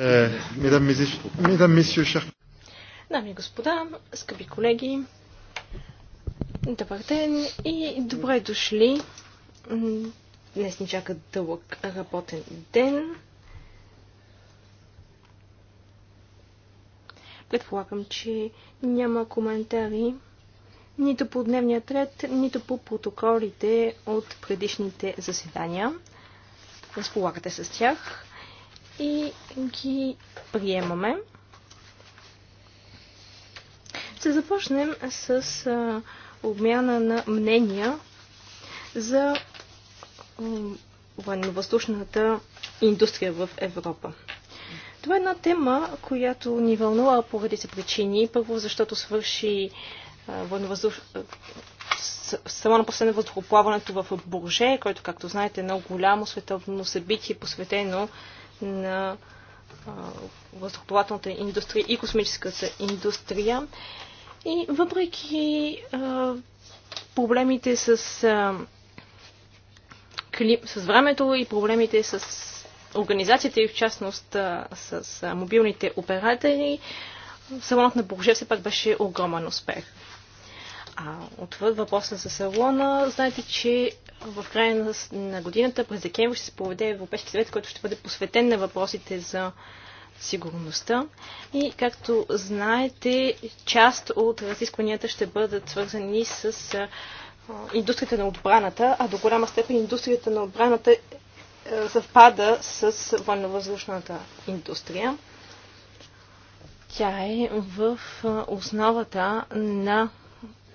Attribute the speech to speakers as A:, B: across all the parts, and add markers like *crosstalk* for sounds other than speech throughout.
A: Е,
B: Дами и господа, скъпи колеги, добър ден и добре дошли. Днес ни чака дълъг работен ден. Предполагам, че няма коментари нито по дневния ред, нито по протоколите от предишните заседания. Разполагате с тях и ги приемаме. Ще започнем с обмяна на мнения за военновъздушната индустрия в Европа. Това е една тема, която ни вълнува по редица причини. Първо, защото свърши само на последно въздухоплаването в Бурже, който, както знаете, е много голямо световно събитие, посветено на въздухоплавателната индустрия и космическата индустрия. И въпреки а, проблемите с, а, кли, с времето и проблемите с организацията и в частност а, с а, мобилните оператори, салонът на Бурже все пак беше огромен успех. А отвъд въпроса за салона, знаете, че в края на, на годината, през декември, ще се проведе Европейски съвет, който ще бъде посветен на въпросите за сигурността. И, както знаете, част от разискванията ще бъдат свързани с индустрията на отбраната, а до голяма степен индустрията на отбраната е, съвпада с военно-въздушната индустрия. Тя е в основата на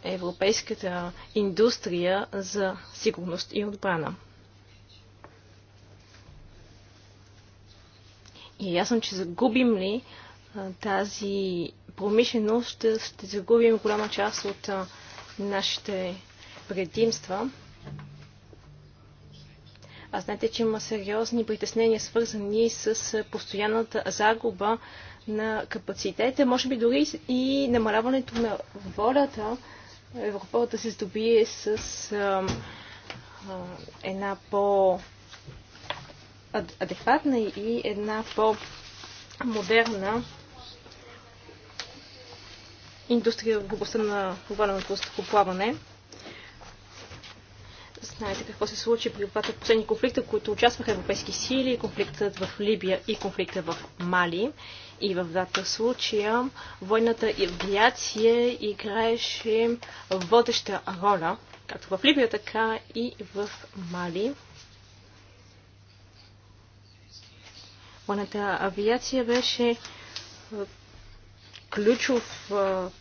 B: европейската индустрия за сигурност и отбрана. И ясно, че загубим ли тази промишленост, ще, ще загубим голяма част от нашите предимства. А знаете, че има сериозни притеснения, свързани с постоянната загуба на капацитета, може би дори и намаляването на волята Европа да се здобие с а, а, една по адекватна и една по-модерна индустрия в областта на глобалното стъкоплаване. Знаете какво се случи при двата последни конфликта, които участваха европейски сили, конфликтът в Либия и конфликта в Мали. И в двата случая военната авиация играеше водеща роля, както в Либия, така и в Мали. Военната авиация беше ключов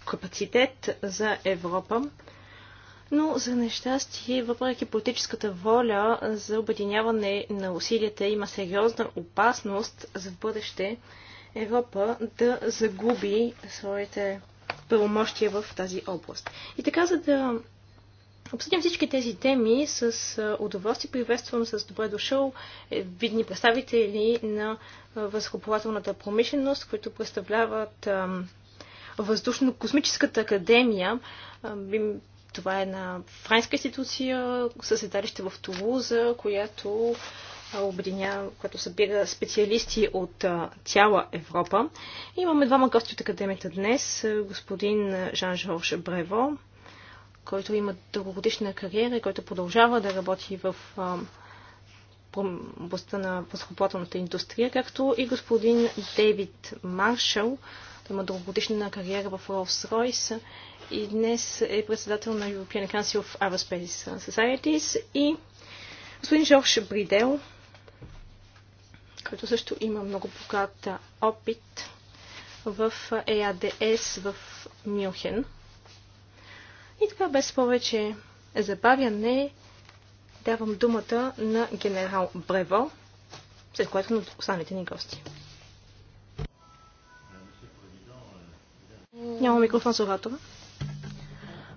B: капацитет за Европа, но за нещастие, въпреки политическата воля за обединяване на усилията, има сериозна опасност за бъдеще Европа да загуби своите правомощия в тази област. И така, за да обсъдим всички тези теми с удоволствие. Приветствам с добре дошъл е, видни представители на възхоплавателната промишленост, които представляват Въздушно-космическата академия. Това е една френска институция със седалище в Тулуза, която обединява, което събира специалисти от цяла Европа. И имаме двама гости от академията днес. Господин Жан-Жорж Брево, който има дългогодишна кариера и който продължава да работи в областта на възхоплателната индустрия, както и господин Дейвид Маршал, който има дългогодишна кариера в Rolls-Royce и днес е председател на European Council of Aerospace Societies и господин Жорж Бридел, който също има много богат опит в ЕАДС в Мюнхен. И така без повече забавяне давам думата на генерал Брево, след което на останалите ни гости. Няма микрофон за Ватова.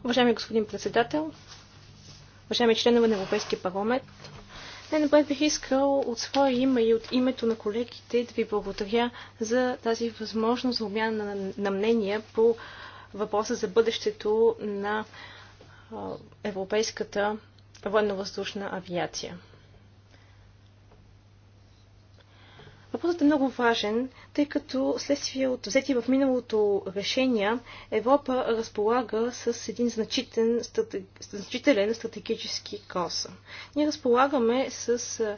B: Уважаеми господин председател, уважаеми членове на Европейския парламент, най-напред бих искал от своя име и от името на колегите да ви благодаря за тази възможност за обмяна на, на мнения по въпроса за бъдещето на европейската военно-въздушна авиация. Въпросът е много важен, тъй като следствие от взети в миналото решения Европа разполага с един значителен, значителен стратегически кос. Ние разполагаме с а,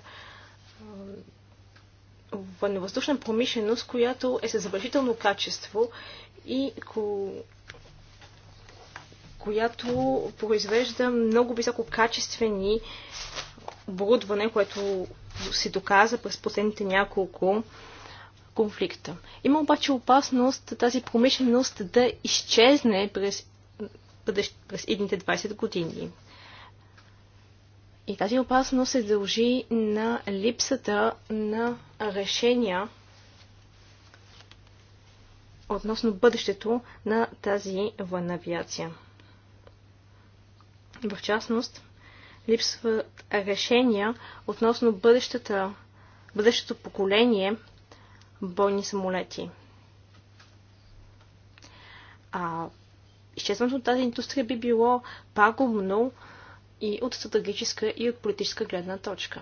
B: военновъздушна промишленост, която е със забележително качество и ко... която произвежда много висококачествени оборудване, което се доказа през последните няколко конфликта. Има обаче опасност тази промишленост да изчезне през, през едните 20 години. И тази опасност се дължи на липсата на решения относно бъдещето на тази военна авиация. В частност, липсват решения относно бъдещата, поколение бойни самолети. А изчезването от тази индустрия би било пагубно и от стратегическа и от политическа гледна точка.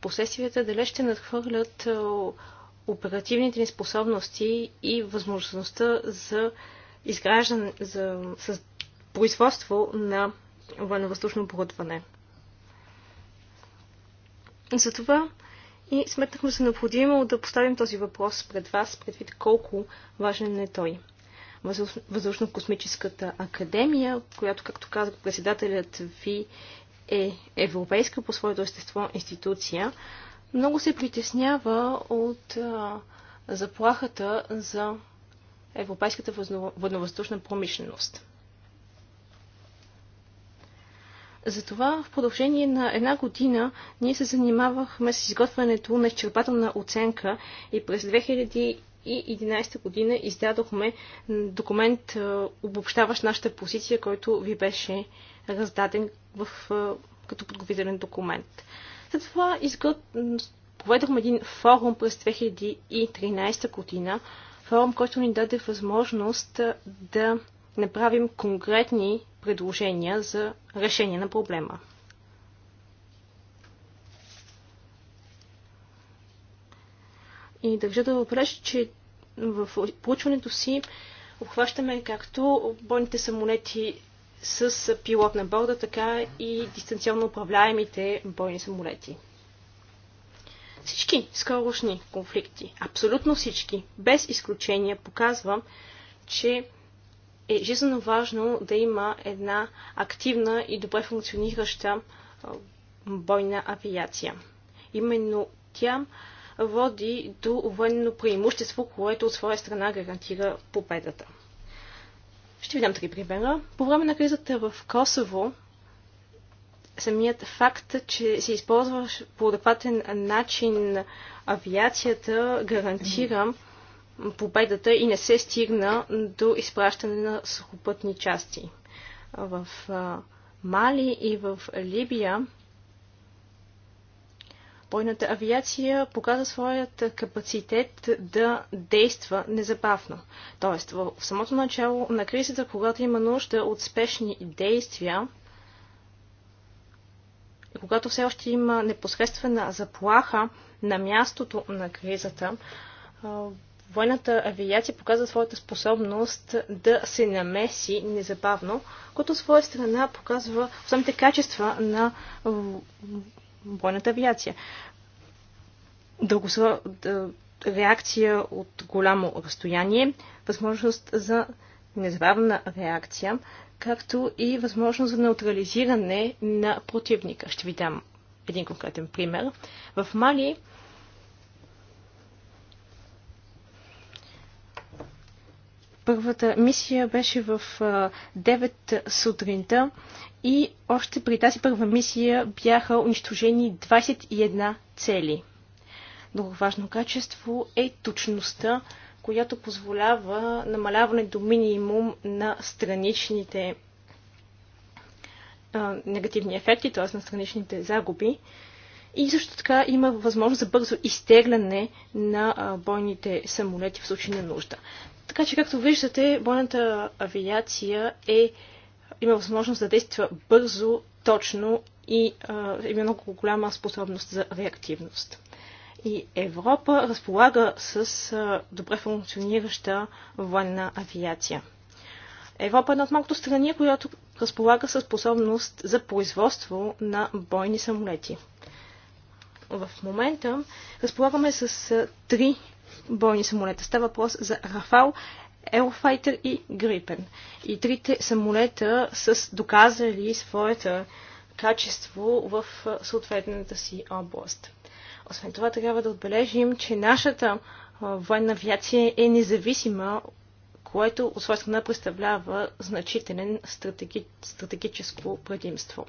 B: Последствията далеч ще надхвърлят оперативните ни способности и възможността за изграждане, за, за производство на военновъздушно оборудване. Затова и сметнахме се необходимо да поставим този въпрос пред вас, предвид колко важен е той. Въздушно-космическата академия, която, както казах, председателят ви е европейска по своето естество институция, много се притеснява от а, заплахата за европейската въздушна промишленост. Затова в продължение на една година ние се занимавахме с изготвянето на изчерпателна оценка и през 2011 година издадохме документ, е, обобщаващ нашата позиция, който ви беше раздаден в, е, като подготвителен документ. Затова изгод... проведохме един форум през 2013 година, форум, който ни даде възможност е, да направим конкретни предложения за решение на проблема. И държа да въпреш, че в проучването си обхващаме както бойните самолети с пилот на борда, така и дистанционно управляемите бойни самолети. Всички скорошни конфликти, абсолютно всички, без изключение, показвам, че е жизненно важно да има една активна и добре функционираща бойна авиация. Именно тя води до военно преимущество, което от своя страна гарантира победата. Ще ви дам три примера. По време на кризата в Косово, самият факт, че се използва по адекватен начин авиацията, гарантира победата и не се стигна до изпращане на сухопътни части. В Мали и в Либия бойната авиация показа своят капацитет да действа незабавно. Тоест, в самото начало на кризата, когато има нужда от спешни действия, и когато все още има непосредствена заплаха на мястото на кризата, военната авиация показва своята способност да се намеси незабавно, като своя страна показва самите качества на военната авиация. Дългосъ... Реакция от голямо разстояние, възможност за незабавна реакция, както и възможност за неутрализиране на противника. Ще ви дам един конкретен пример. В Мали Първата мисия беше в 9 сутринта и още при тази първа мисия бяха унищожени 21 цели. Друго важно качество е точността, която позволява намаляване до минимум на страничните а, негативни ефекти, т.е. на страничните загуби. И също така има възможност за бързо изтегляне на бойните самолети в случай на нужда. Така че, както виждате, бойната авиация е, има възможност да действа бързо, точно и а, има много голяма способност за реактивност. И Европа разполага с а, добре функционираща военна авиация. Европа е една от малкото страни, която разполага със способност за производство на бойни самолети. В момента разполагаме с три бойни самолета. Става въпрос за Рафал, Еврофайтер и Грипен. И трите самолета са доказали своята качество в съответната си област. Освен това трябва да отбележим, че нашата военна авиация е независима, което от своя страна представлява значителен стратеги... стратегическо предимство.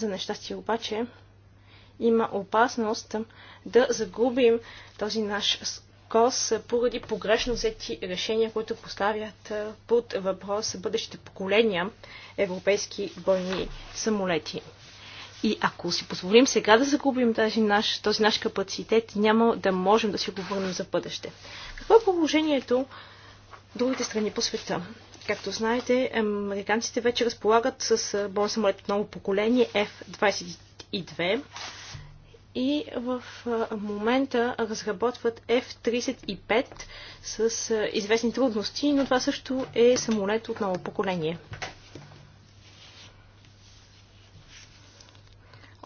B: За нещастие обаче има опасност да загубим този наш кос поради погрешно взети решения, които поставят под въпрос бъдещите поколения европейски бойни самолети. И ако си позволим сега да загубим този наш, този наш капацитет, няма да можем да си го върнем за бъдеще. Какво е положението в другите страни по света? Както знаете, американците вече разполагат с боен самолет от ново поколение F-22 и в момента разработват F-35 с известни трудности, но това също е самолет от ново поколение.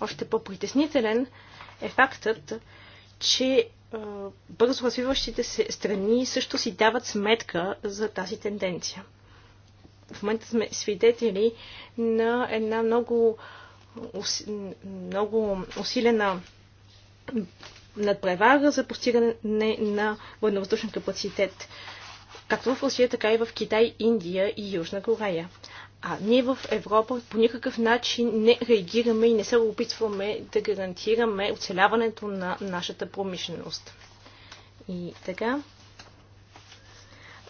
B: Още по-притеснителен е фактът, че бързо развиващите се страни също си дават сметка за тази тенденция в момента сме свидетели на една много, много усилена надпревара за постигане на военновъздушен капацитет, както в Русия, така и в Китай, Индия и Южна Корея. А ние в Европа по никакъв начин не реагираме и не се опитваме да гарантираме оцеляването на нашата промишленост. И така,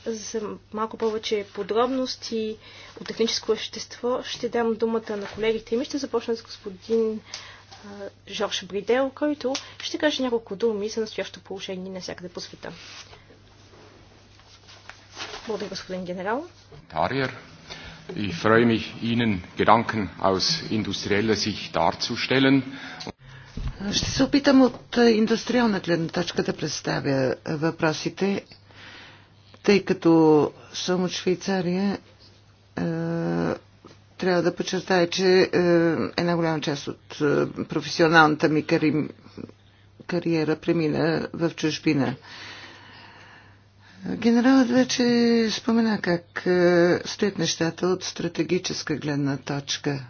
B: за малко повече подробности от техническо общество ще дам думата на колегите ми. Ще започна с господин Жорж Бридел, който ще каже няколко думи за настоящото положение на всякъде по света. Благодаря, господин генерал. Тариер. Ich freue mich, Ihnen Gedanken aus industrieller Sicht darzustellen.
C: Ще се опитам от индустриална гледна точка да представя въпросите тъй като съм от Швейцария, е, трябва да подчертая, че е, една голяма част от е, професионалната ми кари... кариера премина в чужбина. Генералът вече спомена как стоят нещата от стратегическа гледна точка.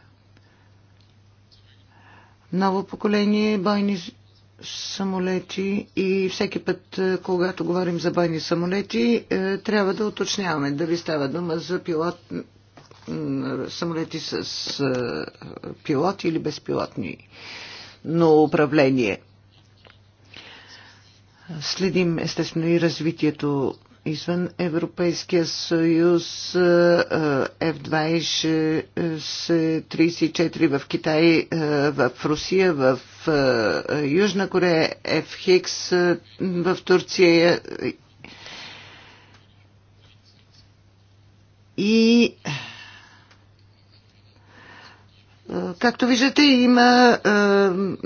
C: Ново поколение бойни самолети и всеки път, е, когато говорим за бойни самолети, е, трябва да уточняваме дали става дума за пилот, самолети с е, пилот или безпилотни но управление. Следим естествено и развитието извън Европейския съюз, F-26, 34 в Китай, в Русия, в Южна Корея, f в Турция и Както виждате, има е,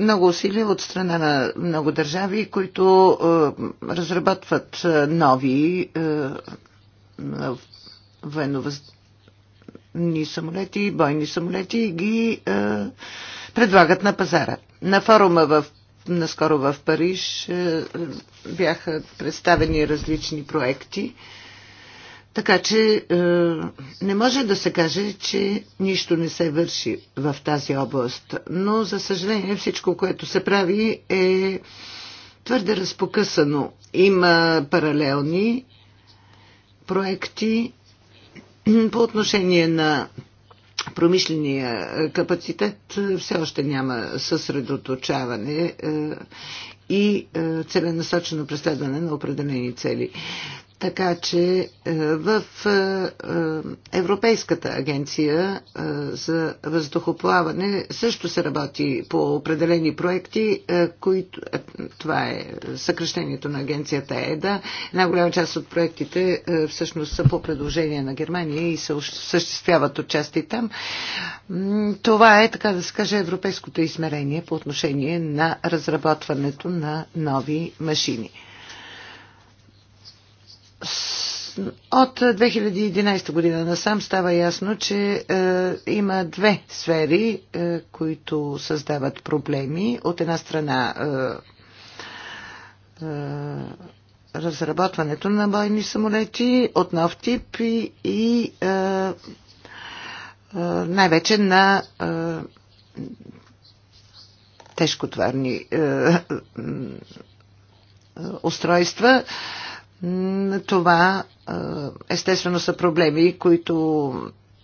C: много усилия от страна на много държави, които е, разработват е, нови военновъздушни самолети, бойни самолети и ги предлагат на пазара. На форума в наскоро в Париж бяха представени различни проекти. Така че е, не може да се каже, че нищо не се върши в тази област. Но, за съжаление, всичко, което се прави е твърде разпокъсано. Има паралелни проекти по отношение на промишления капацитет все още няма съсредоточаване е, и е, целенасочено преследване на определени цели. Така че е, в е, е, Европейската агенция за въздухоплаване също се работи по определени проекти, които това е съкрещението на агенцията ЕДА. Една голяма част от проектите всъщност са по предложение на Германия и се осъществяват от части там. Това е, така да се каже, европейското измерение по отношение на разработването на нови машини. От 2011 година насам става ясно, че е, има две сфери, е, които създават проблеми. От една страна е, е, разработването на бойни самолети от нов тип и, и е, е, най-вече на е, тежкотварни е, е, устройства. Това естествено са проблеми, които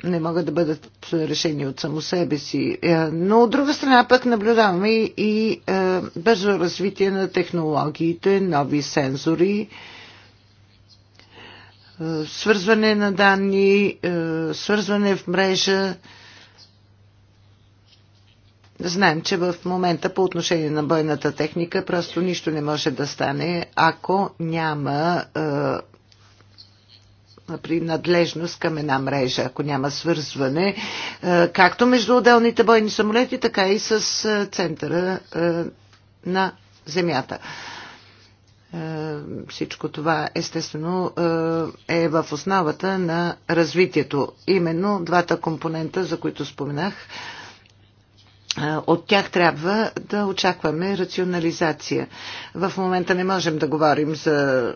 C: не могат да бъдат решени от само себе си. Е, но от друга страна пък наблюдаваме и е, бързо развитие на технологиите, нови сензори, е, свързване на данни, свързване в мрежа, Знаем, че в момента по отношение на бойната техника просто нищо не може да стане, ако няма е, принадлежност към една мрежа, ако няма свързване, е, както между отделните бойни самолети, така и с е, центъра на Земята. Всичко това, естествено, е в основата на развитието. Именно двата компонента, за които споменах, от тях трябва да очакваме рационализация. В момента не можем да говорим за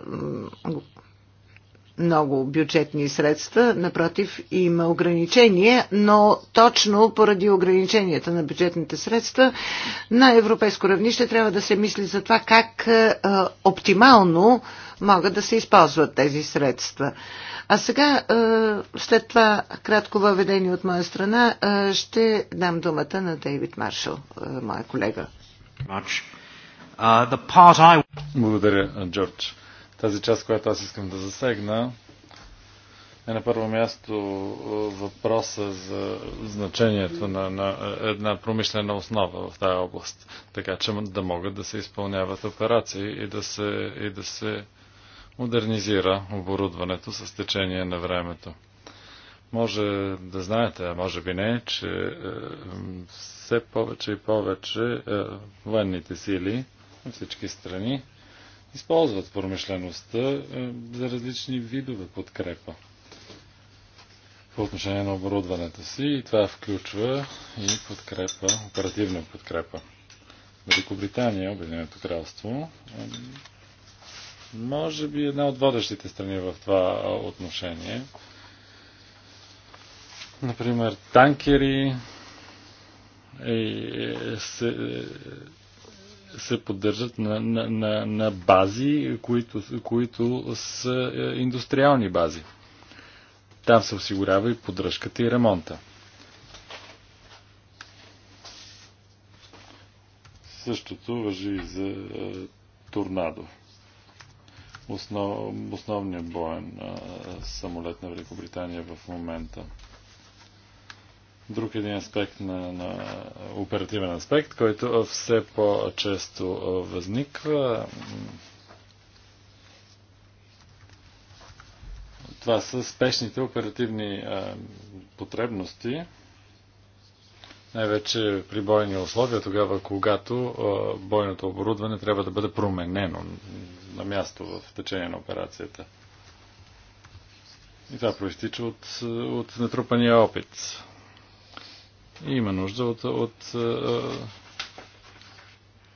C: много бюджетни средства, напротив има ограничения, но точно поради ограниченията на бюджетните средства на европейско равнище трябва да се мисли за това как е, оптимално могат да се използват тези средства. А сега, е, след това кратко въведение от моя страна, е, ще дам думата на Дейвид Маршал, моя колега.
A: Uh, Благодаря, Джордж. Тази част, която аз искам да засегна, е на първо място въпроса за значението на, на една промишлена основа в тази област, така че да могат да се изпълняват операции и да се, и да се модернизира оборудването с течение на времето. Може да знаете, а може би не, че е, все повече и повече е, военните сили на всички страни използват промишлеността е, за различни видове подкрепа по отношение на оборудването си и това включва и подкрепа, оперативна подкрепа. Великобритания, Обединеното кралство, може би една от водещите страни в това отношение. Например, танкери и е, е, се поддържат на, на, на, на бази, които, които са е, индустриални бази. Там се осигурява и поддръжката и ремонта. Същото въжи и за е, торнадо. Основ, основният боен е, самолет на Великобритания в момента друг един аспект на, на оперативен аспект, който все по-често възниква. Това са спешните оперативни а, потребности, най-вече при бойни условия, тогава когато а, бойното оборудване трябва да бъде променено на място в течение на операцията. И това проистича от, от натрупания опит. И има нужда от, от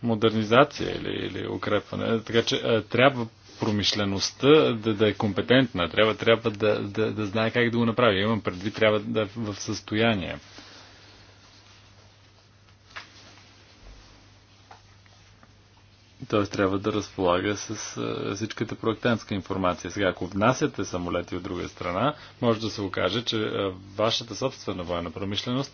A: модернизация или, или укрепване. Така че е, трябва промишлеността да, да е компетентна, трябва, трябва да, да, да знае как да го направи. Имам предвид, трябва да е в състояние. Т.е. трябва да разполага с а, всичката проектантска информация. Сега, ако внасяте самолети от друга страна, може да се окаже, че а, вашата собствена военна промишленост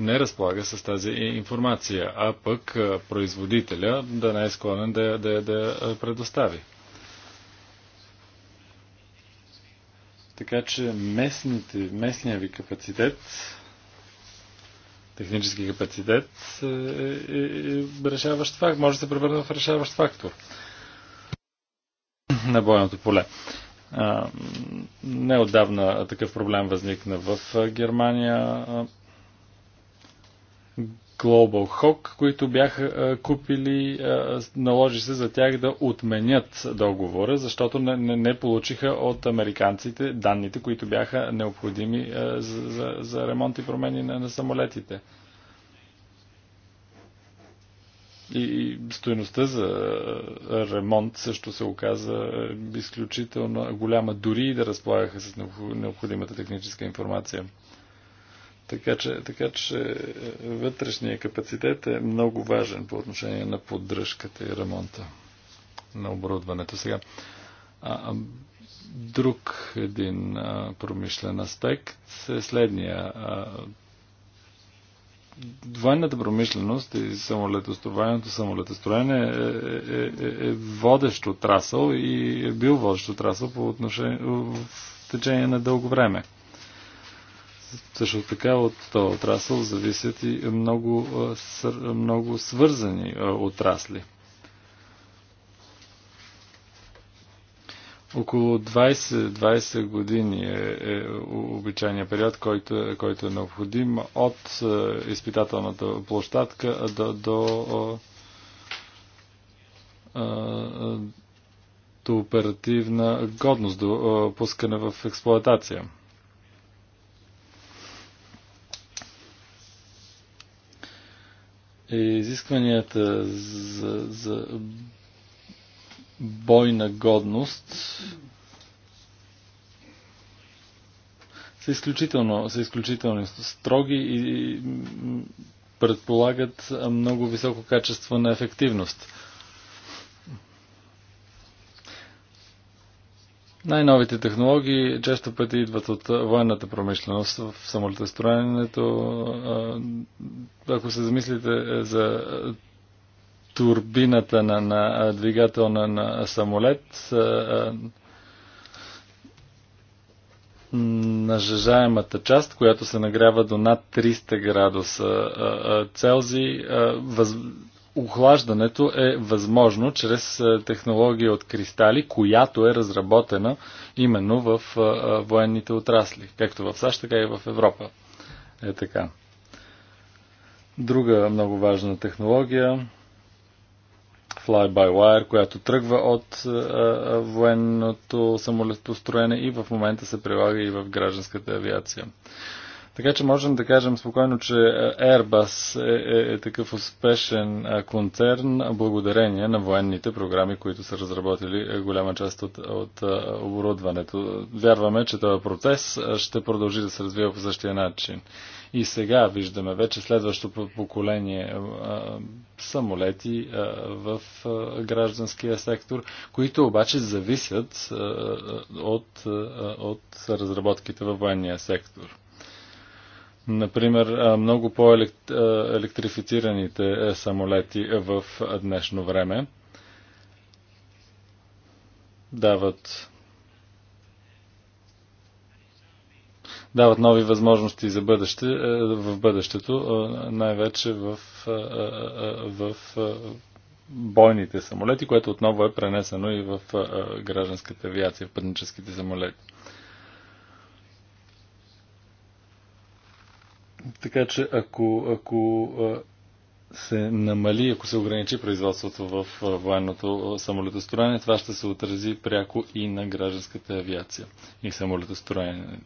A: не разполага с тази информация, а пък производителя да не е склонен да, да, да предостави. Така че местните, местния ви капацитет, технически капацитет е, е, е, е решаващ факт, може да се превърне в решаващ фактор на бойното поле. Неодавна такъв проблем възникна в Германия. Global Hawk, които бяха купили, наложи се за тях да отменят договора, защото не, не, не получиха от американците данните, които бяха необходими за, за, за ремонт и промени на, на самолетите. И, и стоеността за ремонт също се оказа изключително голяма, дори и да разполагаха с необходимата техническа информация. Така че, така че е, вътрешния капацитет е много важен по отношение на поддръжката и ремонта на оборудването. Сега, а, друг един а, промишлен аспект е следния. Двойната промишленост и самолетостроенето самолетостроене е, е, е, е водещ отрасъл и е бил водещ отрасъл по отношение, в течение на дълго време също така от този отрасъл зависят и много, много свързани отрасли. Около 20-20 години е, е обичайният период, който, който е необходим от е, изпитателната площадка до, до, е, до оперативна годност, до е, пускане в експлоатация. И е изискванията за, за бойна годност са изключително, са изключително строги и предполагат много високо качество на ефективност. Най-новите технологии често пъти идват от военната промишленост в самолетостроенето. Ако се замислите е, за турбината на, на двигател на, на самолет, нажежаемата част, която се нагрява до над 300 градуса Целзий, въз охлаждането е възможно чрез е, технология от кристали, която е разработена именно в е, е, военните отрасли, както в САЩ, така и в Европа. Е така. Друга много важна технология fly-by-wire, която тръгва от а, военното самолетостроене и в момента се прилага и в гражданската авиация. Така че можем да кажем спокойно, че е, Airbus е, е, е такъв успешен е, концерн благодарение на военните програми, които са разработили е, голяма част от, от оборудването. Вярваме, че този процес ще продължи да се развива по същия начин. И сега виждаме вече следващото поколение а, самолети а, в а, гражданския сектор, които обаче зависят а, от, а, от разработките във военния сектор. Например, много по-електрифицираните е, самолети в днешно време дават дават нови възможности за бъдеще, е, в бъдещето, е, най-вече в, в бойните самолети, което отново е пренесено и в гражданската авиация, в пътническите самолети. Така че ако, ако се намали, ако се ограничи производството в военното самолетостроение, това ще се отрази пряко и на гражданската авиация и самолетостроение.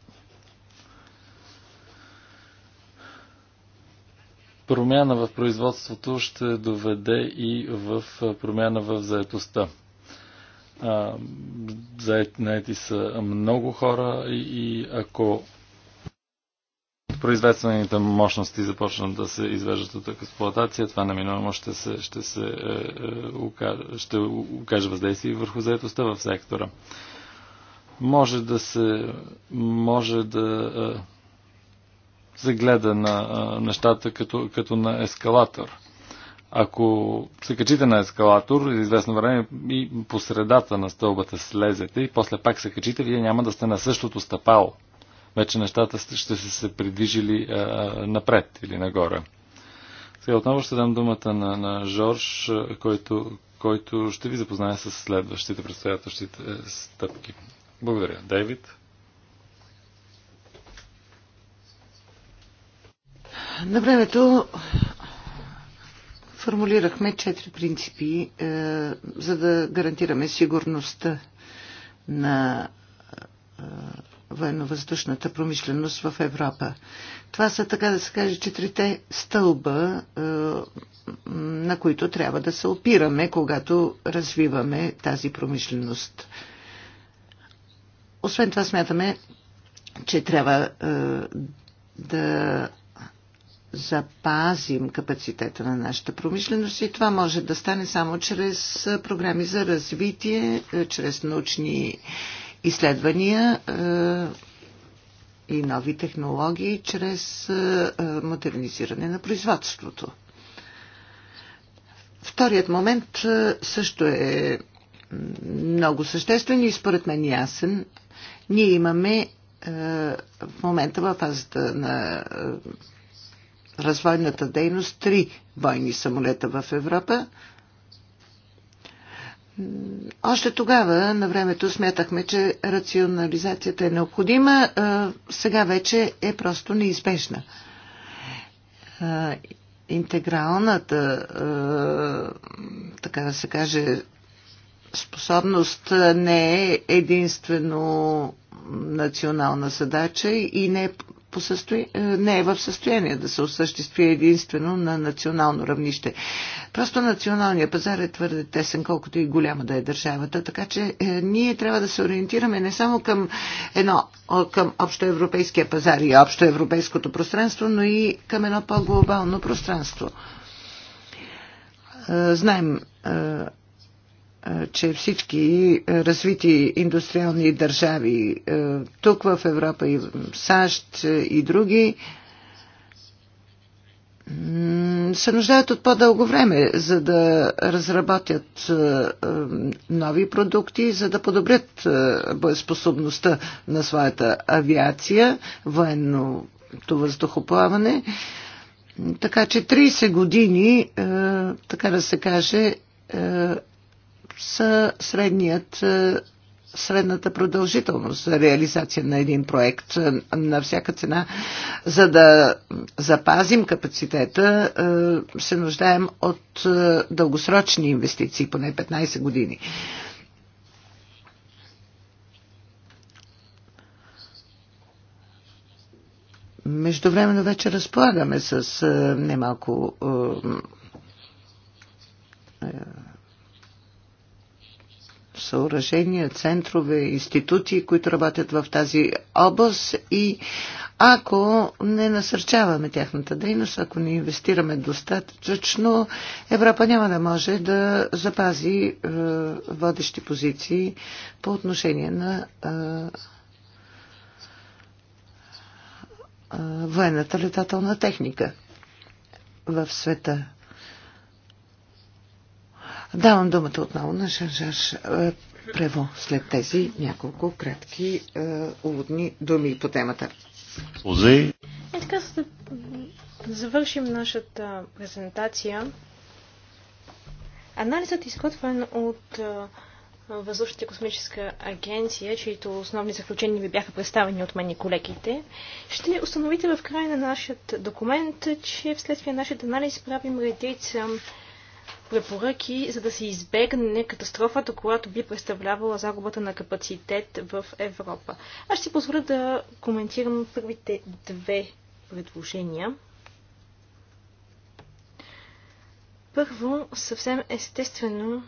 A: Промяна в производството ще доведе и в промяна в заетостта. Заети са много хора и, и ако произведствените мощности започнат да се извеждат от експлуатация, това неминуемо ще, се, ще, се, е, е, ще окаже въздействие върху заетостта в сектора. Може да се може да е, се гледа на нещата като, като на ескалатор – ако се качите на ескалатор известно време и по средата на стълбата слезете и после пак се качите, вие няма да сте на същото стъпало вече нещата ще са се придвижили а, напред или нагоре. Сега отново ще дам думата на, на Жорж, който, който ще ви запознае с следващите предстоятелщите стъпки. Благодаря. Дейвид?
C: На времето формулирахме четири принципи, е, за да гарантираме сигурността на е, военно-въздушната промишленост в Европа. Това са, така да се каже, четирите стълба, е, на които трябва да се опираме, когато развиваме тази промишленост. Освен това смятаме, че трябва е, да запазим капацитета на нашата промишленост и това може да стане само чрез програми за развитие, е, чрез научни изследвания е, и нови технологии чрез е, е, модернизиране на производството. Вторият момент също е много съществен и според мен ясен. Ние имаме в момента във фазата на развойната дейност три бойни самолета в Европа още тогава, на времето, смятахме, че рационализацията е необходима, сега вече е просто неизбежна. Интегралната, така да се каже, способност не е единствено национална задача и не е по състои... Е, не е в състояние да се осъществи единствено на национално равнище. Просто националният пазар е твърде тесен, колкото и голяма да е държавата, така че е, ние трябва да се ориентираме не само към едно, към общоевропейския пазар и общоевропейското пространство, но и към едно по-глобално пространство. Е, знаем е, че всички развити индустриални държави тук в Европа и в САЩ и други се нуждаят от по-дълго време, за да разработят нови продукти, за да подобрят боеспособността на своята авиация, военното въздухоплаване. Така че 30 години, така да се каже, са средният е, средната продължителност за реализация на един проект е, на всяка цена. За да запазим капацитета, е, се нуждаем от дългосрочни инвестиции, поне 15 години. Междувременно вече разполагаме с немалко съоръжения, центрове, институции, които работят в тази област и ако не насърчаваме тяхната дейност, ако не инвестираме достатъчно, Европа няма да може да запази е, водещи позиции по отношение на е, е, военната летателна техника в света. Давам думата отново на Шанжаш е, Прево след тези няколко кратки е, уводни думи по темата. Е
B: така, за да завършим нашата презентация, анализът е изготвен от Въздушната космическа агенция, чието основни заключения ви бяха представени от мен и колегите, ще установите в края на нашия документ, че вследствие на нашия анализ правим редица препоръки, за да се избегне катастрофата, която би представлявала загубата на капацитет в Европа. Аз ще си позволя да коментирам първите две предложения. Първо, съвсем естествено,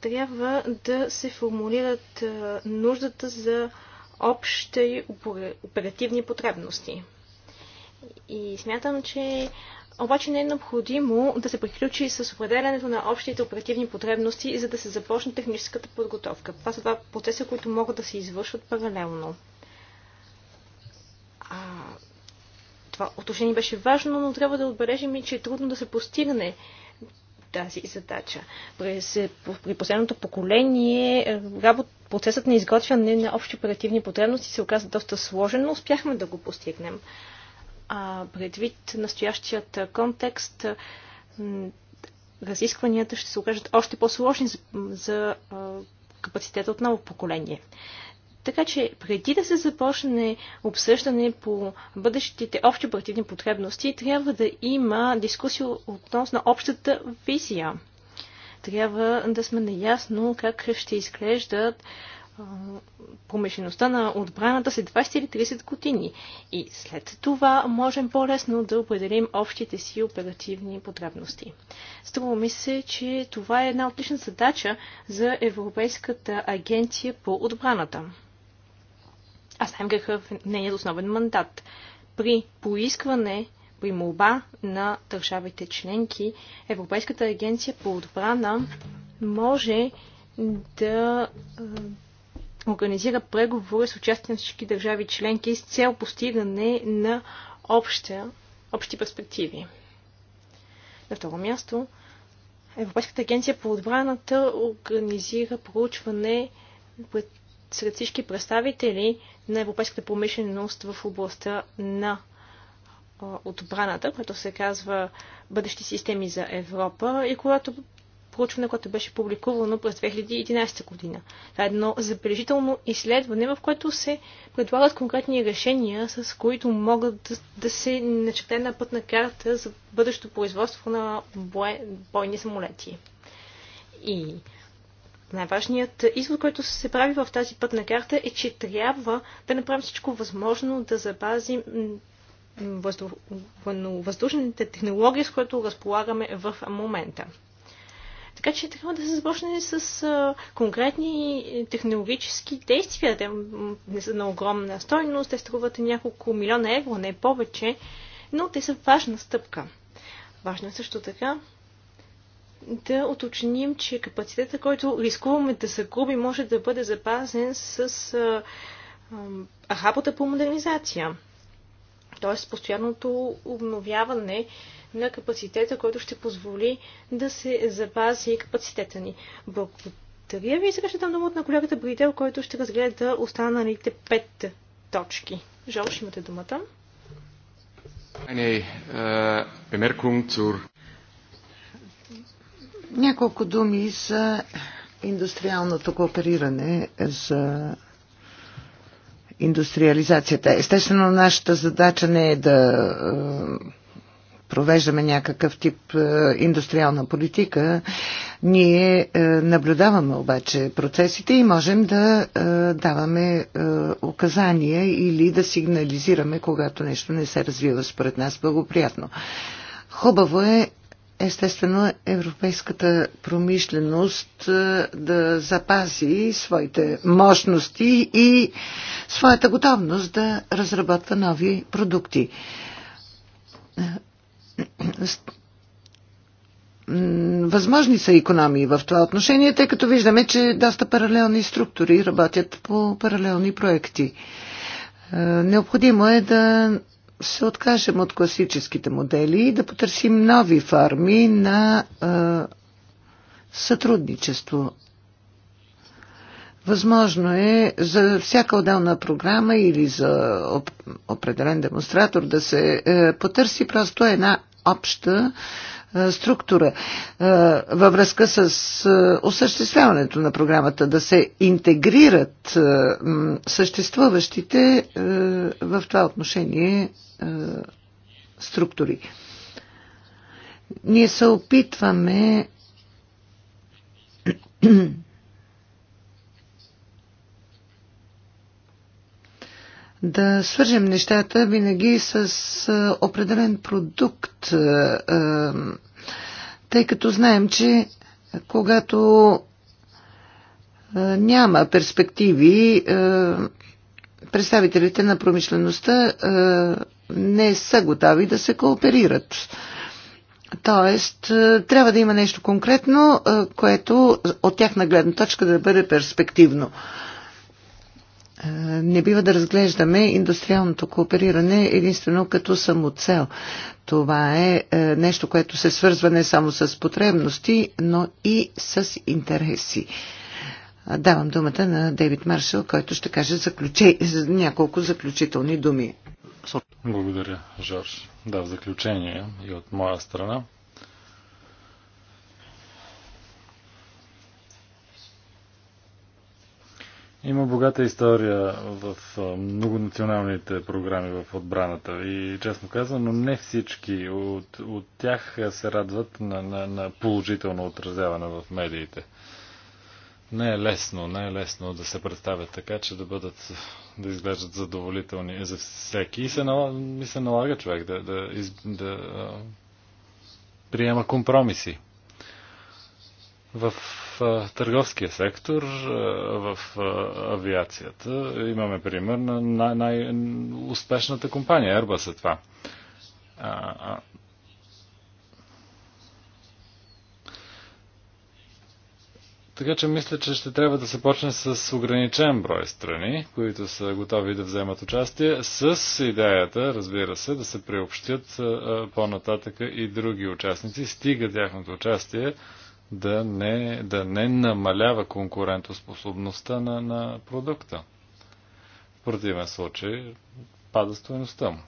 B: трябва да се формулират нуждата за общи оперативни потребности. И смятам, че обаче не е необходимо да се приключи с определенето на общите оперативни потребности, за да се започне техническата подготовка. Това са два процеса, които могат да се извършват паралелно. А, това отношение беше важно, но трябва да отбележим и, че е трудно да се постигне тази задача. През, при последното поколение е, работ, процесът на изготвяне на общи оперативни потребности се оказа доста сложен, но успяхме да го постигнем а предвид настоящият контекст, разискванията ще се окажат още по-сложни за, за капацитета от ново поколение. Така че преди да се започне обсъждане по бъдещите общи оперативни потребности, трябва да има дискусия относно общата визия. Трябва да сме наясно как ще изглеждат промишлеността на отбраната след 20 или 30 години. И след това можем по-лесно да определим общите си оперативни потребности. Струва ми се, че това е една отлична задача за Европейската агенция по отбраната. Аз знаем какъв е нейният основен мандат. При поискване при молба на държавите членки, Европейската агенция по отбрана може да организира преговори с участие на всички държави членки с цел постигане на обща, общи перспективи. На второ място, Европейската агенция по отбраната организира проучване пред, сред всички представители на европейската промишленост в областта на отбраната, което се казва Бъдещи системи за Европа и която проучване, което беше публикувано през 2011 година. Това е едно забележително изследване, в което се предлагат конкретни решения, с които могат да, да се начете на пътна карта за бъдещо производство на бое, бойни самолети. И най-важният извод, който се прави в тази пътна карта е, че трябва да направим всичко възможно да запазим въздушните технологии, с които разполагаме в момента. Така че трябва да се започне с а, конкретни технологически действия. Те не са на огромна стойност, те струват няколко милиона евро, не повече, но те са важна стъпка. Важно е също така да уточним, че капацитета, който рискуваме да загуби, може да бъде запазен с а, а, работа по модернизация т.е. постоянното обновяване на капацитета, който ще позволи да се запази капацитета ни. Благодаря ви. Сега ще дам думата на колегата Бридел, който ще разгледа останалите пет точки. Жорж, имате думата. Äh,
C: Няколко думи за индустриалното коопериране за индустриализацията. Естествено, нашата задача не е да е, провеждаме някакъв тип е, индустриална политика. Ние е, наблюдаваме обаче процесите и можем да даваме указания или да сигнализираме, когато нещо не се развива според нас благоприятно. Хубаво е естествено европейската промишленост е, да запази своите мощности и своята готовност да разработва нови продукти. Е, възможни са економии в това отношение, тъй като виждаме, че доста паралелни структури работят по паралелни проекти. Е, необходимо е да се откажем от класическите модели и да потърсим нови форми на е, сътрудничество. Възможно е за всяка отделна програма или за оп- определен демонстратор да се е, потърси просто една обща структура във връзка с осъществяването на програмата, да се интегрират съществуващите в това отношение структури. Ние се опитваме да свържем нещата винаги с определен продукт, тъй като знаем, че когато няма перспективи, представителите на промишлеността не са готови да се кооперират. Тоест, трябва да има нещо конкретно, което от тяхна гледна точка да бъде перспективно. Е, не бива да разглеждаме индустриалното коопериране единствено като самоцел. Това е, е нещо, което се свързва не само с потребности, но и с интереси. Давам думата на Дейвид Маршал, който ще каже заключи... няколко заключителни думи.
A: Благодаря, Жорж. Да, в заключение и от моя страна Има богата история в многонационалните програми в отбраната и честно казано не всички от, от тях се радват на, на, на положително отразяване в медиите. Не е лесно, не е лесно да се представят така, че да бъдат, да изглеждат задоволителни за всеки. И се налага, и се налага човек да, да, из, да, да приема компромиси. В търговския сектор, в авиацията, имаме пример на най- най-успешната компания, Airbus е това. Така че мисля, че ще трябва да се почне с ограничен брой страни, които са готови да вземат участие, с идеята, разбира се, да се приобщят по-нататъка и други участници, стига тяхното участие да не, да не намалява конкурентоспособността на, на продукта. В противен случай пада стоеността му.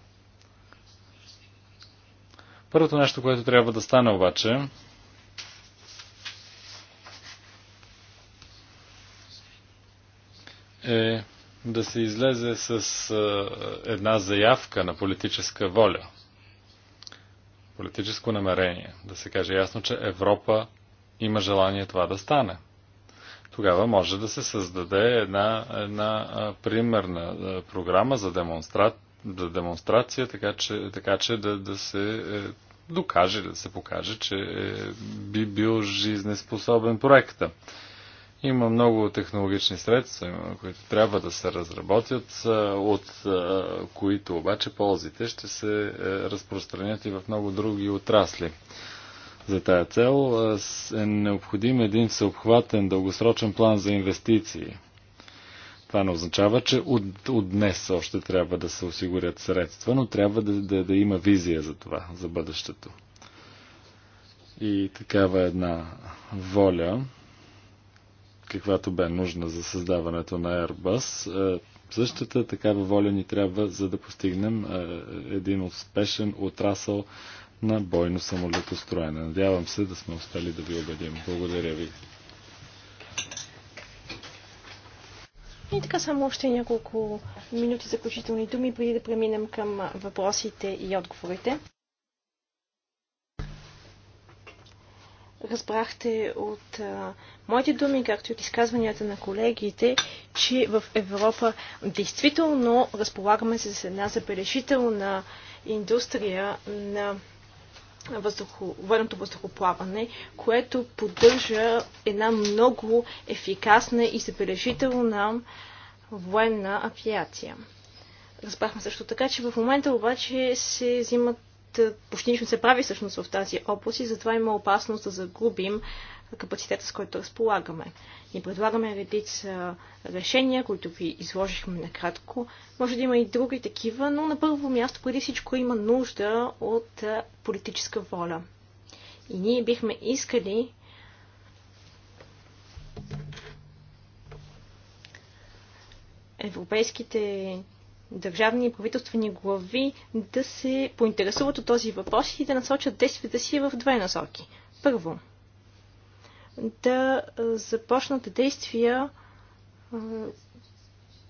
A: Първото нещо, което трябва да стане обаче, е да се излезе с една заявка на политическа воля, политическо намерение, да се каже ясно, че Европа има желание това да стане. Тогава може да се създаде една, една примерна програма за, демонстра... за демонстрация, така че, така че да, да се е, докаже, да се покаже, че е, би бил жизнеспособен проекта. Има много технологични средства, които трябва да се разработят, от които обаче ползите ще се е, разпространят и в много други отрасли. За тая цел е необходим един съобхватен, дългосрочен план за инвестиции. Това не означава, че от, от днес още трябва да се осигурят средства, но трябва да, да, да има визия за това, за бъдещето. И такава една воля, каквато бе нужна за създаването на Airbus, е, същата такава воля ни трябва, за да постигнем е, един успешен отрасъл на бойно самолетостроене. Надявам се да сме успели да ви убедим. Благодаря ви.
B: И така само още няколко минути заключителни думи, преди да преминем към въпросите и отговорите. разбрахте от а, моите думи, както и от изказванията на колегите, че в Европа действително разполагаме се с една забележителна индустрия на въздухо, въздухоплаване, което поддържа една много ефикасна и забележителна военна авиация. Разбрахме също така, че в момента обаче се взимат почти нищо се прави всъщност в тази област и затова има опасност да загубим капацитета, с който разполагаме. Ни предлагаме редица решения, които ви изложихме накратко. Може да има и други такива, но на първо място преди всичко има нужда от политическа воля. И ние бихме искали европейските държавни и правителствени глави да се поинтересуват от този въпрос и да насочат действията си в две насоки. Първо, да започнат действия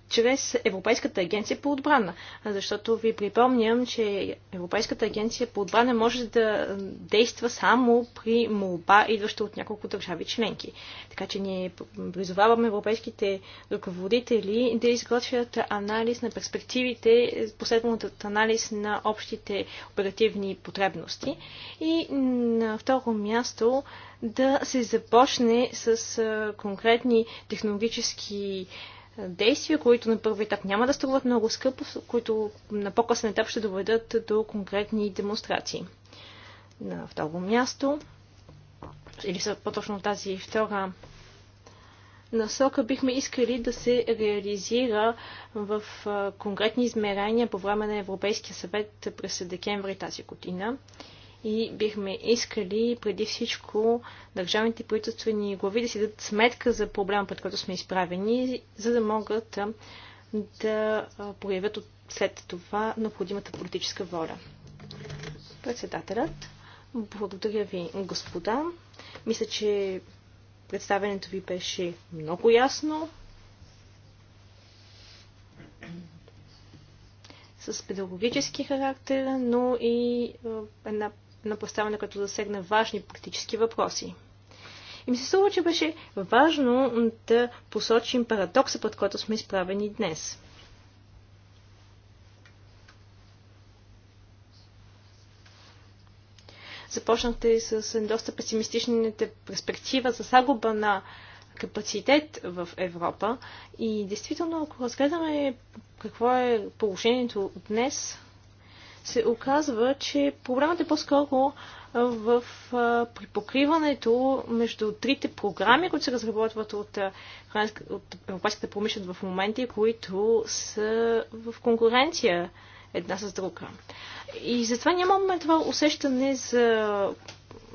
B: чрез Европейската агенция по отбрана. Защото ви припомням, че Европейската агенция по отбрана може да действа само при молба, идваща от няколко държави членки. Така че ние призоваваме европейските ръководители да изготвят анализ на перспективите, последното анализ на общите оперативни потребности. И на второ място да се започне с конкретни технологически действия, които на първи етап няма да струват много скъпо, които на по-късен етап ще доведат до конкретни демонстрации. На второ място, или по-точно тази втора насока бихме искали да се реализира в конкретни измерения по време на Европейския съвет през декември тази година и бихме искали преди всичко държавните правителствени глави да си дадат сметка за проблема, пред който сме изправени, за да могат да проявят от след това необходимата политическа воля. Председателят, благодаря ви, господа. Мисля, че представенето ви беше много ясно. С педагогически характер, но и една на поставяне, като засегна важни практически въпроси. И ми се струва, че беше важно да посочим парадокса, под който сме изправени днес. Започнахте с доста песимистичната перспектива за загуба на капацитет в Европа. И действително, ако разгледаме какво е положението днес, се оказва, че проблемът е по-скоро в припокриването между трите програми, които се разработват от, от европейската промишленост в момента и които са в конкуренция една с друга. И затова нямаме това усещане за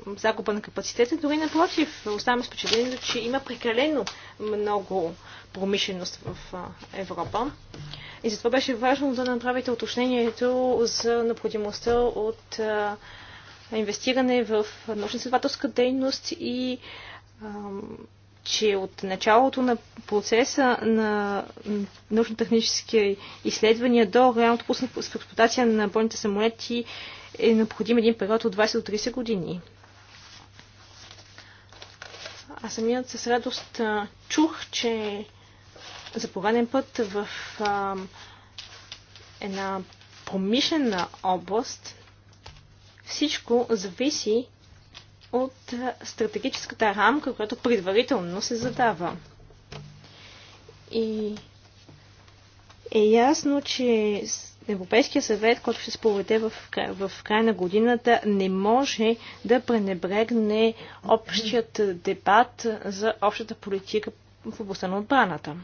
B: загуба на капацитета, дори напротив, оставаме с впечатлението, че има прекалено много промишленост в Европа. И затова беше важно да направите уточнението за необходимостта от инвестиране в научно-изследователска дейност и че от началото на процеса на научно-технически изследвания до реалното пусне в експлуатация на бойните самолети е необходим един период от 20 до 30 години. Аз самият с радост чух, че за пореден път в а, една промишлена област всичко зависи от стратегическата рамка, която предварително се задава. И е ясно, че Европейския съвет, който ще се в, край, в края на годината, не може да пренебрегне общият дебат за общата политика в областта на отбраната.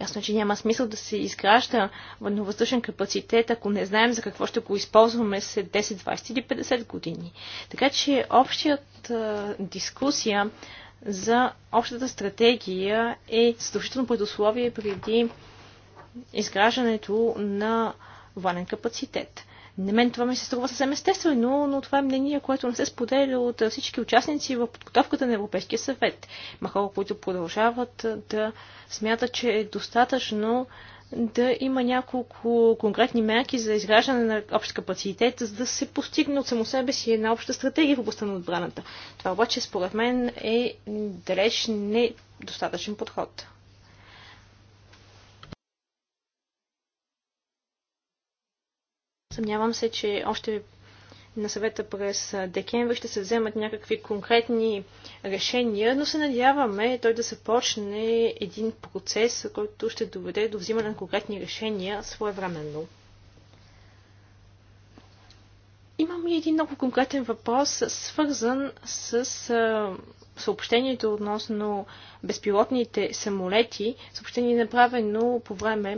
B: Ясно, че няма смисъл да се изгражда въздушен капацитет, ако не знаем за какво ще го използваме след 10, 20 или 50 години. Така че общият а, дискусия за общата стратегия е задължително предусловие преди изграждането на военен капацитет. На мен това ми се струва съвсем естествено, но това е мнение, което не се споделя от всички участници в подготовката на Европейския съвет. Ма хора, които продължават да смятат, че е достатъчно да има няколко конкретни мерки за изграждане на общ капацитет, за да се постигне от само себе си една обща стратегия в областта на отбраната. Това обаче, според мен, е далеч недостатъчен подход. Съмнявам се, че още на съвета през декември ще се вземат някакви конкретни решения, но се надяваме той да започне един процес, който ще доведе до взимане на конкретни решения своевременно. Имам и един много конкретен въпрос, свързан с съобщението относно безпилотните самолети, съобщение направено по време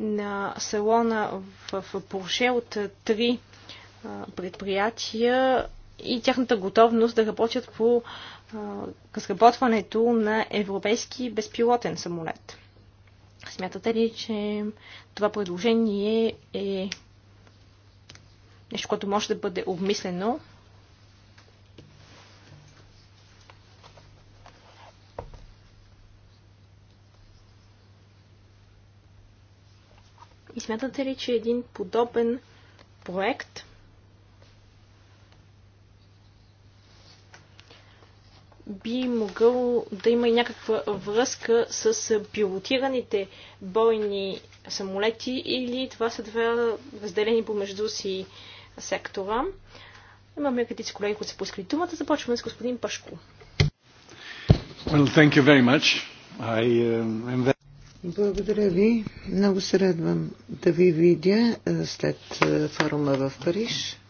B: на салона в Порше от три предприятия и тяхната готовност да работят по разработването на европейски безпилотен самолет. Смятате ли, че това предложение е нещо, което може да бъде обмислено Смятате ли, че един подобен проект би могъл да има и някаква връзка с пилотираните бойни самолети или това са две разделени помежду си сектора. Имаме редици колеги, които са поискали думата. Започваме с господин Пашко.
A: Well, thank you very much. I, uh, am very...
B: Благодаря
C: ви. Много се радвам да ви видя е, след е, форума в Париж.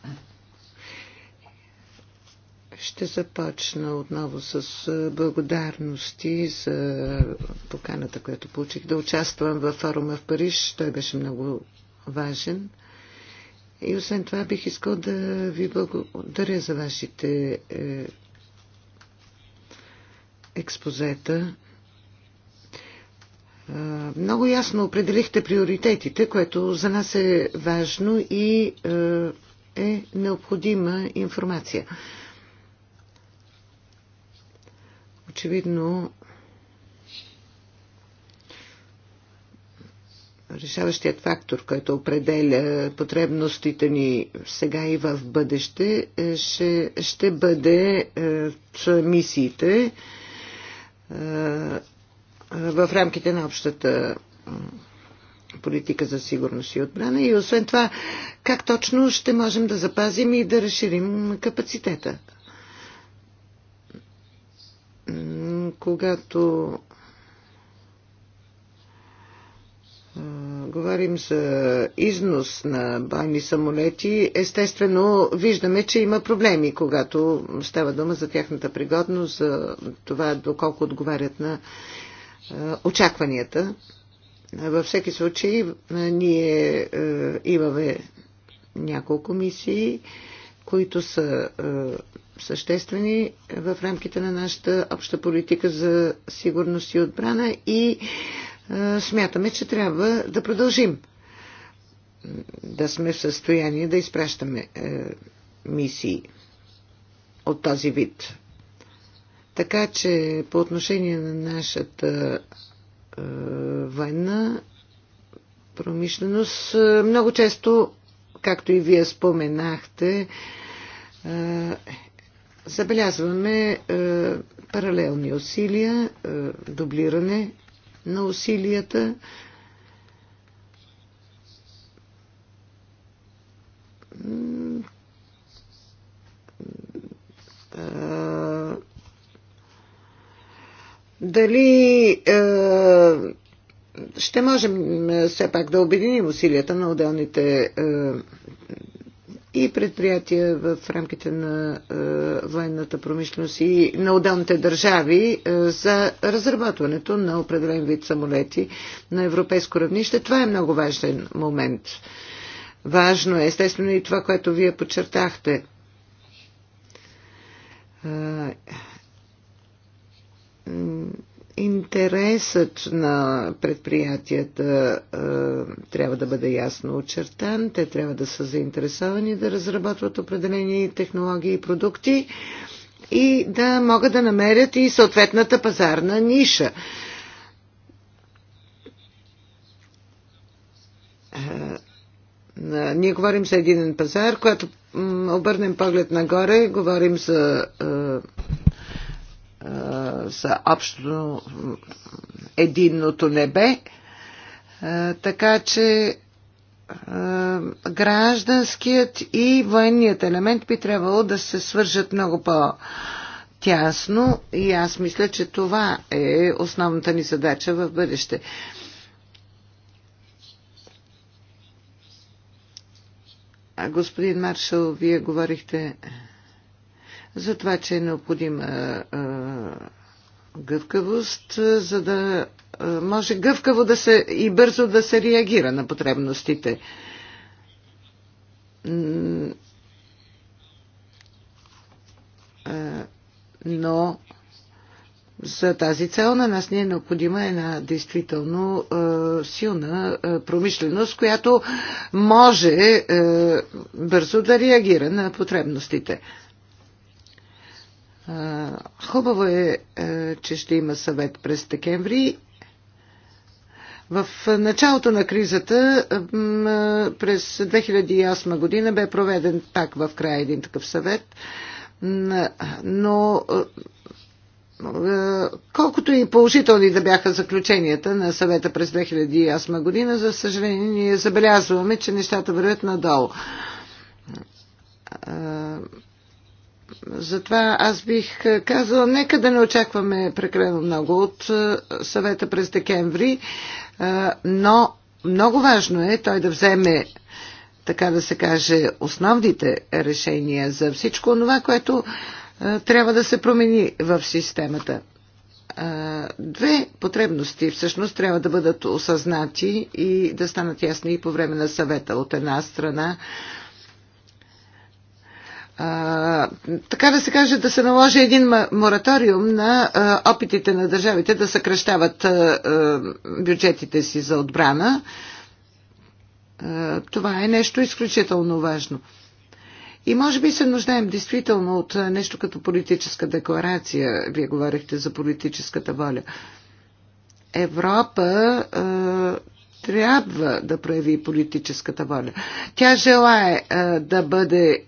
C: Ще започна отново с е, благодарности за поканата, която получих да участвам във форума в Париж. Той беше много важен. И освен това бих искал да ви благодаря за вашите експозета. Е, много ясно определихте приоритетите, което за нас е важно и е, е необходима информация. Очевидно, решаващият фактор, който определя потребностите ни сега и в бъдеще, е, ще, ще бъде е, мисиите, е, в рамките на общата политика за сигурност и отбрана и освен това как точно ще можем да запазим и да разширим капацитета. Когато говорим за износ на бойни самолети, естествено виждаме, че има проблеми, когато става дума за тяхната пригодност, за това доколко отговарят на е, очакванията. Във всеки случай е, ние е, имаме няколко мисии, които са съществени в рамките на нашата обща политика за сигурност и отбрана и смятаме, че трябва да продължим да сме в състояние да изпращаме мисии от този вид. Така че по отношение на нашата е, военна промишленост, е, много често, както и вие споменахте, е, забелязваме е, паралелни усилия, е, дублиране на усилията. Е, дали е, ще можем е, все пак да обединим усилията на отделните е, и предприятия в рамките на военната промишленост и на отделните държави за разработването на определен вид самолети на европейско равнище. Това е много важен момент. Важно е, естествено, и това, което вие подчертахте Интересът на предприятията е, трябва да бъде ясно очертан. Те трябва да са заинтересовани да разработват определени технологии и продукти и да могат да намерят и съответната пазарна ниша. Ние говорим за един пазар, когато обърнем поглед нагоре, говорим за за общото единното небе. Е, така че е, гражданският и военният елемент би трябвало да се свържат много по- тясно и аз мисля, че това е основната ни задача в бъдеще. А господин Маршал, вие говорихте за това, че е необходима гъвкавост, за да може гъвкаво да се и бързо да се реагира на потребностите. Но за тази цел на нас не е необходима една действително е, силна е, промишленост, която може е, бързо да реагира на потребностите. Хубаво е, че ще има съвет през декември. В началото на кризата през 2008 година бе проведен пак в края един такъв съвет, но колкото и положителни да бяха заключенията на съвета през 2008 година, за съжаление ние забелязваме, че нещата вървят надолу затова аз бих е, казала, нека да не очакваме прекалено много от е, съвета през декември, е, но много важно е той да вземе, така да се каже, основните решения за всичко това, което трябва да се промени в системата. Две потребности всъщност трябва да бъдат осъзнати и да станат ясни и по време на съвета. От една страна а, така да се каже, да се наложи един мораториум на а, опитите на държавите да съкръщават а, а, бюджетите си за отбрана. А, това е нещо изключително важно. И може би се нуждаем действително от нещо като политическа декларация. Вие говорихте за политическата воля. Европа а, трябва да прояви политическата воля. Тя желае а, да бъде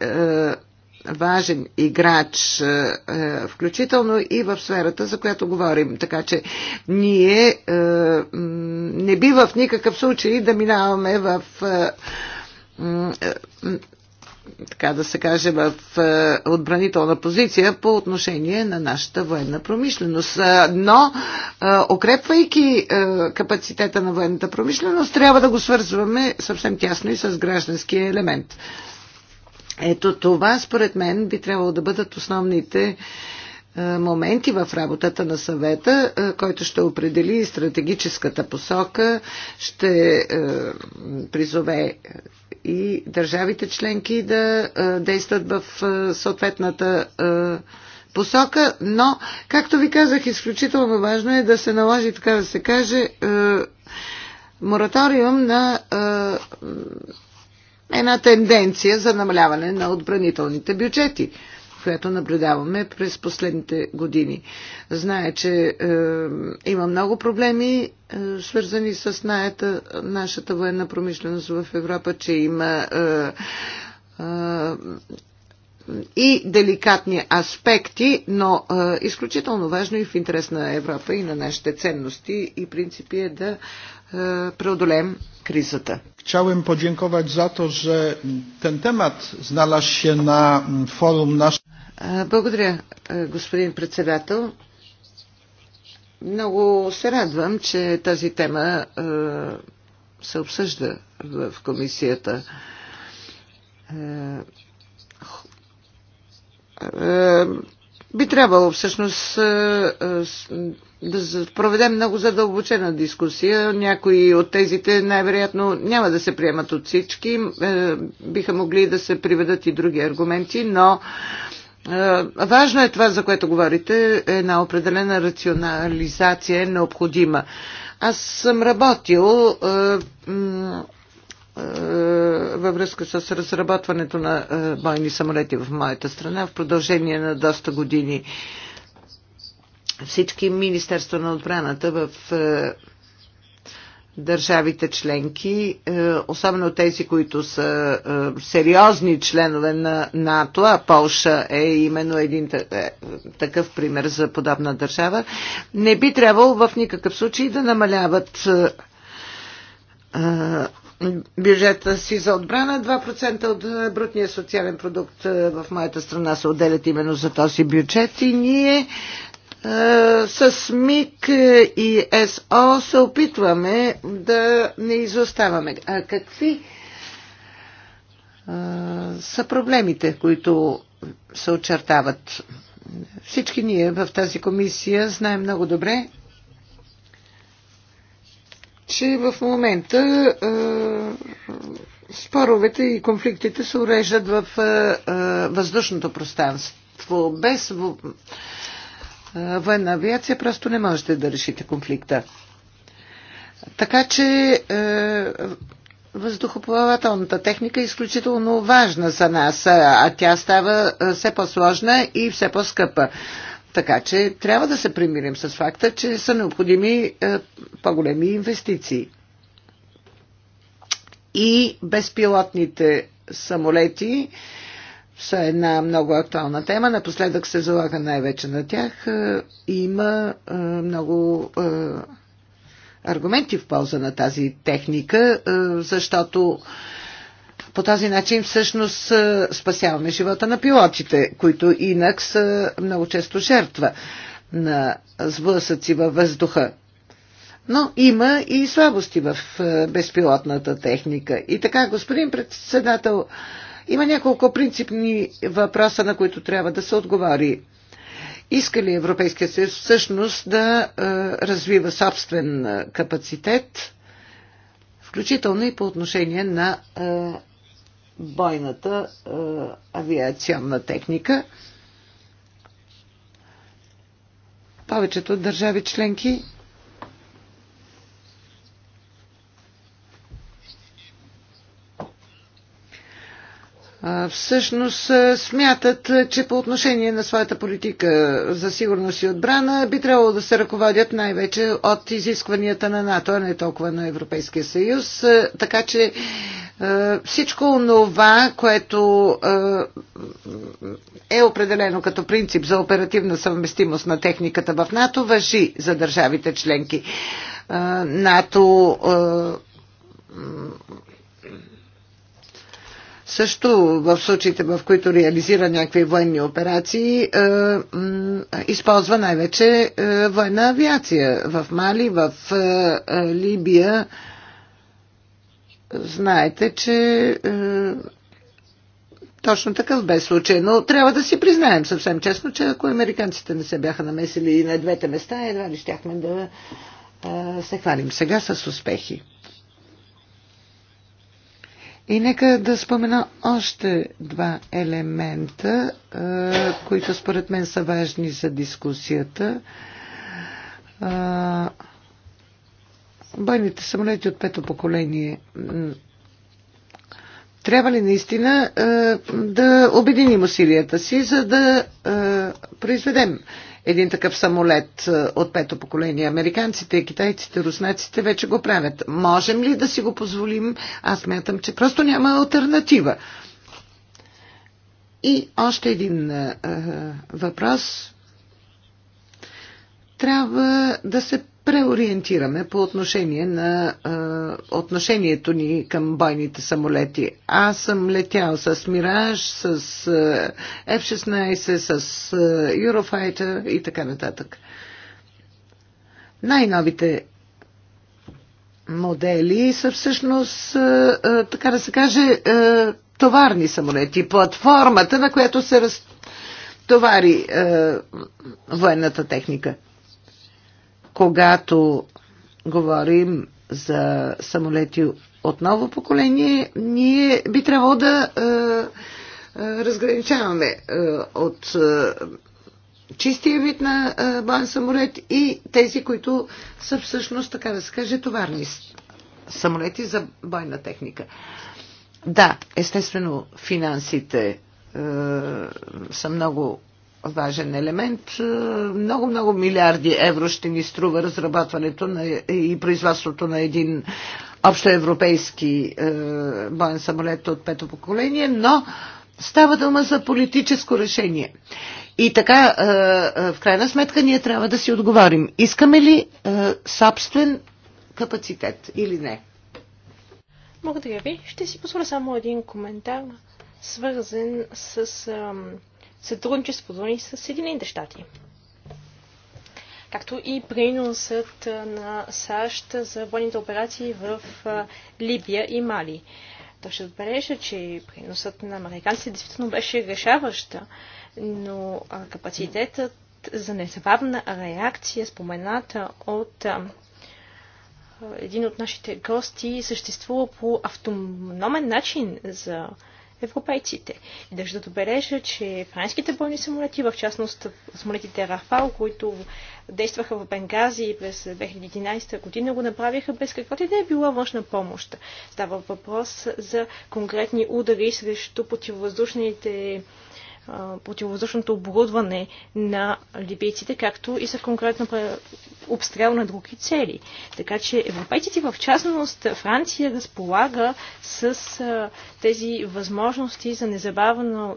C: важен играч, е, е, включително и в сферата, за която говорим. Така че ние е, не бива в никакъв случай да минаваме в така да се каже, в отбранителна позиция по отношение на нашата военна промишленост. Но, укрепвайки капацитета на военната промишленост, трябва да го свързваме съвсем тясно и с гражданския елемент. Ето това, според мен, би трябвало да бъдат основните е, моменти в работата на съвета, е, който ще определи стратегическата посока, ще е, призове и държавите членки да действат в съответната посока, но, както ви казах, изключително важно е да се наложи, така да се каже, мораториум на една тенденция за намаляване на отбранителните бюджети която наблюдаваме през последните години. Знае, че е, има много проблеми, е, свързани с наята, нашата военна промишленост в Европа, че има е, е, и деликатни аспекти, но е, изключително важно и в интерес на Европа и на нашите ценности и принципи е да е, преодолем кризата. Chciałem podziękować za to, że ten temat znalazł się na forum naszym. Благодаря, господин председател. Много се радвам, че тази тема е, се обсъжда в комисията. Е, е, Би трябвало всъщност е, да проведем много задълбочена дискусия. Някои от тезите най-вероятно няма да се приемат от всички. Е, биха могли да се приведат и други аргументи, но е, важно е това, за което говорите. Една определена рационализация е необходима. Аз съм работил е, във връзка с разработването на бойни самолети в моята страна в продължение на доста години всички Министерства на отбраната в е, държавите членки, е, особено тези, които са е, сериозни членове на НАТО, а Полша е именно един такъв пример за подобна държава, не би трябвало в никакъв случай да намаляват бюджета си за отбрана. 2% от брутния социален продукт в моята страна се отделят именно за този бюджет и ние е, с МИК и СО се опитваме да не изоставаме. А какви е, са проблемите, които се очертават? Всички ние в тази комисия знаем много добре, че в момента е, споровете и конфликтите се уреждат в въздушното пространство без военна авиация просто не можете да решите конфликта. Така че е, въздухоплавателната техника е изключително важна за нас, а тя става е, все по-сложна и все по-скъпа. Така че трябва да се примирим с факта, че са необходими е, по-големи инвестиции. И безпилотните самолети са една много актуална тема. Напоследък се залага най-вече на тях. Е, има е, много е, аргументи в полза на тази техника, защото по този начин всъщност спасяваме живота на пилотите, които инак са много често жертва на сблъсъци във въздуха. Но има и слабости в безпилотната техника. И така, господин председател, има няколко принципни въпроса, на които трябва да се отговори. Иска ли Европейския съюз всъщност да е, развива собствен е, капацитет, включително и по отношение на е, бойната е, авиационна техника? Повечето държави членки всъщност смятат, че по отношение на своята политика за сигурност и отбрана би трябвало да се ръководят най-вече от изискванията на НАТО, а не толкова на Европейския съюз. Така че всичко това, което е определено като принцип за оперативна съвместимост на техниката в НАТО, въжи за държавите членки. НАТО също в случаите, в които реализира някакви военни операции, е, използва най-вече е, военна авиация в Мали, в е, Либия. Знаете, че точно такъв бе случай. Но трябва да си признаем съвсем честно, че ако американците не се бяха намесили и на двете места, едва ли щяхме да се хвалим сега с успехи. И нека да спомена още два елемента, които според мен са важни за дискусията. Бойните самолети от пето поколение. Трябва ли наистина да обединим усилията си, за да произведем един такъв самолет е, от пето поколение. Американците, китайците, руснаците вече го правят. Можем ли да си го позволим? Аз мятам, че просто няма альтернатива. И още един а, е, е, въпрос. Трябва да се преориентираме по отношение на а, отношението ни към бойните самолети. Аз съм летял с Мираж, с а, F-16, с а, Eurofighter и така нататък. Най-новите модели са всъщност, а, а, така да се каже, а, товарни самолети. Платформата, на която се разтовари военната техника когато говорим за самолети от ново поколение, ние би трябвало да е, е, разграничаваме е, от е, чистия вид на е, боен самолет и тези, които са всъщност, така да се каже, товарни самолети за бойна техника. Да, естествено, финансите е, са много важен елемент. Много-много е, милиарди евро ще ни струва разработването на, и производството на един общоевропейски е, боен самолет от пето поколение, но става дума за политическо решение. И така, е, е в крайна сметка, ние трябва да си отговорим. Искаме ли е, собствен капацитет или не?
B: Благодаря ви. Ще си позволя само един коментар, свързан с. Е, сътрудничеството ни с Съединените щати. Както и приносът на САЩ за военните операции в Либия и Мали. То ще отбележа, че приносът на американците действително беше решаваща, но капацитетът за незабавна реакция, спомената от един от нашите гости, съществува по автономен начин за европейците. И държа да добележа, че франските бойни самолети, в частност самолетите Рафал, които действаха в Бенгази през 2011 година, го направиха без каквото и да е била външна помощ. Става въпрос за конкретни удари срещу противовъздушните противовъздушното оборудване на либийците, както и за конкретно обстрел на други цели. Така че европейците, в частност Франция, разполага с а, тези възможности за незабавна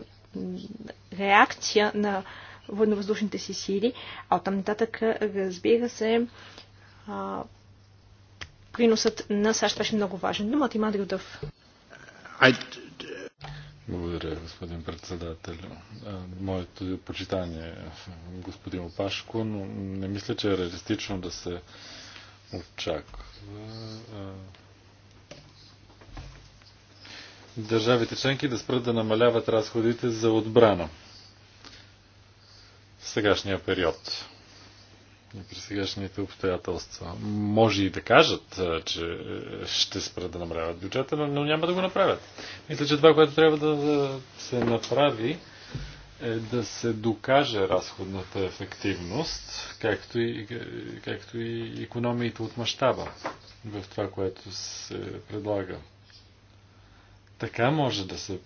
B: реакция на военновъздушните си сили, а оттам нататък, разбира се, а, приносът на САЩ беше много важен. Думата има да
A: благодаря, господин председател. Моето почитание, господин Опашко, но не мисля, че е реалистично да се очаква. Държавите членки да спрат да намаляват разходите за отбрана в сегашния период при сегашните обстоятелства. Може и да кажат, че е, ще спрат да намаляват бюджета, но няма да го направят. Мисля, че това, което трябва да се направи, е да се докаже разходната ефективност, както и, както и економиите от мащаба в това, което се предлага. Така може да се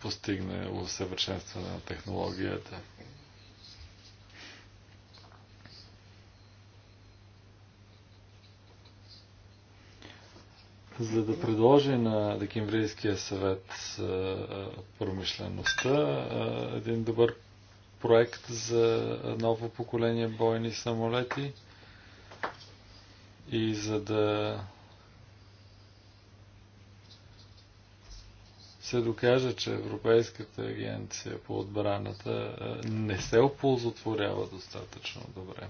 A: постигне усъвършенстване на технологията. за да предложи на Декембрийския съвет промишлеността един добър проект за ново поколение бойни самолети и за да се докаже, че Европейската агенция по отбраната не се оползотворява достатъчно добре.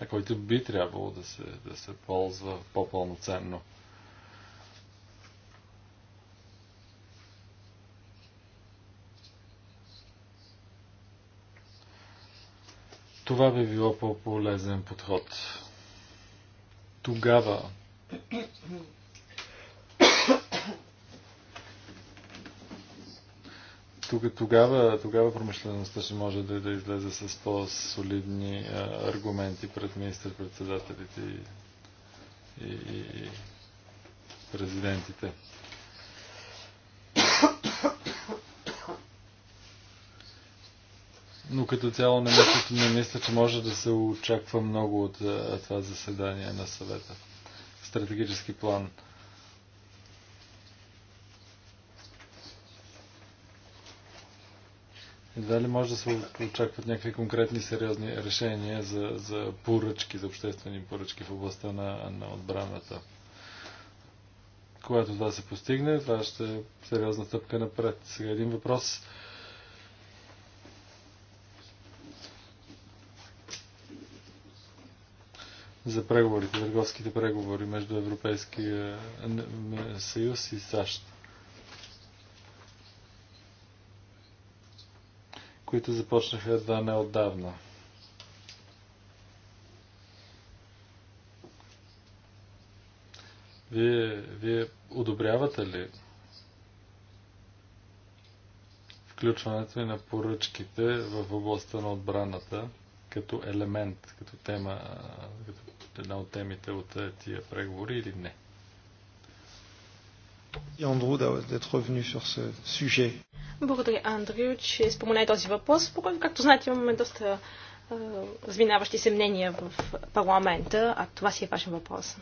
A: а който би трябвало да се, да се ползва по-пълноценно. Това би било по-полезен подход. Тогава тук, тогава, тогава промишлеността ще може да, да излезе с по-солидни аргументи пред министър-председателите и, и, и президентите. Но като цяло не мисля, не мисля, че може да се очаква много от това заседание на съвета. Стратегически план. Едва ли може да се очакват някакви конкретни сериозни решения за, за поръчки, за обществени поръчки в областта на, на отбраната. Когато това се постигне, това ще е сериозна стъпка напред. Сега един въпрос. за преговорите, търговските преговори между Европейския съюз и САЩ. които започнаха едва неотдавна. Вие, вие одобрявате ли включването и на поръчките в областта на отбраната като елемент, като тема, като една от темите от тия преговори или не?
B: и Андрю d'être revenu sur ce sujet. Благодаря, Андрю, че споменай този въпрос, по който, както знаете, имаме доста разминаващи се мнения в парламента, а това си е вашен въпрос.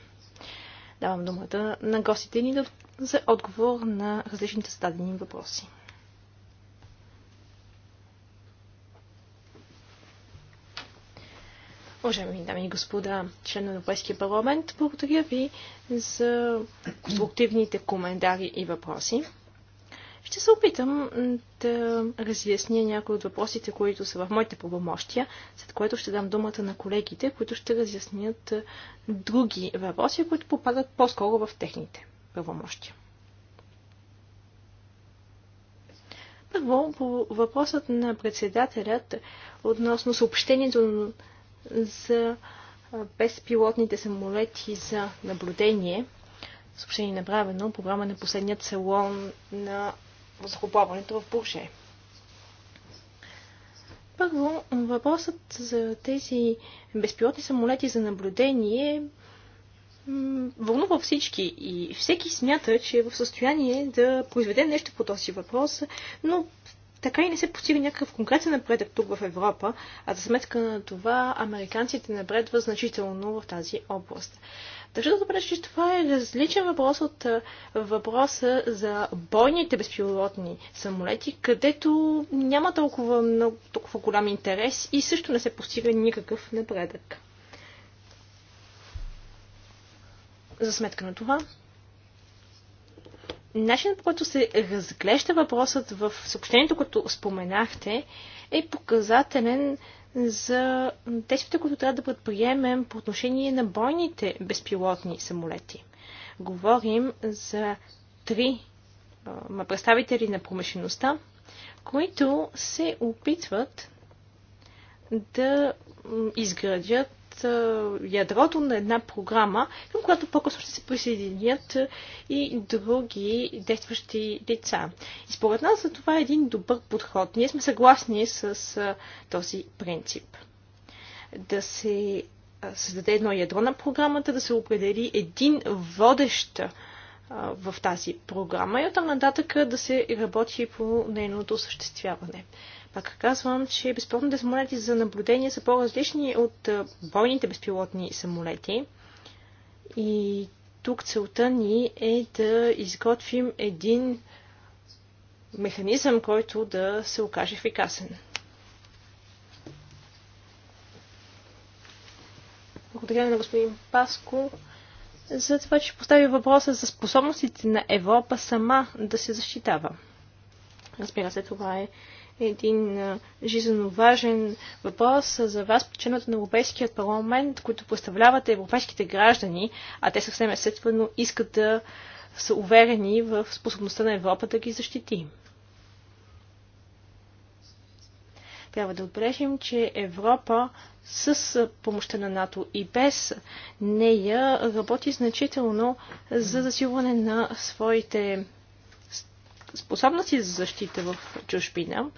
B: Давам думата на гостите ни за отговор на различните зададени въпроси. Уважаеми дами и господа, член на Европейския парламент, благодаря ви за конструктивните коментари и въпроси. Ще се опитам да разясня някои от въпросите, които са в моите правомощия, след което ще дам думата на колегите, които ще разяснят други въпроси, които попадат по-скоро в техните правомощия. Първо, по въпросът на председателят относно съобщението на за безпилотните самолети за наблюдение. Съобщение направено по време на последният салон на възхоплаването в Пурше. Първо, въпросът за тези безпилотни самолети за наблюдение вълнува всички и всеки смята, че е в състояние да произведе нещо по този въпрос, но така и не се постига някакъв конкретен напредък тук в Европа, а за сметка на това американците напредват значително в тази област. Държа да добре, че това е различен въпрос от въпроса за бойните безпилотни самолети, където няма толкова, много, толкова голям интерес и също не се постига никакъв напредък. За сметка на това, начинът по който се разглежда въпросът в съобщението, което споменахте, е показателен за действията, които трябва да предприемем по отношение на бойните безпилотни самолети. Говорим за три а, представители на промишлеността, които се опитват да изградят ядрото на една програма, към която по-късно ще се присъединят и други действащи лица. И според нас за това е един добър подход. Ние сме съгласни с този принцип. Да се създаде едно ядро на програмата, да се определи един водещ в тази програма и оттам нататък да се работи по нейното осъществяване. Пак казвам, че безпилотните самолети за наблюдение са по-различни от бойните безпилотни самолети. И тук целта ни е да изготвим един механизъм, който да се окаже ефикасен. Благодаря на господин Паско за това, че постави въпроса за способностите на Европа сама да се защитава. Разбира се, това е един жизненно важен въпрос за вас, членовете на Европейския парламент, които представляват европейските граждани, а те съвсем естествено искат да са уверени в способността на Европа да ги защити. Трябва да отбележим, че Европа с помощта на НАТО и без нея работи значително за засилване на своите способности за защита в чужбина.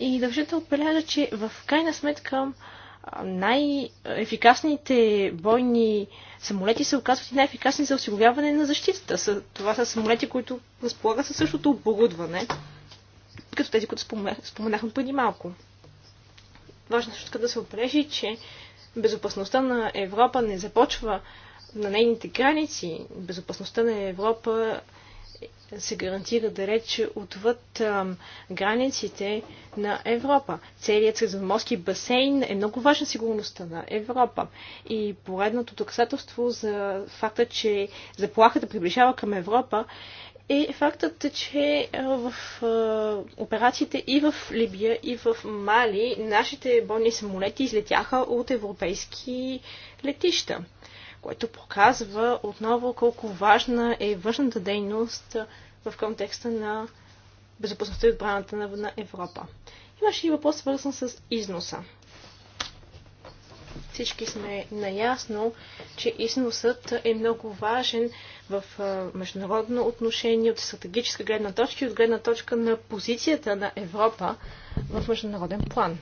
B: И държа да отбележа, че в крайна сметка най-ефикасните бойни самолети се оказват и най-ефикасни за осигуряване на защитата. Това са самолети, които разполагат със същото оборудване, като тези, които споменахме преди малко. Важно също така да се отбележи, че безопасността на Европа не започва на нейните граници. Безопасността на Европа се гарантира рече отвъд а, границите на Европа. Целият средземноморски басейн е много важна сигурността на Европа. И поредното доказателство за факта, че заплахата приближава към Европа е фактът, че в а, операциите и в Либия, и в Мали нашите бойни самолети излетяха от европейски летища което показва отново колко важна е външната дейност в контекста на безопасността и отбраната на Европа. Имаше и въпрос свързан с износа. Всички сме наясно, че износът е много важен в международно отношение от стратегическа гледна точка и от гледна точка на позицията на Европа в международен план.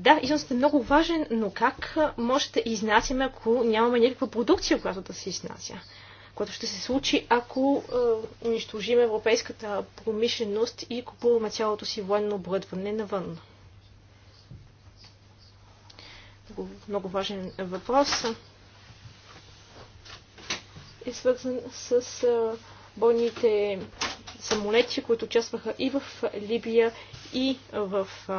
B: Да, износът е много важен, но как може да изнасяме, ако нямаме някаква продукция, която да се изнася? Което ще се случи, ако е, унищожим европейската промишленост и купуваме цялото си военно обръдване навън. Много, много важен въпрос е свързан с е, бойните самолети, които участваха и в Либия, и в е,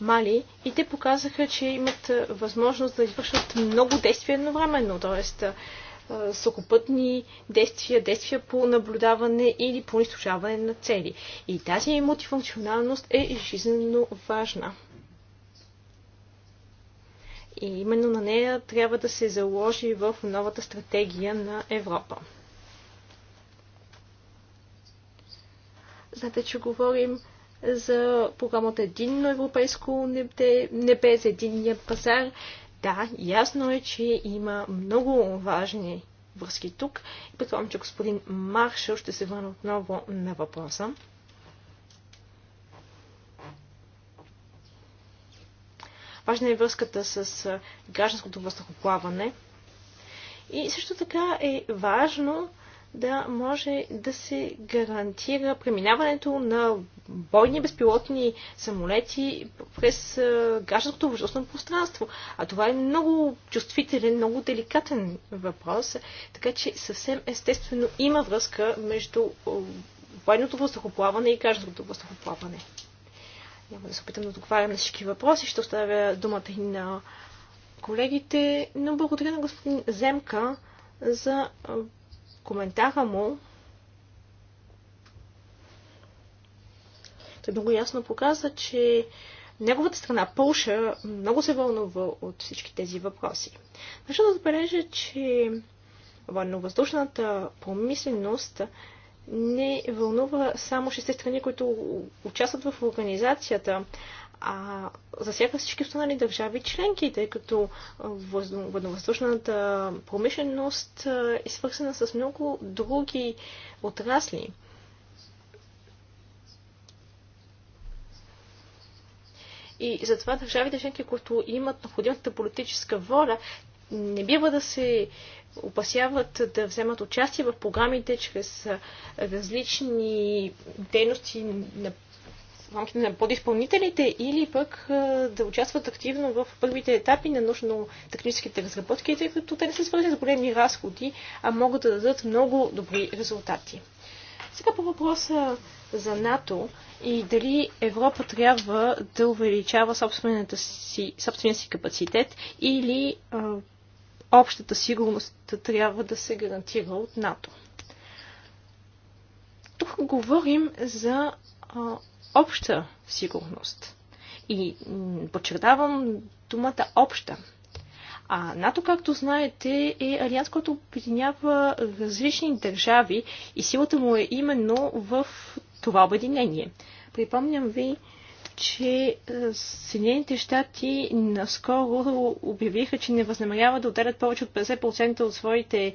B: Мали и те показаха, че имат възможност да извършват много действия едновременно, т.е. сухопътни действия, действия по наблюдаване или по унищожаване на цели. И тази мултифункционалност е жизненно важна. И именно на нея трябва да се заложи в новата стратегия на Европа. Знаете, че говорим за програмата Единно европейско небе, за единния пазар. Да, ясно е, че има много важни връзки тук. И предполагам, че господин Маршал ще се върне отново на въпроса. Важна е връзката с гражданското въздухоплаване. И също така е важно да може да се гарантира преминаването на бойни безпилотни самолети през гражданското въздушно пространство. А това е много чувствителен, много деликатен въпрос, така че съвсем естествено има връзка между военното въздухоплаване и гражданското въздухоплаване. Няма да се опитам да отговарям на всички въпроси, ще оставя думата и на колегите, но благодаря на господин Земка за коментара му той много ясно показа, че неговата страна, Полша, много се вълнува от всички тези въпроси. Защо да забележа, че военновъздушната промисленост не вълнува само шесте страни, които участват в организацията, а засяга всички останали държави членки, тъй като водновъздушната промишленост е свързана с много други отрасли. И затова държавите членки, които имат необходимата политическа воля, не бива да се опасяват да вземат участие в програмите чрез различни дейности, рамките на подиспълнителите или пък да участват активно в първите етапи на научно-техническите разработки, тъй като те не се свързват с големи разходи, а могат да дадат много добри резултати. Сега по въпроса за НАТО и дали Европа трябва да увеличава собствената си, собствения си капацитет или а, общата сигурност трябва да се гарантира от НАТО. Тук говорим за а, обща сигурност. И подчертавам думата обща. А НАТО, както знаете, е алианс, който обединява различни държави и силата му е именно в това обединение. Припомням ви, че Съединените щати наскоро обявиха, че не възнамеряват да отделят повече от 50% от своите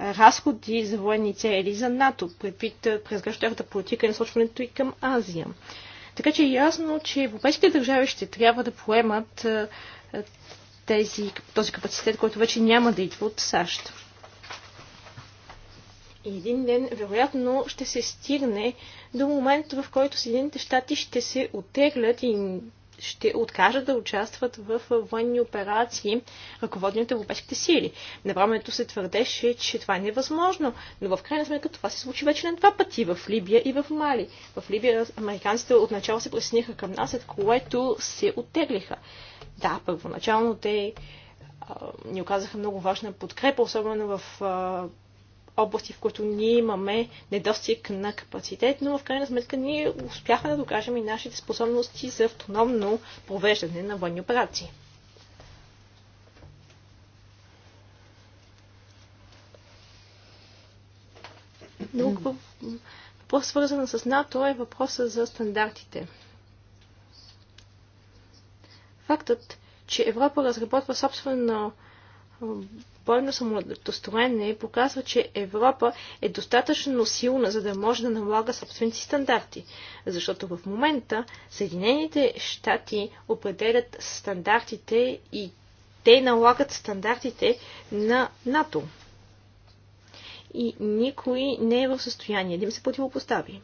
B: разходи за военни цели за НАТО, предвид през гръщата политика и насочването и към Азия. Така че е ясно, че европейските държави ще трябва да поемат тези, този капацитет, който вече няма да идва от САЩ. И един ден, вероятно, ще се стигне до момента, в който Съединените щати ще се отеглят и ще откажат да участват в военни операции, ръководни от европейските сили. На времето се твърдеше, че това е невъзможно, но в крайна сметка това се случи вече на два пъти в Либия и в Мали. В Либия американците отначало се присъединиха към нас, след което се оттеглиха. Да, първоначално те а, ни оказаха много важна подкрепа, особено в а, области, в които ние имаме недостиг на капацитет, но в крайна сметка ние успяхме да докажем и нашите способности за автономно провеждане на военни операции. Друг въпрос, свързан с НАТО, е въпроса за стандартите. Фактът, че Европа разработва собствено Двойно самодостроене показва, че Европа е достатъчно силна, за да може да налага собствените стандарти. Защото в момента Съединените щати определят стандартите и те налагат стандартите на НАТО. И никой не е в състояние да им се противопостави.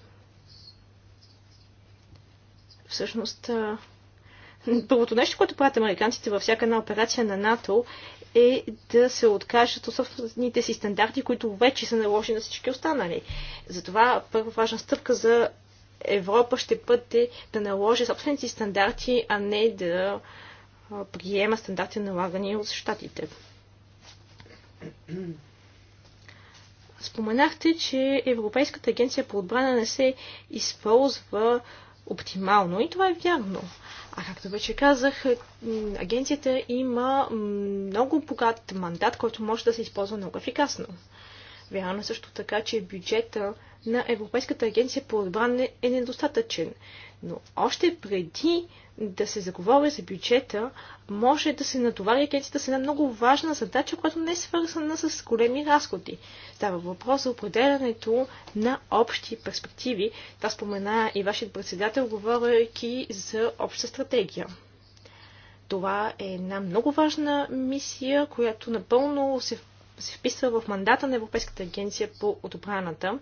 B: Всъщност, Първото нещо, което правят американците във всяка една операция на НАТО е да се откажат от собствените си стандарти, които вече са наложени на всички останали. Затова първа важна стъпка за Европа ще бъде да наложи собствените си стандарти, а не да приема стандарти налагани от щатите. Споменахте, че Европейската агенция по отбрана не се използва оптимално и това е вярно. А както вече казах, агенцията има много богат мандат, който може да се използва много ефикасно. Вярно също така, че бюджета на Европейската агенция по отбране е недостатъчен. Но още преди да се заговори за бюджета, може да се натовари агенцията с една много важна задача, която не е свързана с големи разходи. Става въпрос за определянето на общи перспективи. Това спомена и вашият председател, говорейки за обща стратегия. Това е една много важна мисия, която напълно се се вписва в мандата на Европейската агенция по отбраната.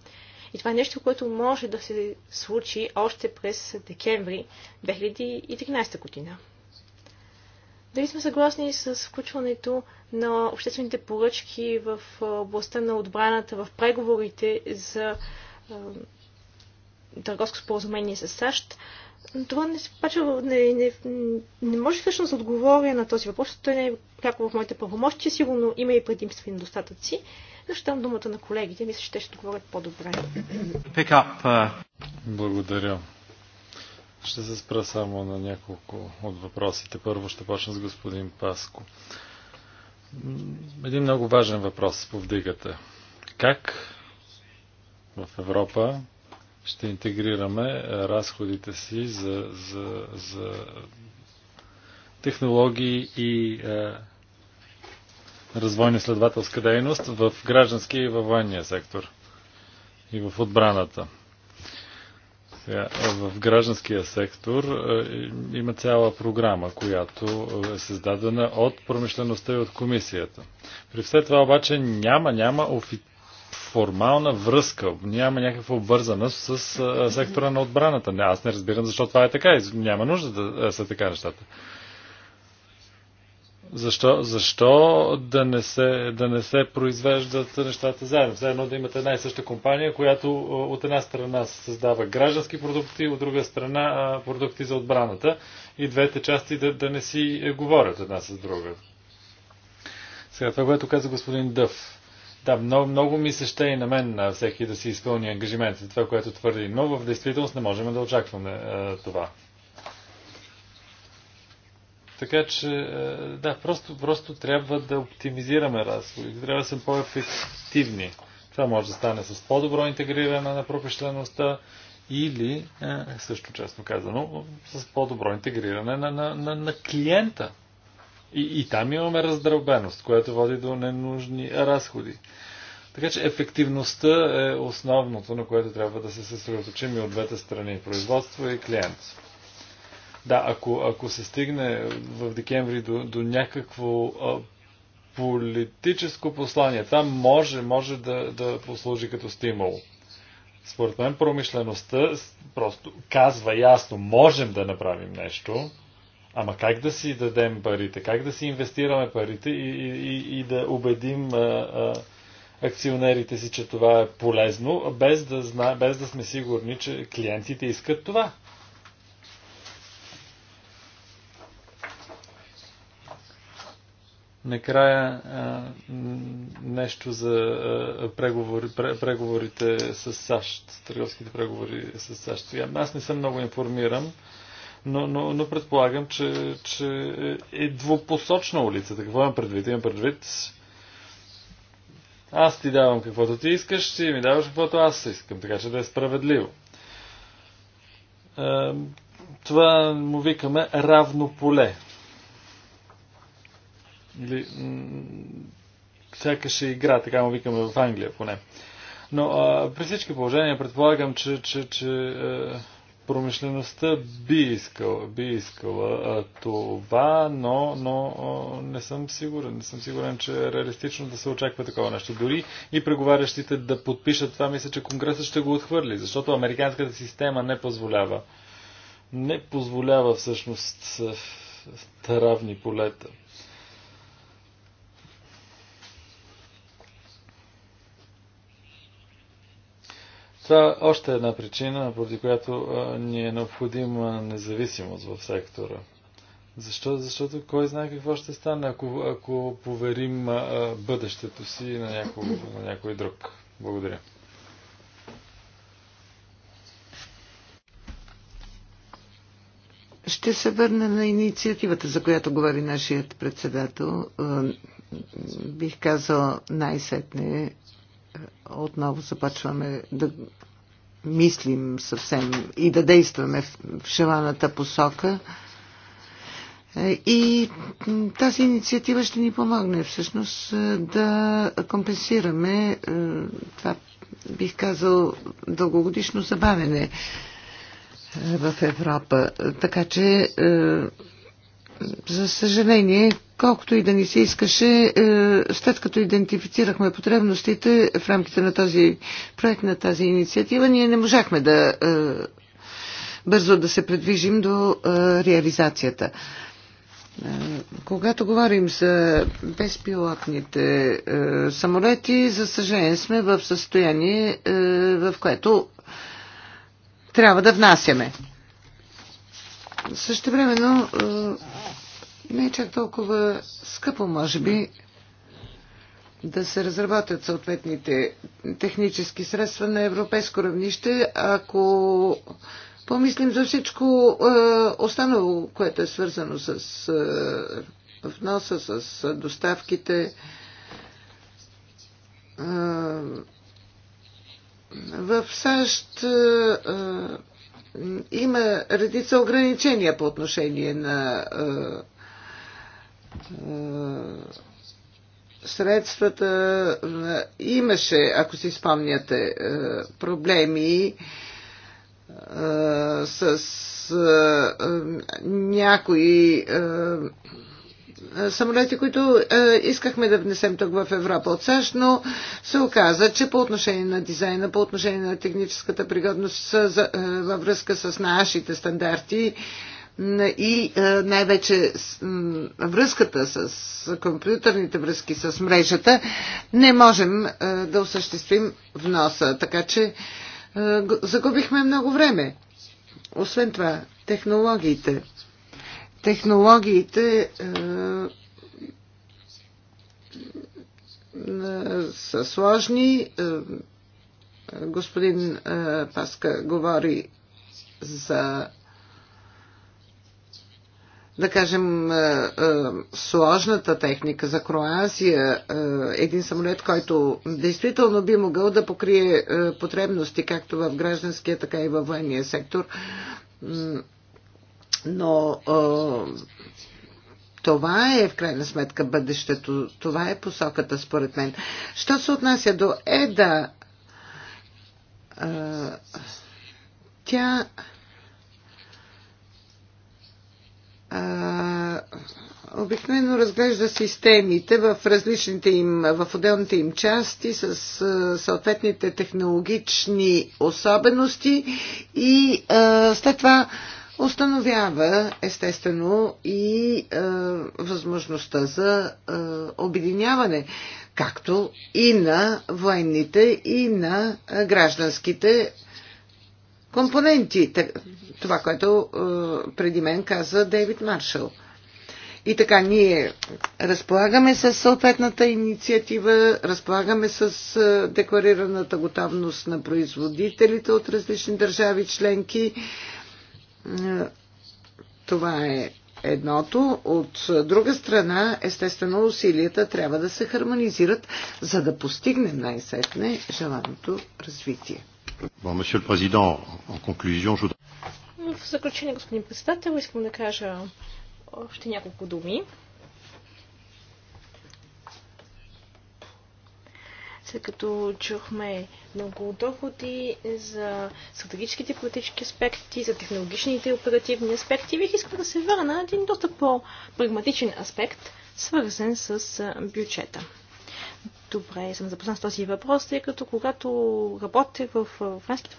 B: И това е нещо, което може да се случи още през декември 2013 година. Дали сме съгласни с включването на обществените поръчки в областта на отбраната в преговорите за търговско споразумение с САЩ? това не, пача, не, не, не може всъщност да отговоря на този въпрос, той не е пряко в моите правомощия, сигурно има и предимствени недостатъци. Но ще дам думата на колегите, мисля, че те ще отговорят по-добре.
A: Uh, Благодаря. Ще се спра само на няколко от въпросите. Първо ще почна с господин Паско. Един много важен въпрос повдигате. Как в Европа ще интегрираме е, разходите си за, за, за технологии и е, развойно-следователска дейност в гражданския и във военния сектор и в отбраната. Сега, в гражданския сектор е, има цяла програма, която е създадена от промишлеността и от комисията. При все това обаче няма, няма официално формална връзка, няма някаква обвързаност с сектора на отбраната. Не, аз не разбирам защо това е така и няма нужда да е, са така нещата. Защо, защо да, не се, да не се произвеждат нещата заедно? Заедно да имате една и съща компания, която от една страна създава граждански продукти, от друга страна продукти за отбраната и двете части да, да не си е, говорят една с друга. Сега това, което каза господин Дъв да, много, много ми се ще и на мен на всеки да си изпълни ангажимент за това, което твърди, но в действителност не можем да очакваме а, е, това. Така че, е, да, просто, просто трябва да оптимизираме разходи. Трябва да са по-ефективни. Това може да стане с по-добро интегриране на пропещеността или, е, също честно казано, с по-добро интегриране на, на, на, на клиента и, и там имаме раздробеност, което води до ненужни разходи. Така че ефективността е основното, на което трябва да се съсредоточим и от двете страни производство и клиент. Да, ако, ако се стигне в декември до, до някакво а, политическо послание, там може, може да, да послужи като стимул. Според мен промишлеността просто казва ясно, можем да направим нещо, Ама как да си дадем парите? Как да си инвестираме парите и, и, и да убедим а, а, акционерите си, че това е полезно, без да, зна, без да сме сигурни, че клиентите искат това? Накрая а, нещо за а, преговори, преговорите с САЩ, търговските преговори с САЩ. Аз не съм много информиран. А, но, но, но предполагам, че, че е двупосочна улицата. Какво имам предвид? Имам предвид аз ти давам каквото ти искаш, ти ми даваш каквото аз искам, така че да е справедливо. Е, това му викаме равно поле. Или сякаш е игра, така му викаме в Англия поне. Но а, при всички положения предполагам, че, че, че е, промишлеността би искала, би искала а, това, но, но а, не съм сигурен. Не съм сигурен, че е реалистично да се очаква такова нещо. Дори и преговарящите да подпишат това, мисля, че Конгресът ще го отхвърли, защото американската система не позволява. Не позволява всъщност равни полета. Това е още една причина, поради която а, ни е необходима независимост в сектора. Защо? Защото кой знае какво ще стане, ако, ако поверим а, бъдещето си на някой, на някой друг. Благодаря.
C: Ще се върна на инициативата, за която говори нашият председател. Бих казал най-сетне отново започваме да мислим съвсем и да действаме в шеваната посока. Е, и тази инициатива ще ни помогне всъщност е, да компенсираме е, това, бих казал, дългогодишно забавене в Европа. Така че за съжаление, колкото и да ни се искаше, е, след като идентифицирахме потребностите в рамките на този проект, на тази инициатива, ние не можахме да е, бързо да се предвижим до е, реализацията. Когато говорим за безпилотните самолети, за съжаление сме в състояние, в което трябва да внасяме също времено е, не е чак толкова скъпо, може би, да се разработят съответните технически средства на европейско равнище, ако помислим за всичко е, останало, което е свързано с е, вноса, с доставките. в САЩ има редица ограничения по отношение на средствата. Имаше, ако си спомняте, проблеми с някои самолети, които е, искахме да внесем тук в Европа от САЩ, но се оказа, че по отношение на дизайна, по отношение на техническата пригодност за, е, във връзка с нашите стандарти и е, най-вече връзката с компютърните връзки с мрежата, не можем е, да осъществим вноса. Така че е, загубихме много време. Освен това, технологиите технологиите е, са сложни. Е, господин е, Паска говори за да кажем, сложната техника за Кроазия, един самолет, който действително би могъл да покрие потребности както в гражданския, така и във военния сектор. Но това е в крайна сметка бъдещето, това е посоката според мен. Що се отнася до Еда, тя обикновено разглежда системите в различните им, в отделните им части с съответните технологични особености и след това установява естествено и е, възможността за е, обединяване, както и на военните, и на е, гражданските компоненти. Това, което е, преди мен каза Дейвид Маршал. И така, ние разполагаме с съответната инициатива, разполагаме с е, декларираната готовност на производителите от различни държави членки това е едното. От друга страна, естествено, усилията трябва да се хармонизират, за да постигнем най-сетне желаното развитие.
A: В
B: заключение, господин председател, искам да кажа още няколко думи. след като чухме много доходи за стратегическите политически аспекти, за технологичните и оперативни аспекти, бих искал да се върна на един доста по-прагматичен аспект, свързан с бюджета добре съм запознат с този въпрос, тъй като когато работех в френските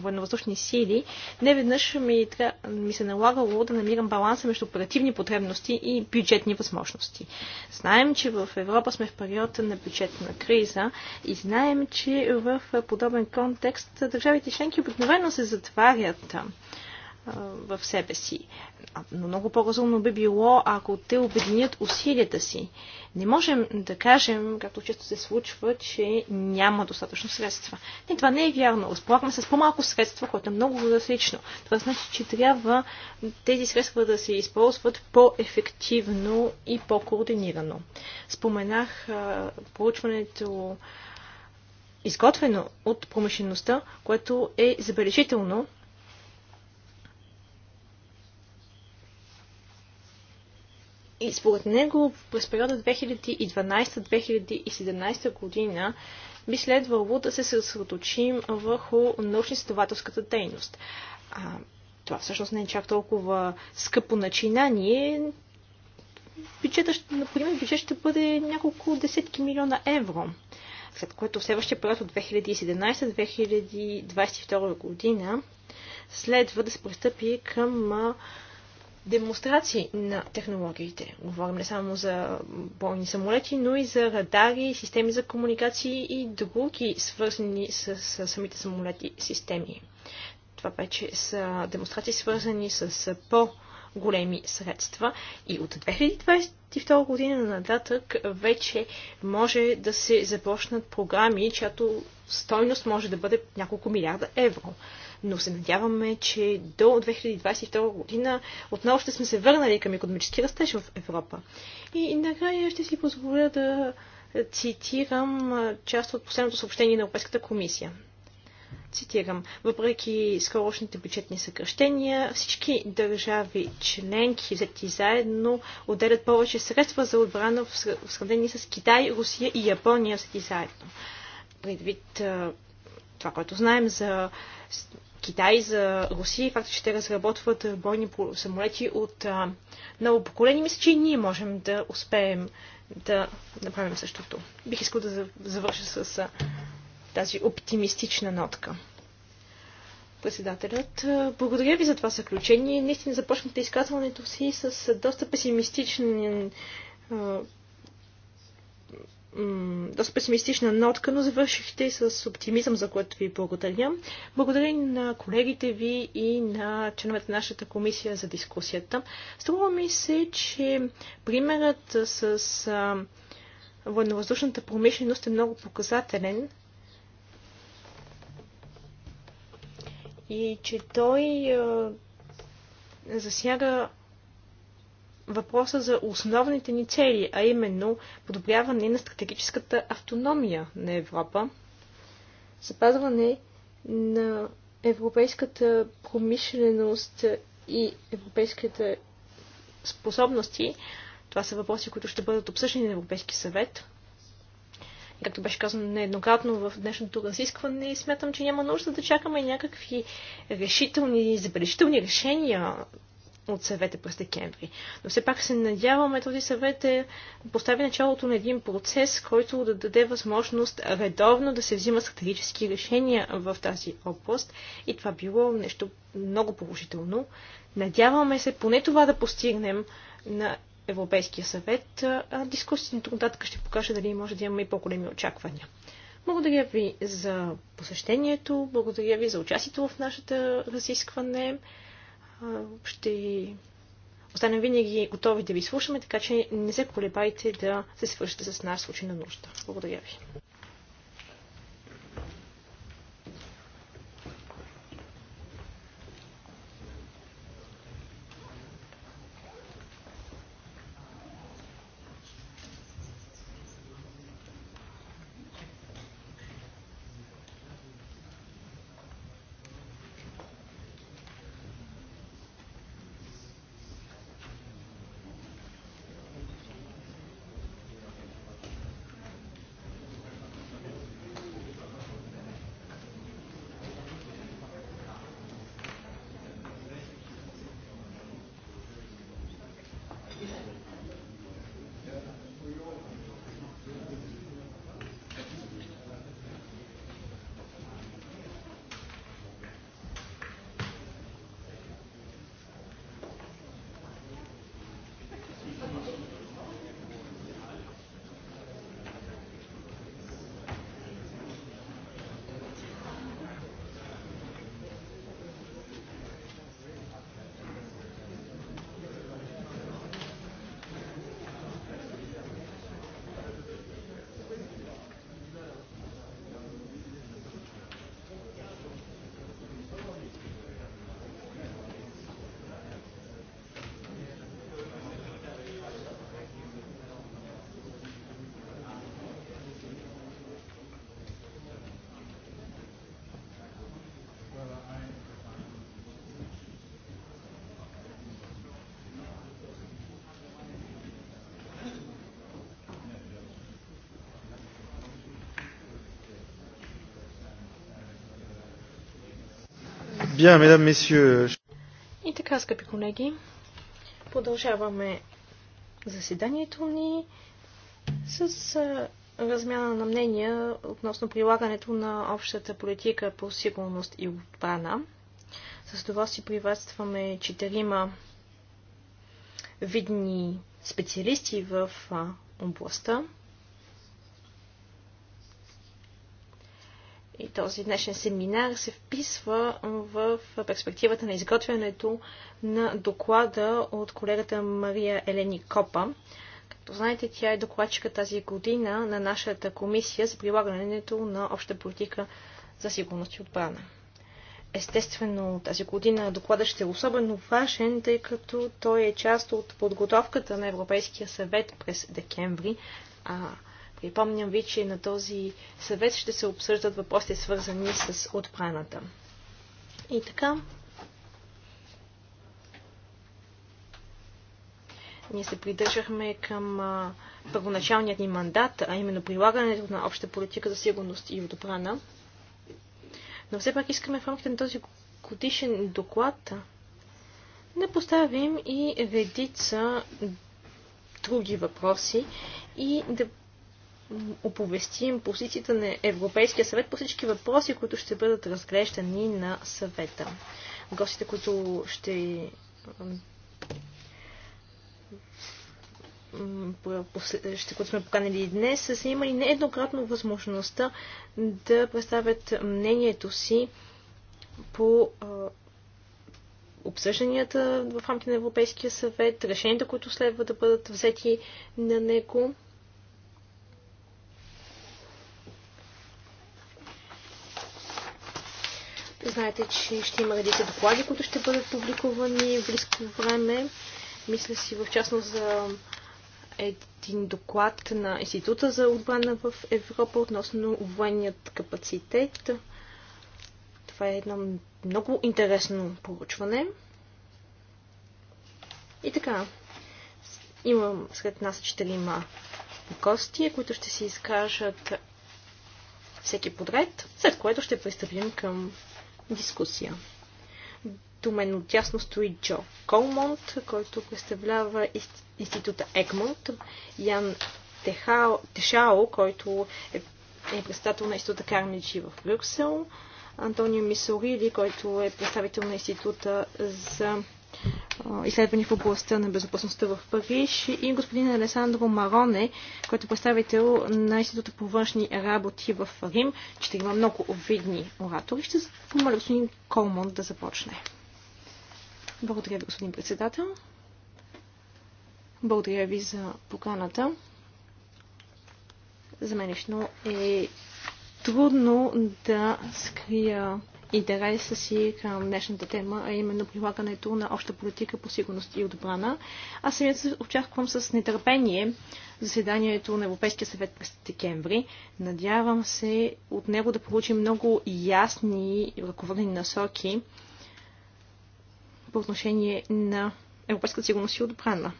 B: военновъздушни сили, не веднъж ми, тря... ми се налагало да намирам баланса между оперативни потребности и бюджетни възможности. Знаем, че в Европа сме в период на бюджетна криза и знаем, че в подобен контекст държавите членки обикновено се затварят в себе си. Но много по-разумно би било, ако те обединят усилията си. Не можем да кажем, както често се случва, че няма достатъчно средства. Не, това не е вярно. Разполагаме с по-малко средства, което е много различно. Това значи, че трябва тези средства да се използват по-ефективно и по-координирано. Споменах получването изготвено от промишлеността, което е забележително, И според него през периода 2012-2017 година би следвало да се съсредоточим върху научно-изследователската дейност. А, това всъщност не е чак толкова скъпо начинание. Бюджета, например, бюджет ще бъде няколко десетки милиона евро, след което в следващия период от 2017-2022 година следва да се пристъпи към демонстрации на технологиите. Говорим не само за бойни самолети, но и за радари, системи за комуникации и други свързани с, с самите самолети системи. Това вече са демонстрации свързани с по- големи средства и от 2022 година нататък вече може да се започнат програми, чиято стойност може да бъде няколко милиарда евро но се надяваме, че до 2022 година отново ще сме се върнали към економически растеж в Европа. И накрая ще си позволя да цитирам част от последното съобщение на Европейската комисия. Цитирам, въпреки скорошните бюджетни съкръщения, всички държави членки, взети заедно, отделят повече средства за отбрана в сравнение с Китай, Русия и Япония, взети заедно. Предвид това, което знаем за Китай, за Русия и факта, че те разработват бойни самолети от много ново поколение, мисля, че и ние можем да успеем да направим същото. Бих искал да завърша с а, тази оптимистична нотка. Председателят, благодаря ви за това съключение. Наистина започнахте изказването си с доста песимистичен доста песимистична нотка, но завършихте с оптимизъм, за което ви благодаря. Благодаря и на колегите ви и на членовете на нашата комисия за дискусията. Струва ми се, че примерът с а, военновъздушната промишленост е много показателен и че той а, засяга въпроса за основните ни цели, а именно подобряване на стратегическата автономия на Европа, запазване на европейската промишленост и европейските способности. Това са въпроси, които ще бъдат обсъждани на Европейски съвет. Както беше казано нееднократно в днешното разискване, смятам, че няма нужда да чакаме някакви решителни, забележителни решения от съвета през декември. Но все пак се надяваме този съвет е постави началото на един процес, който да даде възможност редовно да се взима стратегически решения в тази област и това било нещо много положително. Надяваме се поне това да постигнем на Европейския съвет, а дискусията нататък ще покаже дали може да имаме и по-големи очаквания. Благодаря ви за посещението, благодаря ви за участието в нашата разискване ще останем винаги готови да ви слушаме, така че не се колебайте да се свършите с нас в случай на нужда. Благодаря ви.
A: Bien, mesdames, messieurs.
B: И така, скъпи колеги, продължаваме заседанието ни с а, размяна на мнения относно прилагането на общата политика по сигурност и отбрана. С това си приветстваме четирима видни специалисти в областта. този днешен семинар се вписва в перспективата на изготвянето на доклада от колегата Мария Елени Копа. Както знаете, тя е докладчика тази година на нашата комисия за прилагането на обща политика за сигурност и отбрана. Естествено, тази година докладът ще е особено важен, тъй като той е част от подготовката на Европейския съвет през декември, а Припомням ви, че на този съвет ще се обсъждат въпроси, свързани с отбраната. И така. Ние се придържахме към а, първоначалният ни мандат, а именно прилагането на обща политика за сигурност и отбрана. Но все пак искаме в рамките на този годишен доклад да поставим и редица други въпроси и да оповестим позицията на Европейския съвет по всички въпроси, които ще бъдат разглеждани на съвета. Гостите, които ще ще, които сме поканили днес, са имали нееднократно възможността да представят мнението си по обсъжданията в рамките на Европейския съвет, решенията, които следва да бъдат взети на него. Знаете, че ще има редите доклади, които ще бъдат публикувани в близко време. Мисля си в частност за един доклад на Института за отбрана в Европа относно военният капацитет. Това е едно много интересно поручване. И така, имам след нас четирима гости, които ще се изкажат всеки подред, след което ще пристъпим към дискусия. До мен отясно стои Джо Колмонт, който представлява института Егмонт, Ян Техао, Тешао, който е, е на института Кармиджи в Брюксел, Антонио Мисорили, който е представител на института за изследвани в областта на безопасността в Париж и господин Алесандро Мароне, който е представител на Института по външни работи в Рим. Ще има много видни оратори. Ще помоля господин Колмон да започне. Благодаря ви, господин председател. Благодаря ви за поканата. За мен лично е трудно да скрия интереса си към днешната тема, а именно прилагането на обща политика по сигурност и отбрана. Аз самият се очаквам с нетърпение заседанието на Европейския съвет през декември. Надявам се от него да получим много ясни ръководни насоки по отношение на европейската сигурност и отбрана.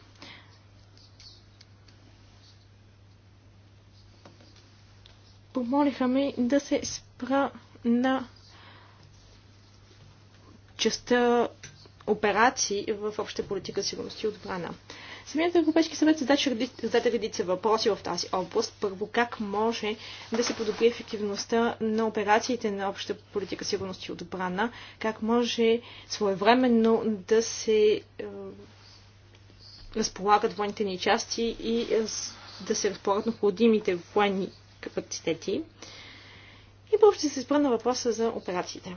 B: Помолиха ми да се спра на частта операции в обща политика сигурност и отбрана. Самият Европейски съвет зададе редица въпроси в тази област. Първо, как може да се подобри ефективността на операциите на обща политика сигурност и отбрана? Как може своевременно да се е, разполагат военните ни части и е, да се разполагат необходимите военни капацитети? И по се спра на въпроса за операциите.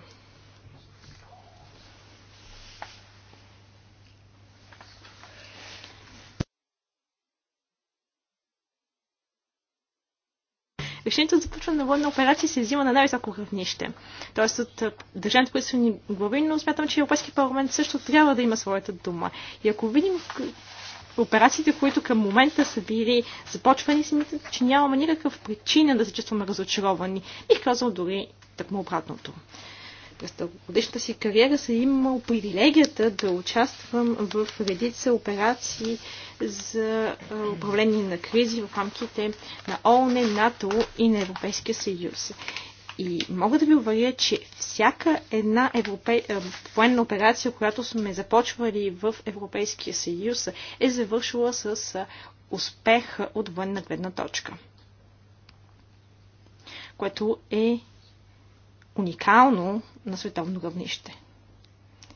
B: решението за започване на военна операция се взима на най-високо равнище. Тоест от е, държавните правителствени глави, но смятам, че Европейски парламент също трябва да има своята дума. И ако видим операциите, които към момента са били започвани, си мисля, че нямаме никакъв причина да се чувстваме разочаровани. Бих казал дори такмо обратното. През дългогодишната си кариера съм имал привилегията да участвам в редица операции за управление на кризи в рамките на ООН, НАТО и на Европейския съюз. И мога да ви уверя, че всяка една европе... военна операция, която сме започвали в Европейския съюз, е завършила с успех от военна гледна точка. Което е уникално на световно равнище.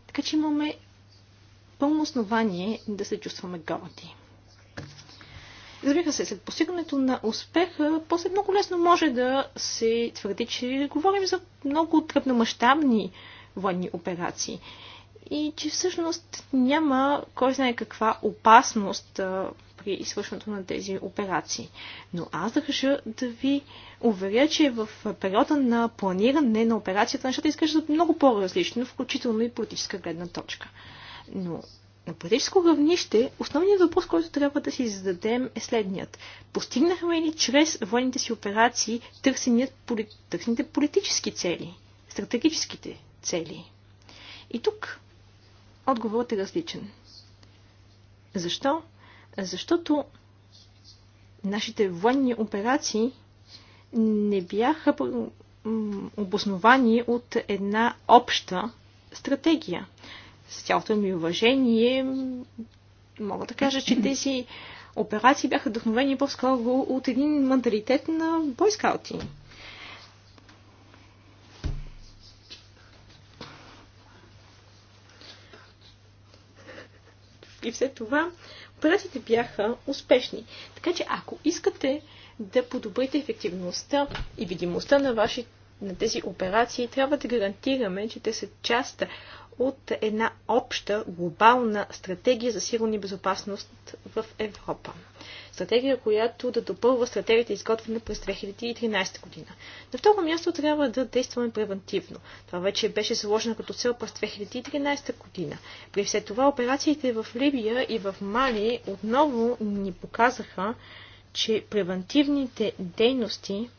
B: Така че имаме пълно основание да се чувстваме горди. Разбира се, след постигането на успеха, после много лесно може да се твърди, че говорим за много дръбномащабни военни операции и че всъщност няма кой знае каква опасност при извършването на тези операции. Но аз кажа да ви уверя, че в периода на планиране на операцията нещата изглеждат много по-различно, включително и политическа гледна точка. Но на политическо равнище основният въпрос, който трябва да си зададем е следният. Постигнахме ли чрез военните си операции търсените политически цели, стратегическите цели? И тук отговорът е различен. Защо? Защото нашите военни операции не бяха обосновани от една обща стратегия. С цялото ми уважение мога да кажа, че тези операции бяха вдъхновени по-скоро от един менталитет на бойскаути. И все това Пратите бяха успешни. Така че ако искате да подобрите ефективността и видимостта на вашите на тези операции, трябва да гарантираме, че те са част от една обща глобална стратегия за сигурна и безопасност в Европа. Стратегия, която да допълва стратегията изготвена през 2013 година. На второ място трябва да действаме превентивно. Това вече беше заложено като цел през 2013 година. При все това операциите в Либия и в Мали отново ни показаха, че превентивните дейности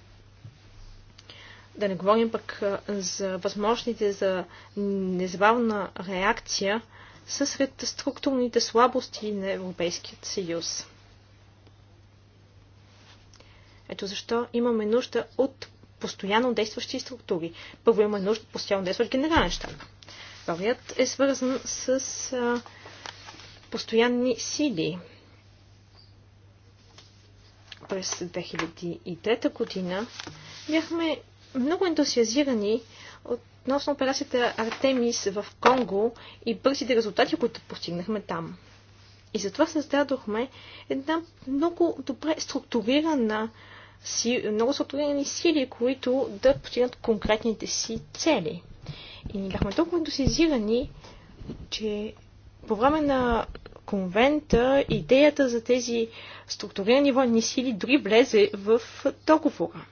B: да не говорим пък за възможните за незабавна реакция са сред структурните слабости на Европейският съюз. Ето защо имаме нужда от постоянно действащи структури. Първо имаме нужда от постоянно действащ генерален щаб. Вторият е свързан с а, постоянни сили. През 2003 година бяхме много ентусиазирани относно операцията Артемис в Конго и бързите резултати, които постигнахме там. И затова създадохме една много добре структурирана си, много структурирани сили, които да постигнат конкретните си цели. И ни бяхме толкова ентусиазирани, че по време на конвента идеята за тези структурирани военни сили дори влезе в договора.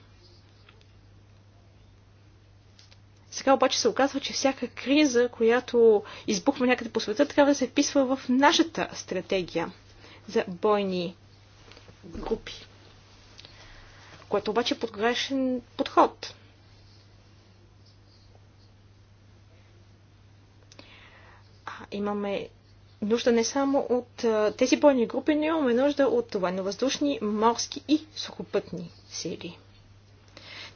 B: Сега обаче се оказва, че всяка криза, която избухва някъде по света, трябва да се вписва в нашата стратегия за бойни групи. Което обаче е подгрешен подход. А, имаме нужда не само от а, тези бойни групи, но имаме нужда от военно-въздушни, морски и сухопътни сили.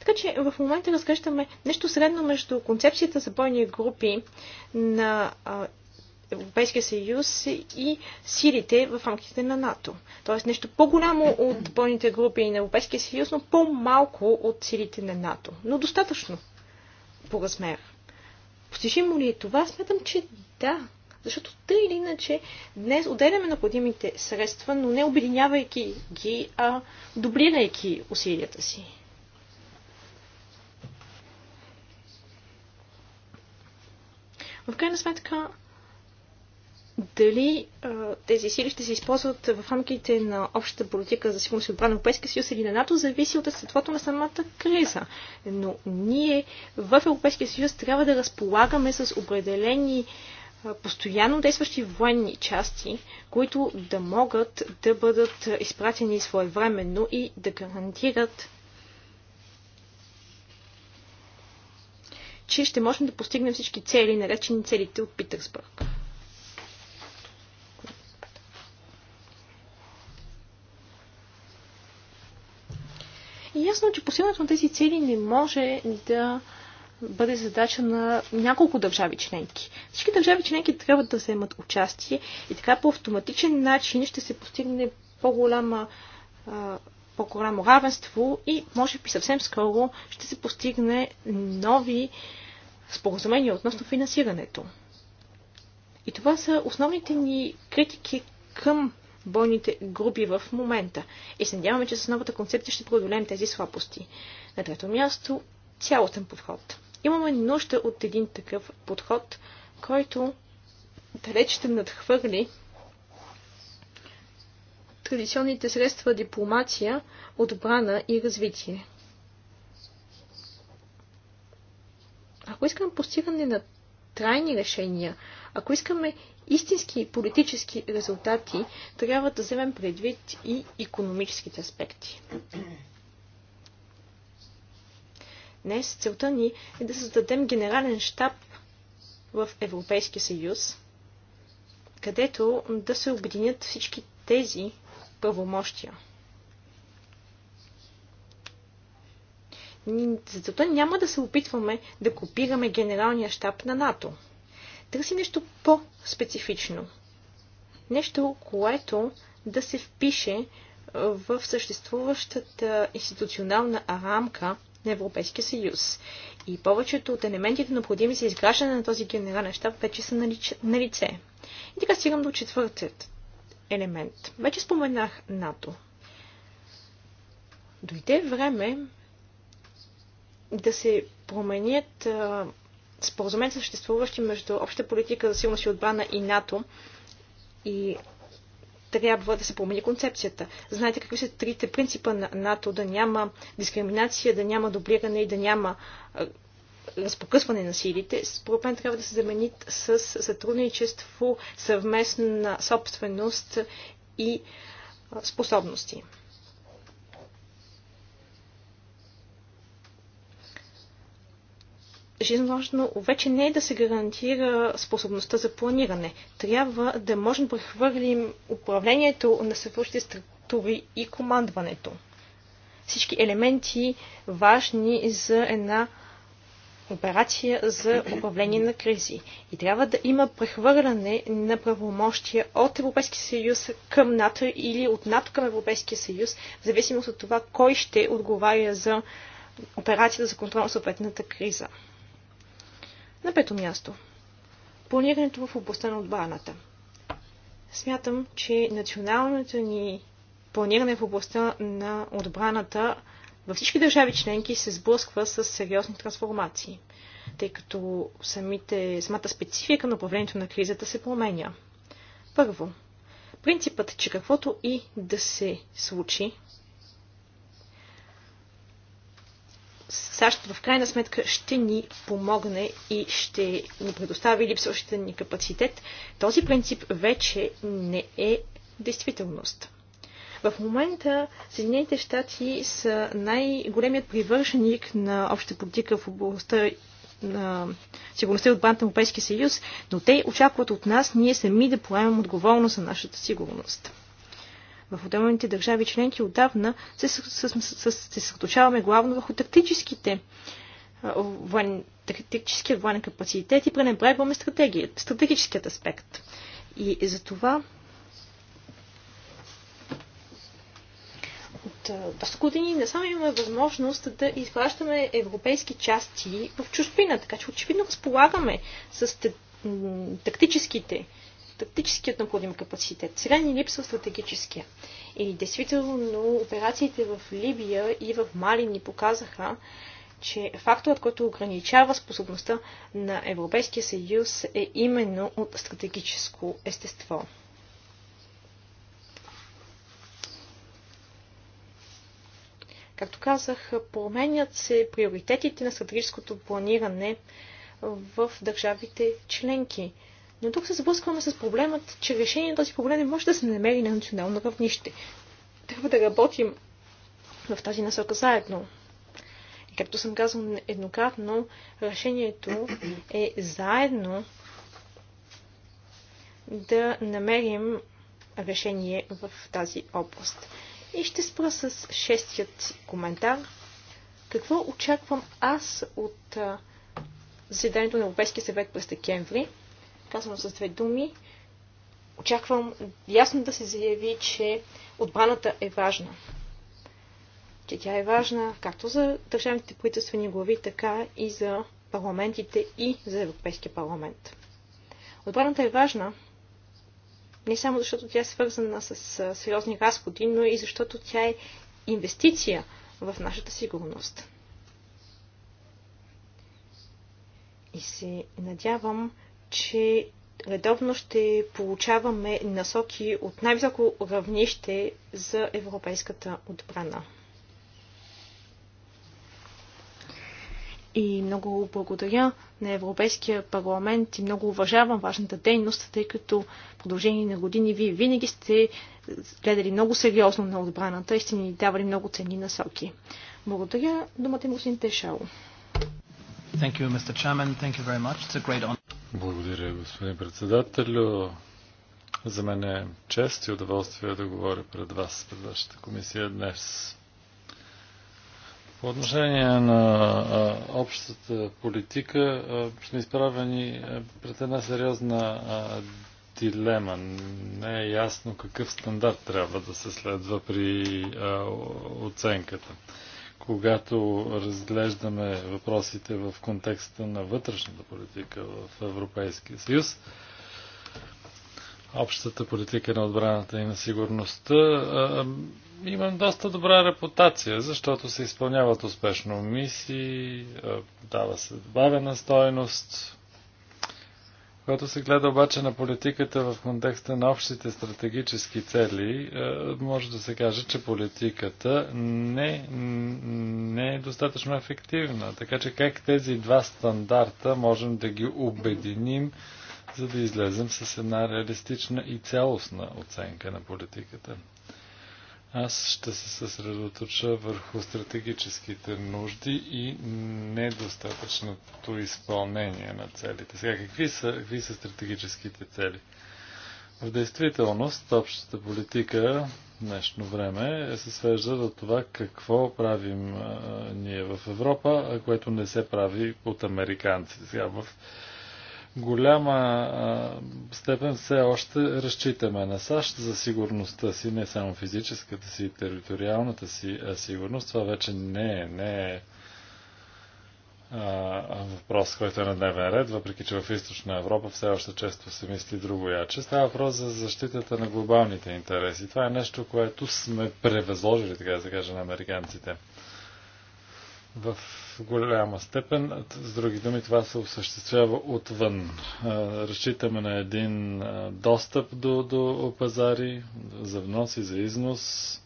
B: Така че в момента разгръщаме нещо средно между концепцията за бойни групи на Европейския съюз и силите в рамките на НАТО. Тоест нещо по-голямо от бойните групи на Европейския съюз, но по-малко от силите на НАТО. Но достатъчно по размер. Постижимо ли е това? Смятам, че да. Защото тъй или иначе днес отделяме необходимите средства, но не обединявайки ги, а дублирайки усилията си. В крайна сметка, дали а, тези сили ще се използват в рамките на общата политика за сигурност и отбрана на Европейския съюз или на НАТО, зависи от естеството на самата криза. Но ние в Европейския съюз трябва да разполагаме с определени постоянно действащи военни части, които да могат да бъдат изпратени своевременно и да гарантират че ще можем да постигнем всички цели, наречени целите от Питърсбърг. И ясно, е, че постигането на тези цели не може да бъде задача на няколко държави членки. Всички държави членки трябва да вземат участие и така по автоматичен начин ще се постигне по-голяма по-голямо равенство и може би съвсем скоро ще се постигне нови споразумения относно финансирането. И това са основните ни критики към бойните групи в момента. И се надяваме, че с новата концепция ще преодолеем тези слабости. На трето място, цялостен подход. Имаме нужда от един такъв подход, който далеч ще надхвърли традиционните средства дипломация, отбрана и развитие. Ако искаме постигане на трайни решения, ако искаме истински политически резултати, трябва да вземем предвид и економическите аспекти. Днес целта ни е да създадем генерален штаб в Европейския съюз, където да се объединят всички тези, правомощия. За няма да се опитваме да копираме генералния щаб на НАТО. Търси нещо по-специфично. Нещо, което да се впише е, в съществуващата институционална рамка на Европейския съюз. И повечето от елементите, необходими за изграждане на този генерален щаб, вече са на лице. И така стигам до четвъртият елемент. Вече споменах НАТО. Дойде време да се променят споразумения, съществуващи между обща политика за сигурност и отбрана и НАТО. И трябва да се промени концепцията. Знаете какви са трите принципа на НАТО да няма дискриминация, да няма дублиране и да няма разпокъсване на силите, според мен трябва да се заменят с сътрудничество, съвместна собственост и способности. Жизненно вече не е да се гарантира способността за планиране. Трябва да можем да прехвърлим управлението на съвършите структури и командването. Всички елементи важни за една операция за управление на кризи. И трябва да има прехвърляне на правомощия от Европейския съюз към НАТО или от НАТО към Европейския съюз, в зависимост от това кой ще отговаря за операцията за контрол на съответната криза. На пето място. Планирането в областта на отбраната. Смятам, че националното ни планиране в областта на отбраната във всички държави членки се сблъсква с сериозни трансформации, тъй като самите, самата специфика на управлението на кризата се променя. Първо, принципът, че каквото и да се случи, САЩ в крайна сметка ще ни помогне и ще ни предостави липсващия ни капацитет, този принцип вече не е действителност. В момента Съединените щати са най-големият привършеник на обща политика в областта на сигурността и отбраната на Европейския съюз, но те очакват от нас ние сами да поемем отговорност за нашата сигурност. В отделните държави членки отдавна се съсредоточаваме главно върху тактическите воен, тактическия военен капацитет и пренебрегваме стратегият, стратегическият аспект. И за това доста години насам имаме възможност да изплащаме европейски части в чужбина, така че очевидно разполагаме с тактическите тактическият необходим капацитет. Сега ни липсва стратегическия. И действително операциите в Либия и в Мали ни показаха, че факторът, който ограничава способността на Европейския съюз е именно от стратегическо естество. Както казах, променят се приоритетите на стратегическото планиране в държавите членки. Но тук се сблъскваме с проблемът, че решение на този проблем не може да се намери на национално равнище. Трябва да работим в тази насока заедно. И както съм казал еднократно, решението е заедно да намерим решение в тази област. И ще спра с шестият коментар. Какво очаквам аз от заседанието на Европейския съвет през декември? Казвам с две думи. Очаквам ясно да се заяви, че отбраната е важна. Че тя е важна както за държавните правителствени глави, така и за парламентите и за Европейския парламент. Отбраната е важна, не само защото тя е свързана с сериозни разходи, но и защото тя е инвестиция в нашата сигурност. И се надявам, че редовно ще получаваме насоки от най-високо равнище за европейската отбрана. И много благодаря на Европейския парламент и много уважавам вашата дейност, тъй като в продължение на години вие винаги сте гледали много сериозно на отбраната и сте ни давали много ценни насоки. Благодаря. Думата им господин Тешало.
A: Благодаря, господин председателю. За мен е чест и удоволствие да говоря пред вас, пред вашата комисия днес. По отношение на общата политика сме изправени пред една сериозна дилема. Не е ясно какъв стандарт трябва да се следва при оценката. Когато разглеждаме въпросите в контекста на вътрешната политика в Европейския съюз, общата политика на отбраната и на сигурността, имам доста добра репутация, защото се изпълняват успешно мисии, дава се добавена стойност. Когато се гледа обаче на политиката в контекста на общите стратегически цели, може да се каже, че политиката не, не е достатъчно ефективна. Така че как тези два стандарта можем да ги обединим, за да излезем с една реалистична и цялостна оценка на политиката? Аз ще се съсредоточа върху стратегическите нужди и недостатъчното изпълнение на целите. Сега, какви са, какви са стратегическите цели? В действителност, общата политика в днешно време е, се свежда до това какво правим а, ние в Европа, а което не се прави от американци. Сега в голяма степен все още разчитаме на САЩ за сигурността си, не само физическата си, териториалната си сигурност. Това вече не е, не е въпрос, който е на дневен ред, въпреки че в източна Европа все още често се мисли друго яче. Става въпрос за защитата на глобалните интереси. Това е нещо, което сме превъзложили, така да се каже, на американците. В голяма степен. С други думи, това се осъществява отвън. Разчитаме на един достъп до, до пазари за внос и за износ.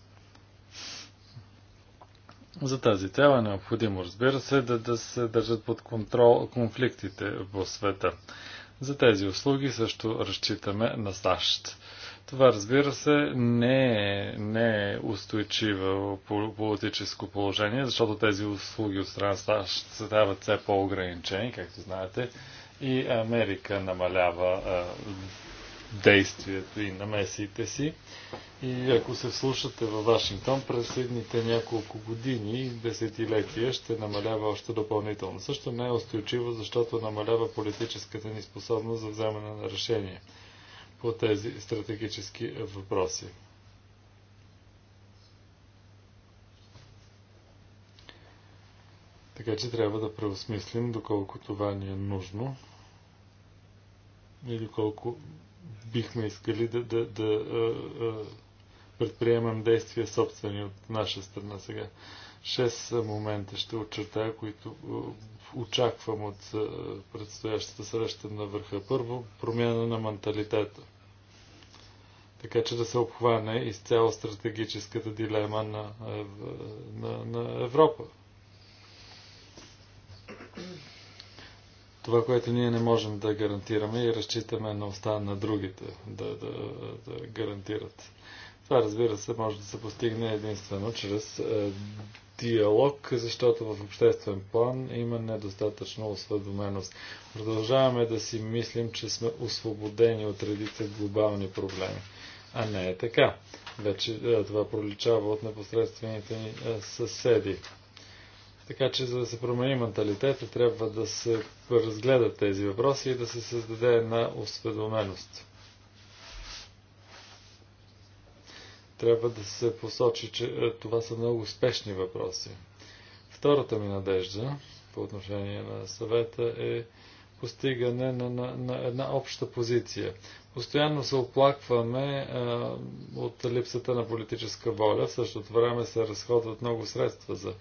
A: За тази цел е необходимо, разбира се, да, да се държат под контрол конфликтите в света. За тези услуги също разчитаме на САЩ. Това, разбира се, не е, не е устойчиво политическо положение, защото тези услуги от страна САЩ се дават все по-ограничени, както знаете, и Америка намалява а, действието и намесите си. И ако се вслушате във Вашингтон, през следните няколко години, десетилетия, ще намалява още допълнително. Също не е устойчиво, защото намалява политическата ни способност за вземане на решение по тези стратегически въпроси. Така че трябва да преосмислим доколко това ни е нужно Или колко бихме искали да, да, да а, а, предприемам действия собствени от наша страна сега. Шест момента ще очертая, които очаквам от предстоящата среща на върха. Първо, промяна на менталитета – така че да се обхване изцяло стратегическата дилема на, е, на, на Европа. Това, което ние не можем да гарантираме и разчитаме на оста на другите да, да, да гарантират. Това, разбира се, може да се постигне единствено чрез е, диалог, защото в обществен план има недостатъчно осведоменост. Продължаваме да си мислим, че сме освободени от редица глобални проблеми. А не е така. Вече е, това проличава от непосредствените ни е, съседи. Така че, за да се промени менталитета, трябва да се разгледат тези въпроси и да се създаде една осведоменост. Трябва да се посочи, че е, това са много успешни въпроси. Втората ми надежда по отношение на съвета е постигане на, на, на една обща позиция. Постоянно се оплакваме а, е, от липсата на политическа воля. В същото време се разходват много средства за,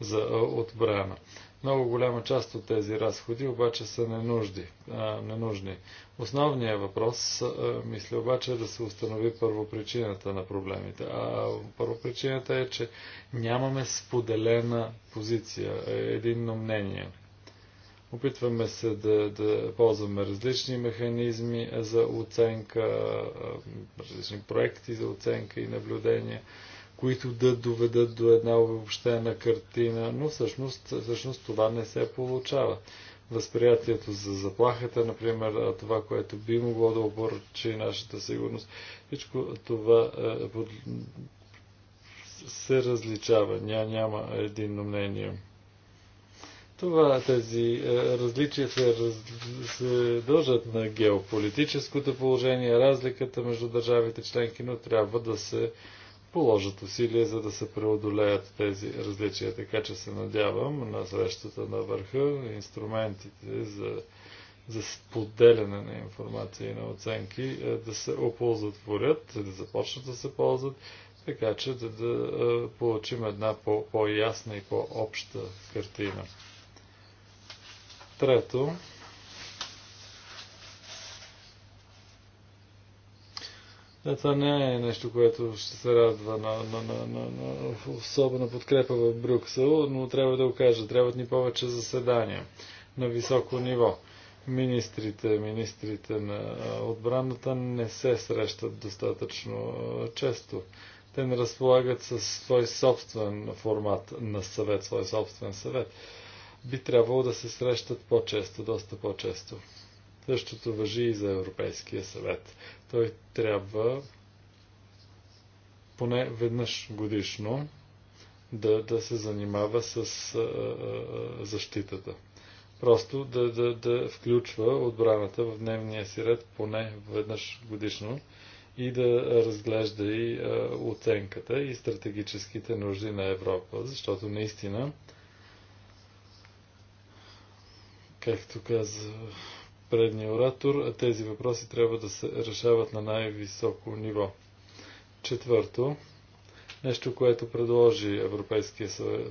A: за е, отбрана. Много голяма част от тези разходи обаче са ненужди, а, е, ненужни. Основният въпрос, а, мисля обаче, е да се установи първопричината на проблемите. А първопричината е, че нямаме споделена позиция, единно мнение. Опитваме се да, да ползваме различни механизми за оценка, различни проекти за оценка и наблюдение, които да доведат до една обобщена картина, но всъщност, всъщност това не се получава. Възприятието за заплахата, например, това, което би могло да оборчи нашата сигурност, всичко това е, се различава. Ня, няма единно мнение. Това, тези е, различия се, раз, се дължат на геополитическото положение, разликата между държавите членки, но трябва да се положат усилия, за да се преодолеят тези различия. Така че се надявам на срещата на върха, инструментите за, за споделяне на информация и на оценки е, да се оползотворят, да започнат да се ползват, така че да, да е, получим една по, по-ясна и по-обща картина. Трето, Да, това не е нещо, което ще се радва на, на, на, на, на особена подкрепа в Брюксел, но трябва да го кажа. Трябват ни повече заседания на високо ниво. Министрите, министрите на отбраната не се срещат достатъчно често. Те не разполагат със свой собствен формат на съвет, свой собствен съвет би трябвало да се срещат по-често, доста по-често. Същото въжи и за Европейския съвет. Той трябва поне веднъж годишно да, да се занимава с а, а, защитата. Просто да, да, да включва отбраната в дневния си ред поне веднъж годишно и да разглежда и а, оценката и стратегическите нужди на Европа, защото наистина Както каза предния оратор, тези въпроси трябва да се решават на най-високо ниво. Четвърто, нещо, което предложи Европейския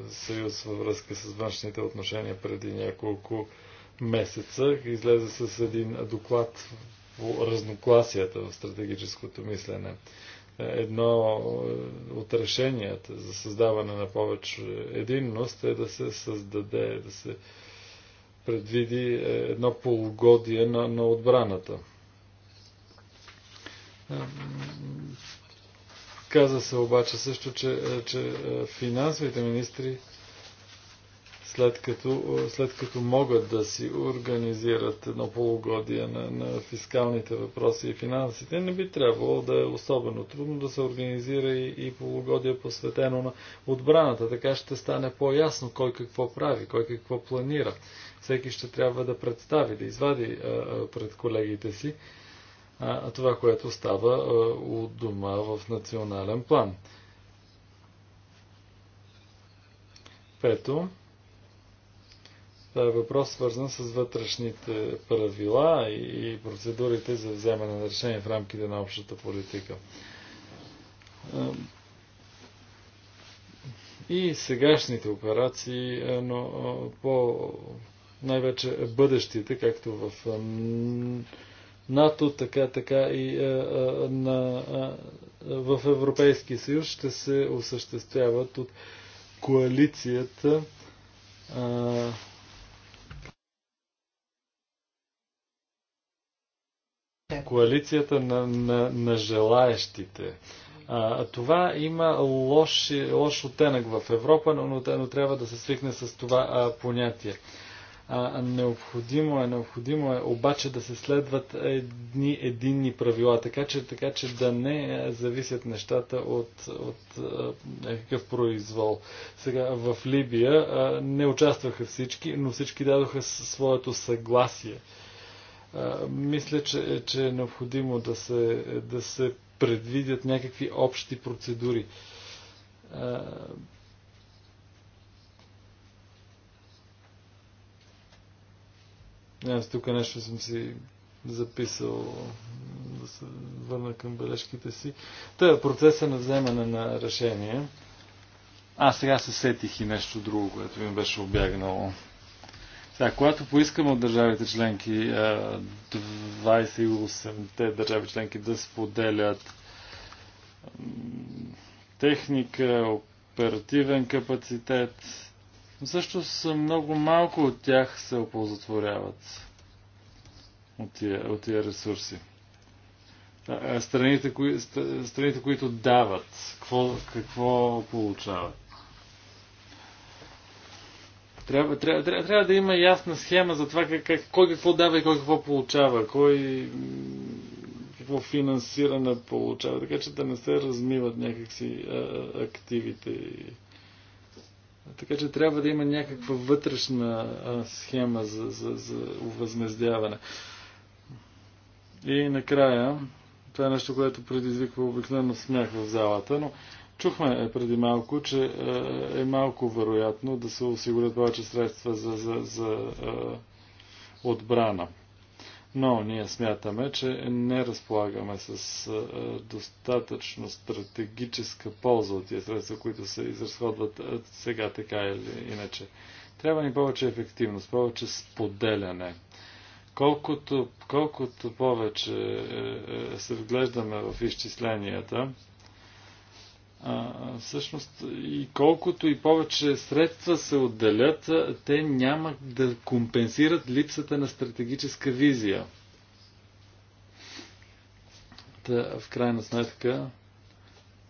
A: съюз във връзка с външните отношения преди няколко месеца. Излезе с един доклад по разнокласията в стратегическото мислене. Едно е, от решенията за създаване на повече единност е да се създаде, да се предвиди е, едно полугодие на, на отбраната. Каза се обаче също, че, е, че е, финансовите министри след като, след като могат да си организират едно полугодие на, на фискалните въпроси и финансите, не би трябвало да е особено трудно да се организира и, и полугодие посветено на отбраната. Така ще стане по-ясно кой какво прави, кой какво планира. Всеки ще трябва да представи, да извади а, а, пред колегите си а, това, което става а, у дома в национален план. Пето, това е въпрос свързан с вътрешните правила и процедурите за вземане на решение в рамките на общата политика. И сегашните операции, но по най-вече бъдещите, както в НАТО, така, така и на, в Европейския съюз ще се осъществяват от коалицията Коалицията на, на, на желаещите. А, това има лош, лош оттенък в Европа, но, но, но трябва да се свикне с това а, понятие. А, необходимо е, необходимо е обаче да се следват едни единни правила, така че, така че да не зависят нещата от, от някакъв произвол. Сега в Либия а, не участваха всички, но всички дадоха своето съгласие. А, мисля, че, че е необходимо да се, да се предвидят някакви общи процедури. Аз тук нещо съм си записал да се върна към бележките си. Та е процеса на вземане на решение. А сега се сетих и нещо друго, което ми беше обягнало. Сега, когато поискаме от държавите членки, 28-те държави членки да споделят техника, оперативен капацитет, също са много малко от тях се оползотворяват от тия, от тия ресурси. страните, кои, страните, които дават, какво, какво получават? Трябва, трябва, трябва, трябва да има ясна схема за това как, как, кой какво дава и кой какво получава, кой какво финансиране получава, така че да не се размиват някакси а, активите. Така че трябва да има някаква вътрешна а, схема за, за, за възмездяване. И накрая, това е нещо, което предизвиква обикновено смях в залата, но Чухме е, преди малко, че е, е малко вероятно да се осигурят повече средства за, за, за е, отбрана. Но ние смятаме, че не разполагаме с достатъчно стратегическа полза от тези средства, които се изразходват сега така или иначе. Трябва ни повече ефективност, повече споделяне. Колкото, колкото повече се вглеждаме в изчисленията, а, всъщност и колкото и повече средства се отделят, те няма да компенсират липсата на стратегическа визия. Та, в крайна сметка,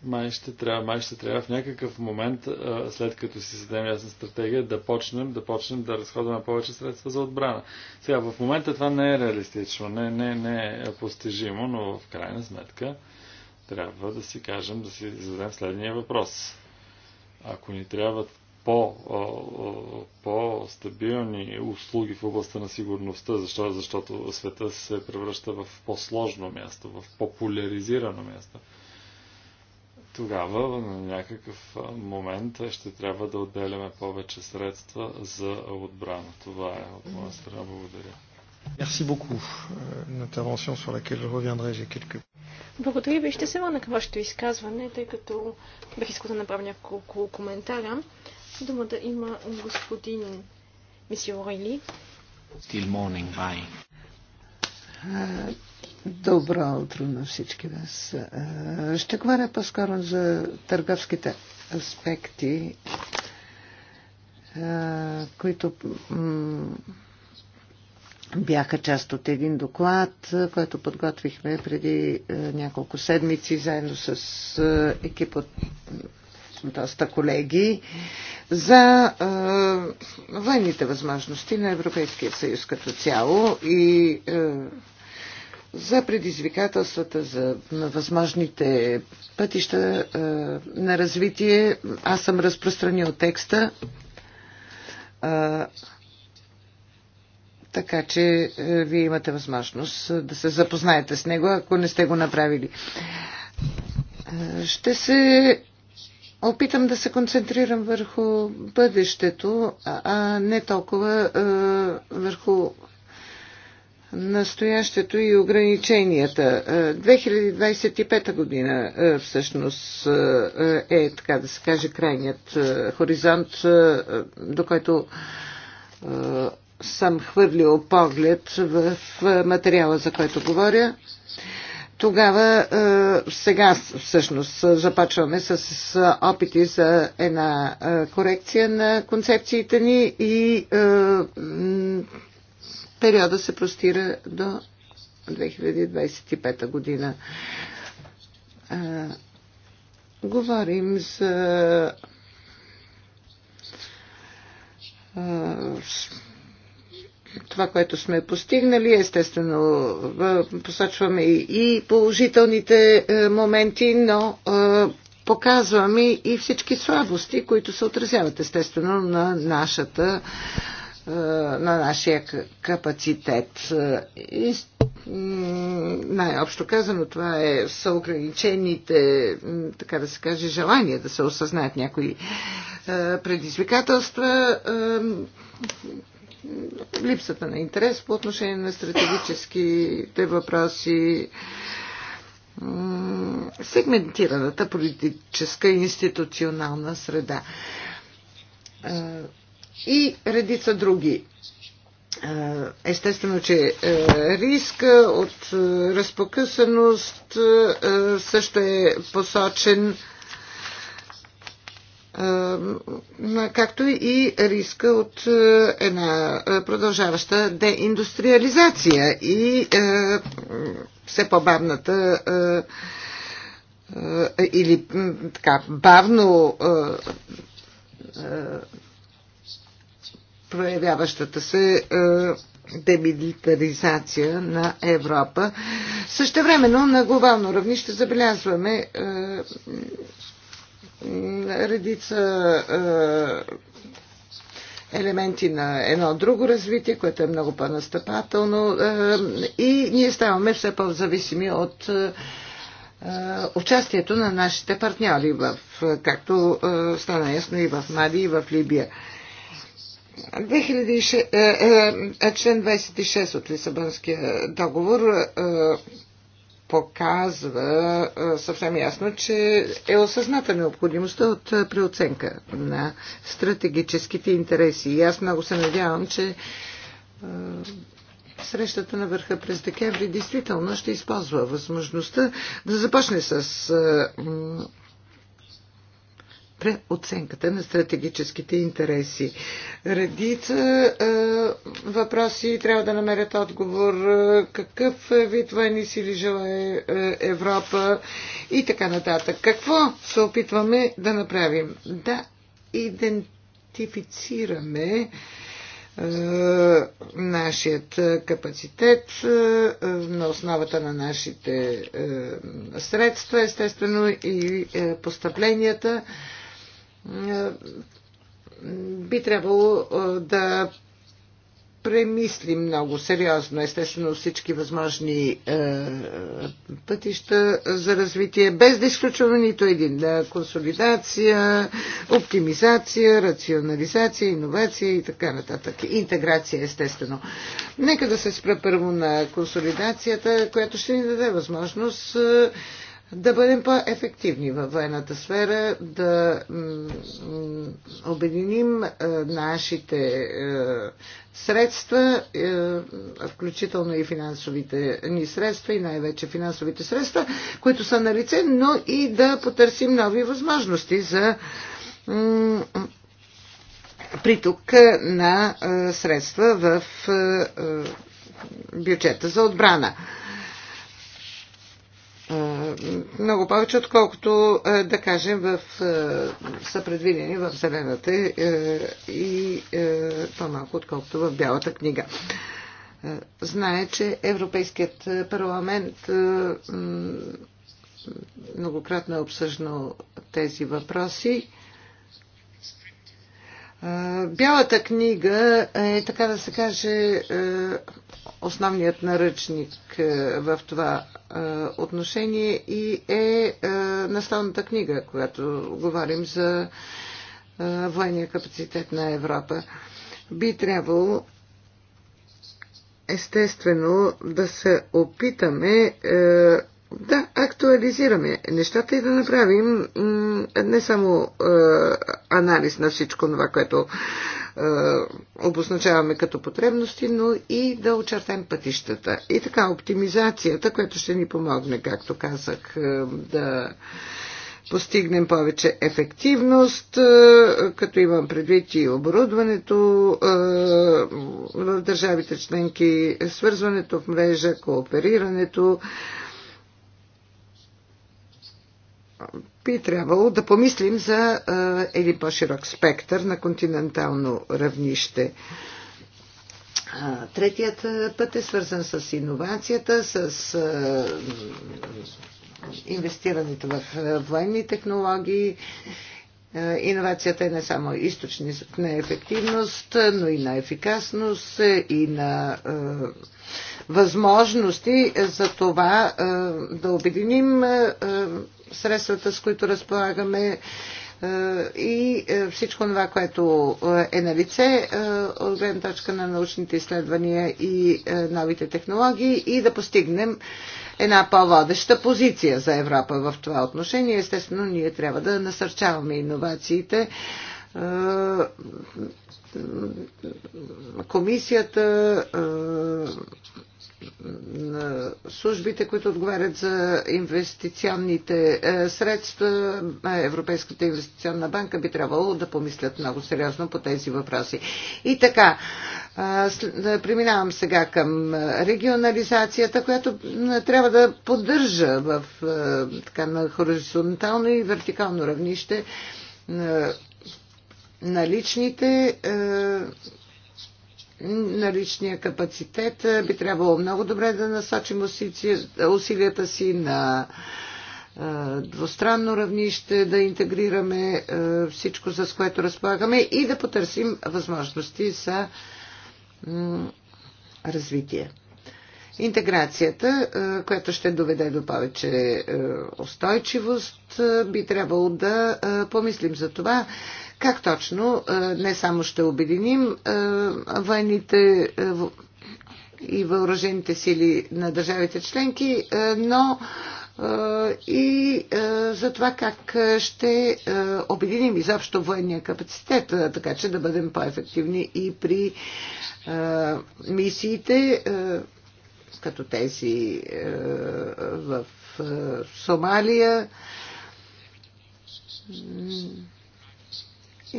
A: май ще трябва, май ще трябва в някакъв момент, а, след като си създадем ясна стратегия, да почнем, да почнем да разходваме повече средства за отбрана. Сега, в момента това не е реалистично, не, не, не е постижимо, но в крайна сметка, трябва да си кажем, да си зададем следния въпрос. Ако ни трябват по, по-стабилни услуги в областта на сигурността, защо? защото света се превръща в по-сложно място, в популяризирано място. Тогава на някакъв момент ще трябва да отделяме повече средства за отбрана. Това е от моя страна. Благодаря. Merci beaucoup. Euh, une intervention sur laquelle je reviendrai. J'ai quelques
B: благодаря ви. Ще се върна към вашето изказване, тъй като бих искал да направя няколко коментара. Дума да има господин Мисио Ройли.
C: Still morning, bye. Добро утро на всички вас. Ще говоря по-скоро за търговските аспекти, които бяха част от един доклад, е, който подготвихме преди е, няколко седмици заедно с е, екип от доста колеги за е, военните възможности на Европейския съюз като цяло и е, за предизвикателствата, за възможните пътища е, на развитие. Аз съм разпространил текста. Е, така че е, вие имате възможност е, да се запознаете с него, ако не сте го направили. Е, ще се опитам да се концентрирам върху бъдещето, а не толкова върху настоящето и ограниченията. 2025 година всъщност е, така да се каже, крайният хоризонт, до който съм хвърлил поглед в материала, за който говоря. Тогава, е, сега всъщност започваме с опити за една е, корекция на концепциите ни и е, периода се простира до 2025 година. Говорим за това, което сме постигнали. Естествено, посочваме и положителните е, моменти, но е, показваме и всички слабости, които се отразяват естествено на нашата е, на нашия капацитет. И, най-общо казано, това е, са ограничените, така да се каже, желания да се осъзнаят някои предизвикателства липсата на интерес по отношение на стратегическите въпроси, сегментираната политическа и институционална среда и редица други. Естествено, че риска от разпокъсаност също е посочен както и риска от е, една е, продължаваща деиндустриализация и е, все по-бавната или така бавно проявяващата се демилитаризация на Европа. Същевременно на глобално равнище забелязваме редица е, елементи на едно друго развитие, което е много по-настъпателно е, и ние ставаме все по-зависими от е, участието на нашите партньори, в, както стана ясно и в Мали, и в Либия. 2006, член 26 от Лисабонския договор показва съвсем ясно, че е осъзната необходимостта от преоценка на стратегическите интереси. И аз много се надявам, че срещата на върха през декември действително ще използва възможността да започне с преоценката на стратегическите интереси. Редица е, въпроси трябва да намерят отговор. Е, какъв вид военни сили е Европа и така нататък. Какво се опитваме да направим? Да идентифицираме е, нашият капацитет е, на основата на нашите е, средства, естествено и е, постъпленията би трябвало да премисли много сериозно, естествено, всички възможни е, пътища за развитие, без да изключваме нито един. Да, консолидация, оптимизация, рационализация, иновация и така нататък. Интеграция, естествено. Нека да се спра първо на консолидацията, която ще ни даде възможност. Е, да бъдем по-ефективни във военната сфера, да обединим е, нашите е, средства, е, включително и финансовите ни средства и най-вече финансовите средства, които са на лице, но и да потърсим нови възможности за приток на средства в бюджета за отбрана много повече, отколкото, е, да кажем, в, е, са предвидени в зелената е, и по-малко, отколкото в бялата книга. Знае, че Европейският парламент многократно е обсъждал тези въпроси. Бялата книга е, така да се каже, е, основният наръчник е, в това е, отношение и е наставната книга, когато говорим за военния капацитет на Европа. Би трябвало естествено да се опитаме да актуализираме нещата и да направим не само е, анализ на всичко това, което е, обозначаваме като потребности, но и да очертаем пътищата. И така, оптимизацията, която ще ни помогне, както казах, е, да постигнем повече ефективност, е, като имам предвид и оборудването е, в държавите членки, свързването в мрежа, кооперирането, би трябвало да помислим за един по-широк спектър на континентално равнище. Третият път е свързан с иновацията, с инвестирането в военни технологии. Иновацията е не само източник на ефективност, но и на ефикасност е, и на възможности за това да обединим средствата, с които разполагаме е, и е, всичко това, което е, е на лице от гледна точка на научните изследвания и новите технологии и да постигнем една по-водеща позиция за Европа в това отношение. Естествено, ние трябва да насърчаваме иновациите. Комисията службите, които отговарят за инвестиционните е, средства, Европейската инвестиционна банка би трябвало да помислят много сериозно по тези въпроси. И така, преминавам сега към регионализацията, която трябва да поддържа в, е, така, на хоризонтално и вертикално равнище е, наличните наличния капацитет. Е, би трябвало много добре да насочим усилията си на е, двустранно равнище, да интегрираме е, всичко, с което разполагаме и да потърсим възможности за развитие. Интеграцията, която ще доведе до повече устойчивост, би трябвало да помислим за това как точно не само ще обединим военните и въоръжените сили на държавите членки, но и за това как ще обединим изобщо военния капацитет, така че да бъдем по-ефективни и при мисиите, като тези в Сомалия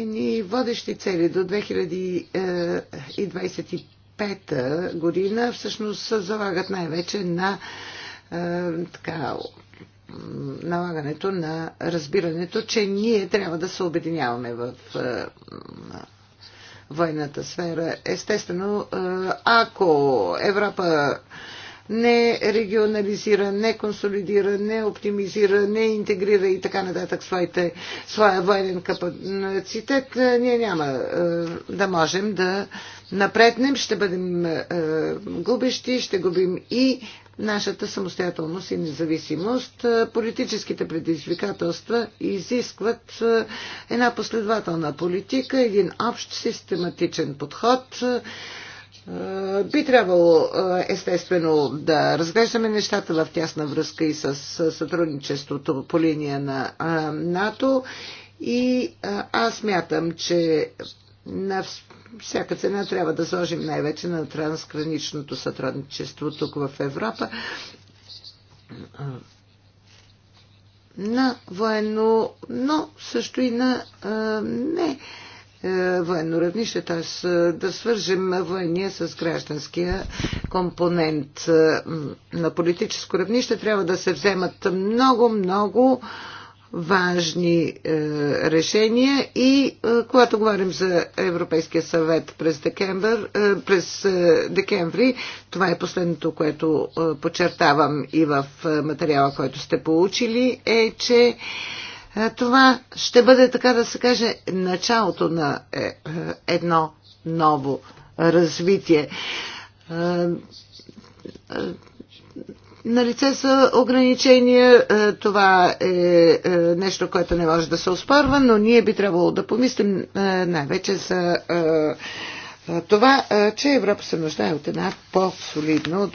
C: ни водещи цели до 2025 година всъщност залагат най-вече на е, така, налагането на разбирането, че ние трябва да се обединяваме в е, военната сфера. Естествено, е, ако Европа не регионализира, не консолидира, не оптимизира, не интегрира и така нататък своите, своя военен капацитет, е, ние няма е, да можем да напреднем, ще бъдем е, губещи, ще губим и нашата самостоятелност и независимост. Политическите предизвикателства изискват една последователна политика, един общ систематичен подход, е, би трябвало е, естествено да разглеждаме нещата в тясна връзка и с сътрудничеството по линия на е, НАТО. И аз мятам, че на всяка цена трябва да сложим най-вече на трансграничното сътрудничество тук в Европа на военно, но също и на а, не е, военно равнище, т.е. да свържем военния с гражданския компонент. Е, на политическо равнище трябва да се вземат много, много важни е, решения и е, когато говорим за Европейския съвет през, декембър, е, през е, декември, това е последното, което е, подчертавам и в е, материала, който сте получили, е, че е, е, това ще бъде, така да се каже, началото на е, е, едно ново развитие. Налице са ограничения, това е нещо, което не може да се оспорва, но ние би трябвало да помислим най-вече за това, че Европа се нуждае от една по-солидна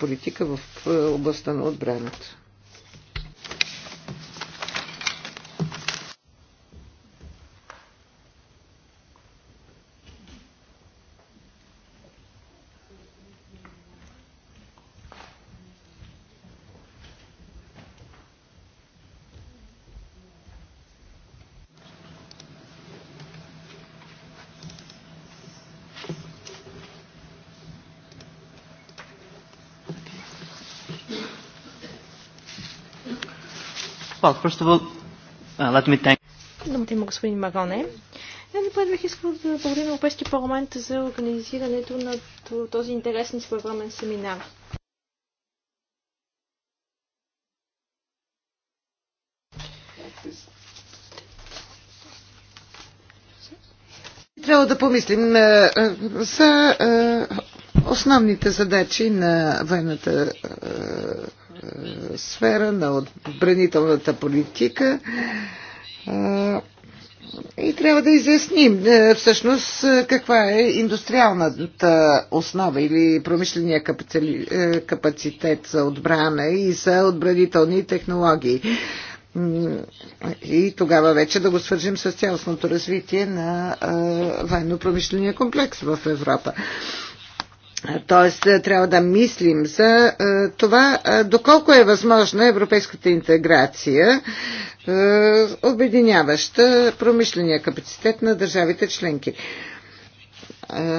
C: политика в областта на отбраната.
B: Well, first of all, uh, let me thank... Думата има господин Магоне. Я е, напред бих искал да благодаря на Европейския парламент за организирането на този интересен своевремен семинар.
C: Трябва да помислим е, е, за основните задачи на военната сфера на отбранителната политика. И трябва да изясним е, всъщност е, каква е индустриалната основа или промишления е, капацитет за отбрана и за отбранителни технологии. И тогава вече да го свържим с цялостното развитие на военно-промишления комплекс в Европа. Тоест, е, трябва да мислим за е, това, е, доколко е възможна европейската интеграция, обединяваща промишления капацитет на държавите членки.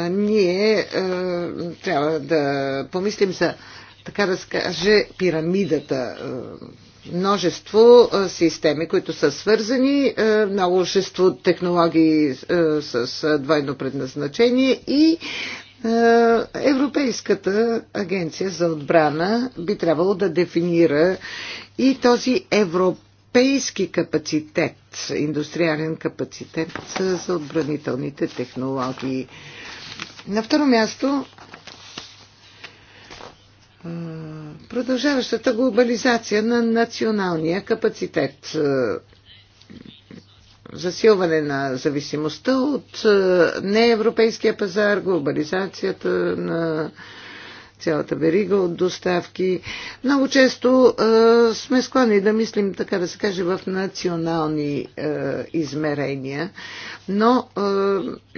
C: Ние трябва да помислим за, така да скаже, пирамидата множество системи, които са свързани, множество технологии с двойно предназначение и е, Европейската агенция за отбрана би трябвало да дефинира и този европейски капацитет, индустриален капацитет за отбранителните технологии. На второ място е, продължаващата глобализация на националния капацитет засилване на зависимостта от е, неевропейския пазар, глобализацията на цялата верига от доставки. Много често е, сме склонни да мислим, така да се каже, в национални е, измерения, но е,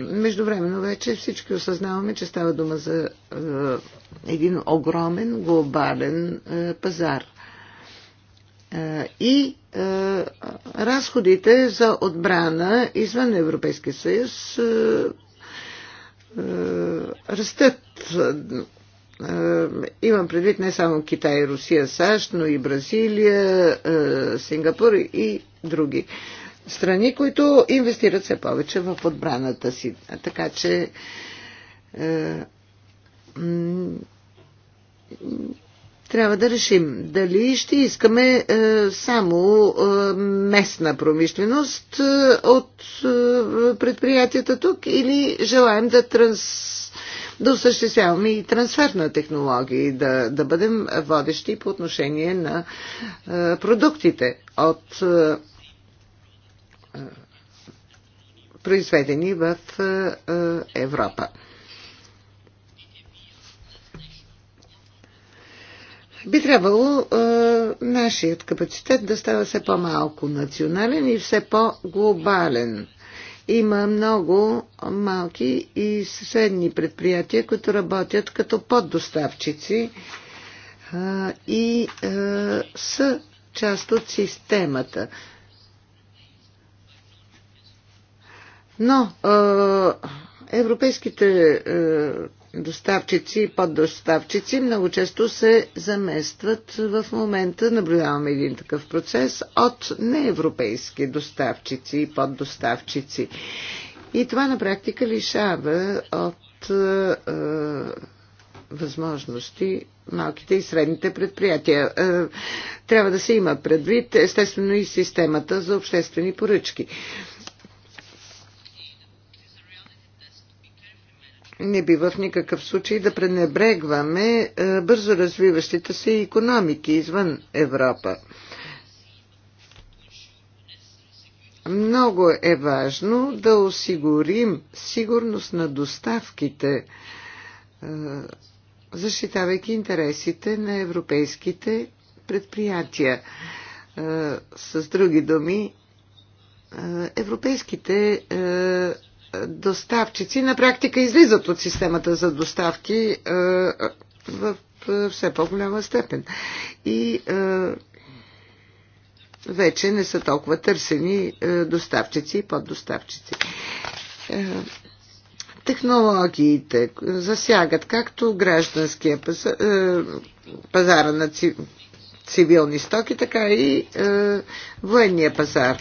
C: междувременно вече всички осъзнаваме, че става дума за е, един огромен глобален е, пазар. Е, и е, разходите за отбрана извън Европейския съюз е, е, растат. Имам предвид не само Китай, Русия, САЩ, но и Бразилия, Сингапур и други страни, които инвестират все повече в отбраната си. Така че трябва да решим дали ще искаме е, само е, местна промишленост е, от е, предприятията тук или желаем да, транс, да осъществяваме и трансфер на технологии, да, да бъдем водещи по отношение на е, продуктите от е, е произведени в е, Европа. Би трябвало е, нашият капацитет да става все по-малко национален и все по-глобален. Има много малки и съседни предприятия, които работят като поддоставчици е, и е, са част от системата. Но е, европейските е, доставчици и поддоставчици много често се заместват в момента, наблюдаваме един такъв процес, от неевропейски доставчици и поддоставчици. И това на практика лишава от е, възможности малките и средните предприятия. Е, трябва да се има предвид, естествено, и системата за обществени поръчки. Е, не бива в никакъв случай да пренебрегваме е, бързо развиващите се економики извън Европа. Много е важно да осигурим сигурност на доставките, е, защитавайки интересите на европейските предприятия. Е, с други думи, европейските доставчици на практика излизат от системата за доставки е, в е, все по-голяма степен. И е, вече не са толкова търсени доставчици и поддоставчици. Технологиите засягат както гражданския пазар, пазара на цивилни стоки, така и военния пазар.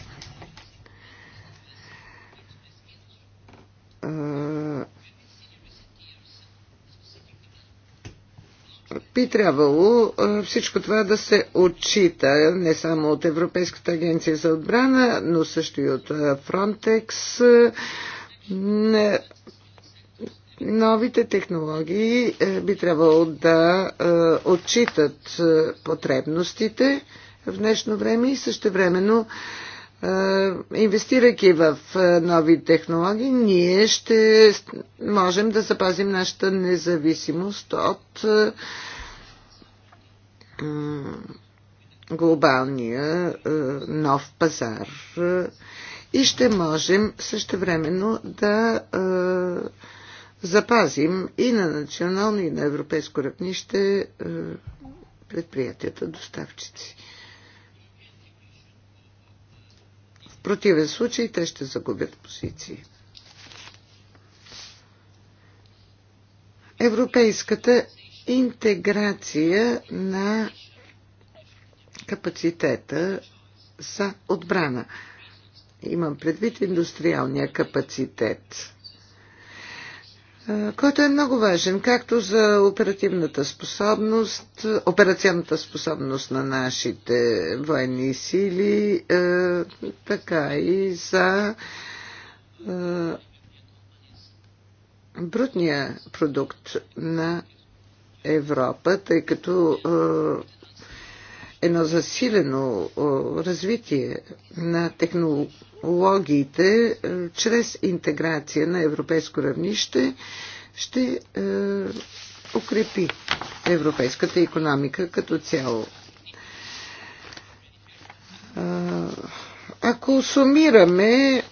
C: би трябвало всичко това да се отчита не само от Европейската агенция за отбрана, но също и от Frontex. Новите технологии е, би трябвало да отчитат потребностите в днешно време и също времено инвестирайки в нови технологии, ние ще можем да запазим нашата независимост от глобалния е, нов пазар и ще можем същевременно да е, запазим и на национално и на европейско равнище е, предприятията доставчици. В противен случай те ще загубят позиции. Европейската интеграция на капацитета за отбрана. Имам предвид индустриалния капацитет, който е много важен, както за оперативната способност, операционната способност на нашите военни сили, е, така и за е, брутния продукт на Европа, тъй като едно засилено развитие на технологиите чрез интеграция на европейско равнище ще укрепи европейската економика като цяло. Ако сумираме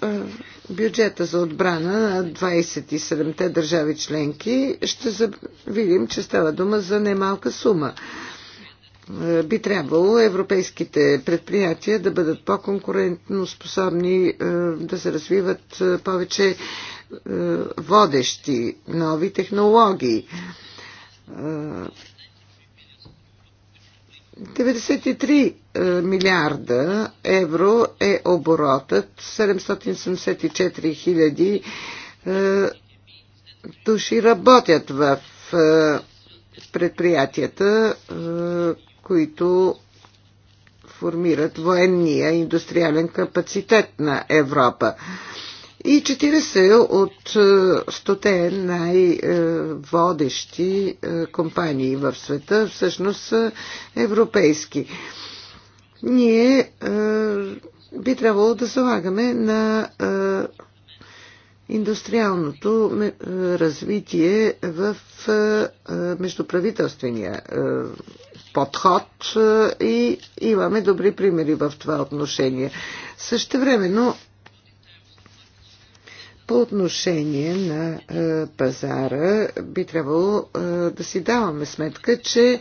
C: бюджета за отбрана на 27-те държави членки, ще видим, че става дума за немалка сума. Е, би трябвало европейските предприятия да бъдат по-конкурентно способни е, да се развиват е, повече водещи нови технологии. 93 е, милиарда евро е оборотът, 774 хиляди е, души работят в е, предприятията, които формират военния индустриален капацитет на Европа. И 40 от 100 най-водещи компании в света всъщност са европейски ние е, би трябвало да залагаме на е, индустриалното е, развитие в междуправителствения подход и имаме добри примери в това отношение. Същевременно по отношение на пазара би трябвало да си даваме сметка, че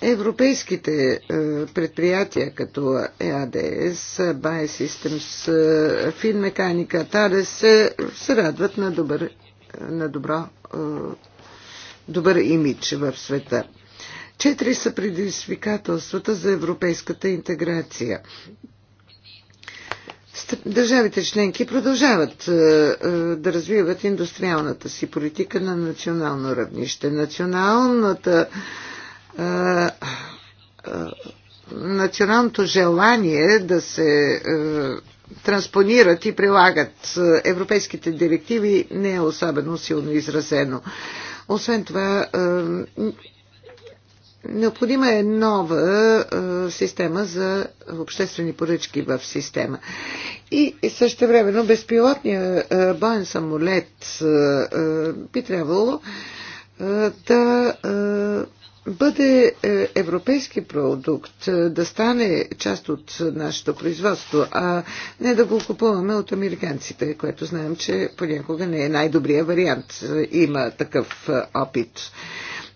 C: Европейските е, предприятия като ЕАДС, BAE Systems, Finmecаnica, TARES се, се радват на добър, на добро, е, добър имидж в света. Четири са предизвикателствата за европейската интеграция. Държавите членки продължават е, да развиват индустриалната си политика на национално равнище. Националната националното желание да се е, транспонират и прилагат е, европейските директиви не е особено силно изразено. Освен това, е, необходима е нова система за обществени поръчки в система. И също времено безпилотният боен самолет би трябвало да бъде е, европейски продукт, е, да стане част от нашето производство, а не да го купуваме от американците, което знаем, че понякога не е най-добрия вариант. Има такъв е, опит.